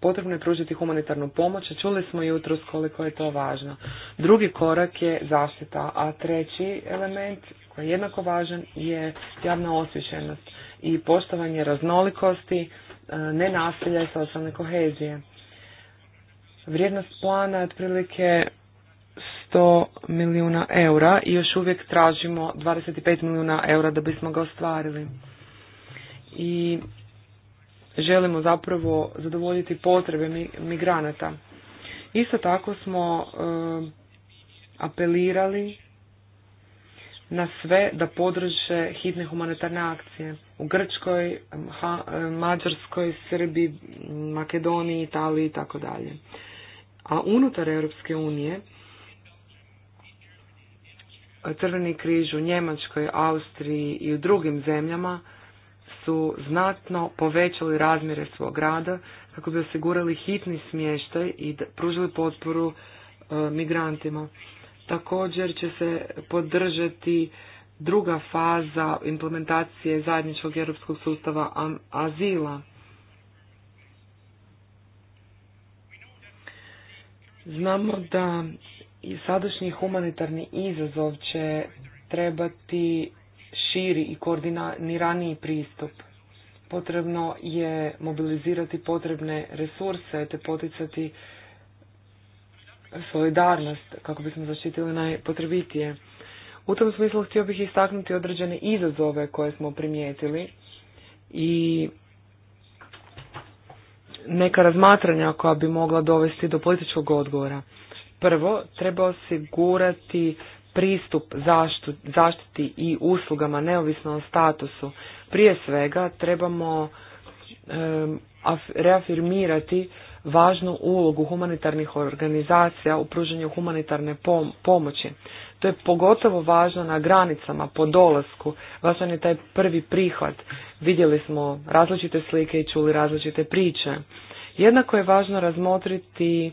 potrebno je pružiti humanitarnu pomoć, a čuli smo jutros koliko je to važno. Drugi korak je zaštita, a treći element koji je jednako važan je javna osvišenost i poštovanje raznolikosti, e, nenasilja i socijalne kohezije. Vrijednost plana je otprilike 100 milijuna eura i još uvijek tražimo 25 milijuna eura da bismo ga ostvarili i želimo zapravo zadovoljiti potrebe migranata. Isto tako smo eh, apelirali na sve da podrže hitne humanitarne akcije u Grčkoj, ha, eh, Mađarskoj, Srbiji, Makedoniji, Italiji i tako dalje. A unutar Europske unije Crveni križ u Njemačkoj, Austriji i u drugim zemljama su znatno povećali razmjere svog rada kako bi osigurali hitni smještaj i pružili potporu e, migrantima. Također će se podržati druga faza implementacije zajedničkog europskog sustava azila. Znamo da i sadašnji humanitarni izazov će trebati širi i koordiniraniji pristup. Potrebno je mobilizirati potrebne resurse te poticati solidarnost kako bismo zaštitili najpotrebitije. U tom smislu htio bih istaknuti određene izazove koje smo primijetili i neka razmatranja koja bi mogla dovesti do političkog odgovora. Prvo, treba osigurati pristup zaštiti i uslugama neovisno o statusu. Prije svega trebamo reafirmirati važnu ulogu humanitarnih organizacija u pružanju humanitarne pomoći. To je pogotovo važno na granicama po dolasku. Važan je taj prvi prihvat. Vidjeli smo različite slike i čuli različite priče. Jednako je važno razmotriti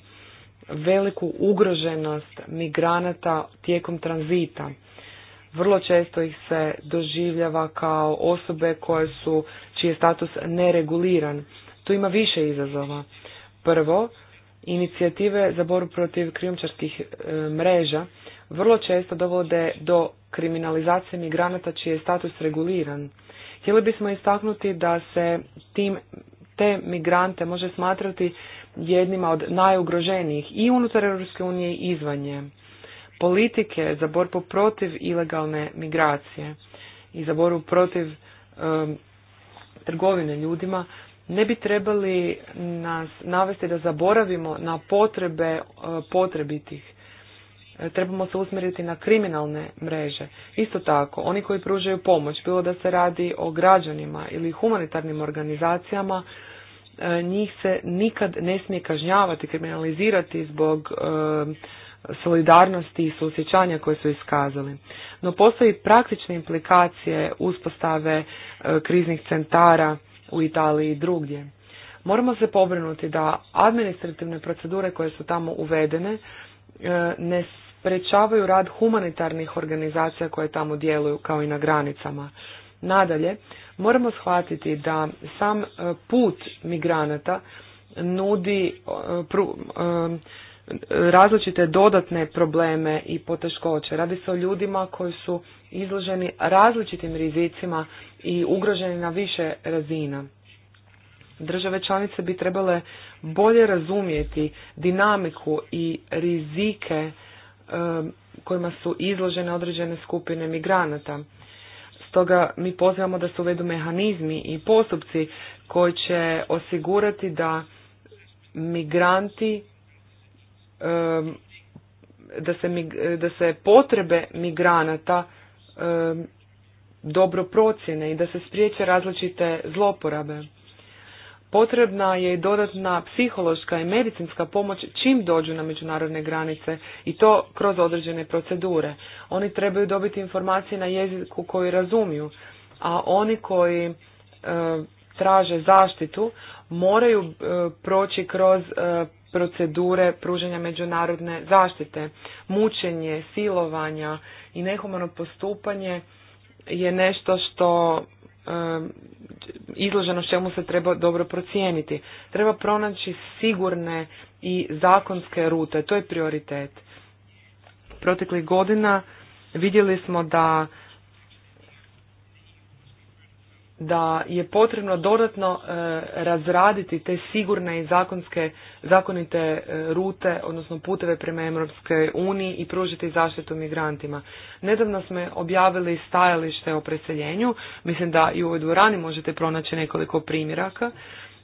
veliku ugroženost migranata tijekom tranzita. Vrlo često ih se doživljava kao osobe koje su, čiji je status nereguliran. Tu ima više izazova. Prvo, inicijative za borbu protiv krijumčarskih e, mreža vrlo često dovode do kriminalizacije migranata čiji je status reguliran. Htjeli bismo istaknuti da se tim te migrante može smatrati jednima od najugroženijih i unutar Europske unije i izvan Politike za borbu protiv ilegalne migracije i za borbu protiv um, trgovine ljudima ne bi trebali nas navesti da zaboravimo na potrebe uh, potrebitih e, trebamo se usmjeriti na kriminalne mreže. Isto tako, oni koji pružaju pomoć, bilo da se radi o građanima ili humanitarnim organizacijama, E, njih se nikad ne smije kažnjavati, kriminalizirati zbog e, solidarnosti i suosjećanja koje su iskazali. No postoji praktične implikacije uspostave e, kriznih centara u Italiji i drugdje. Moramo se pobrinuti da administrativne procedure koje su tamo uvedene ne sprečavaju rad humanitarnih organizacija koje tamo djeluju kao i na granicama. Nadalje, Moramo shvatiti da sam e, put migranata nudi e, e, različite dodatne probleme i poteškoće. Radi se o ljudima koji su izloženi različitim rizicima i ugroženi na više razina. Države članice bi trebale bolje razumjeti dinamiku i rizike kojima su izložene određene skupine migranata. Stoga mi pozivamo da se uvedu mehanizmi i postupci koji će osigurati da migranti da se, da se potrebe migranata dobro procjene i da se spriječe različite zloporabe. Potrebna je i dodatna psihološka i medicinska pomoć čim dođu na međunarodne granice i to kroz određene procedure. Oni trebaju dobiti informacije na jeziku koji razumiju, a oni koji e, traže zaštitu moraju e, proći kroz e, procedure pružanja međunarodne zaštite. Mučenje, silovanja i nehumano postupanje je nešto što Um, izloženost čemu se treba dobro procijeniti. Treba pronaći sigurne i zakonske rute, to je prioritet. Proteklih godina vidjeli smo da da je potrebno dodatno e, razraditi te sigurne i zakonske, zakonite e, rute, odnosno puteve prema Europske uniji i pružiti zaštitu migrantima. Nedavno smo objavili stajalište o preseljenju, mislim da i u ovoj dvorani možete pronaći nekoliko primjeraka,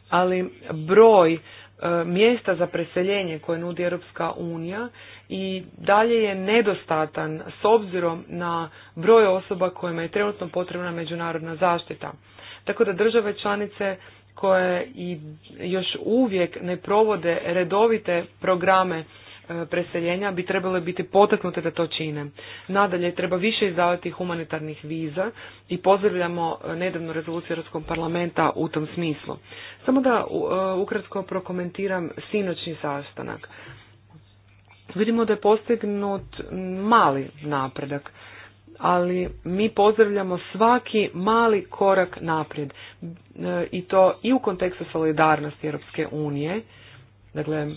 ali broj E, mjesta za preseljenje koje nudi Europska unija i dalje je nedostatan s obzirom na broj osoba kojima je trenutno potrebna međunarodna zaštita. Tako da države članice koje i još uvijek ne provode redovite programe E, preseljenja bi trebale biti potaknute da to čine. Nadalje, treba više izdavati humanitarnih viza i pozdravljamo e, nedavnu rezoluciju Europskog parlamenta u tom smislu. Samo da e, ukratko prokomentiram sinoćni sastanak. Vidimo da je postignut mali napredak, ali mi pozdravljamo svaki mali korak naprijed i to i u kontekstu solidarnosti Europske unije, dakle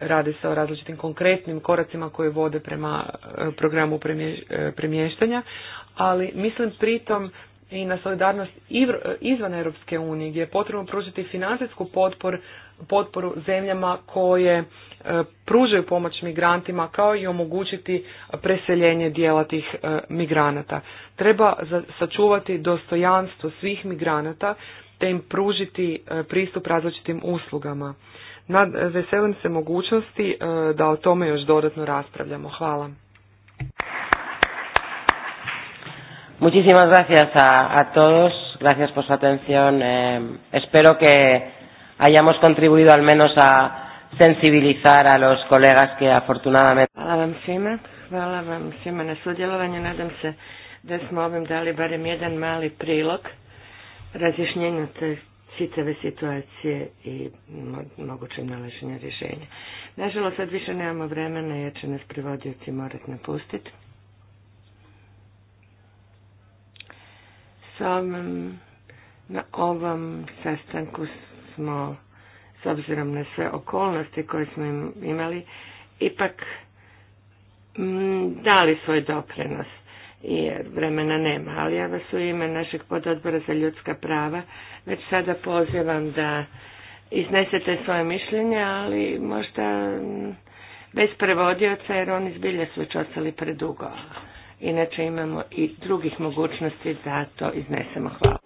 radi se o različitim konkretnim koracima koji vode prema e, programu e, premještanja, ali mislim pritom i na solidarnost e, izvan Europske unije gdje je potrebno pružiti financijsku potpor, potporu zemljama koje pružaju pomoć migrantima kao i omogućiti preseljenje dijela tih migranata. Treba sačuvati dostojanstvo svih migranata te im pružiti pristup različitim uslugama. Nad, veselim se mogućnosti e, da o tome još dodatno raspravljamo. Hvala. Muchísimas gracias a, a todos, gracias por su atención. Eh, espero que hayamos contribuido al menos a sensibilizar a los colegas que afortunadamente. Hvala vam svima, hvala vam svima na sudjelovanju. Nadam se da smo ovim dali barem jedan mali prilog razjašnjenja te čitave situacije i moguće nalaženje rješenja. Nažalost, sad više nemamo vremena jer će nas privodioci morati napustiti. na ovom sastanku smo, s obzirom na sve okolnosti koje smo imali, ipak dali svoj doprinos jer vremena nema. Ali ja vas u ime našeg pododbora za ljudska prava već sada pozivam da iznesete svoje mišljenje, ali možda bez prevodioca jer oni zbilja su već ostali predugo. Inače imamo i drugih mogućnosti da to iznesemo. Hvala.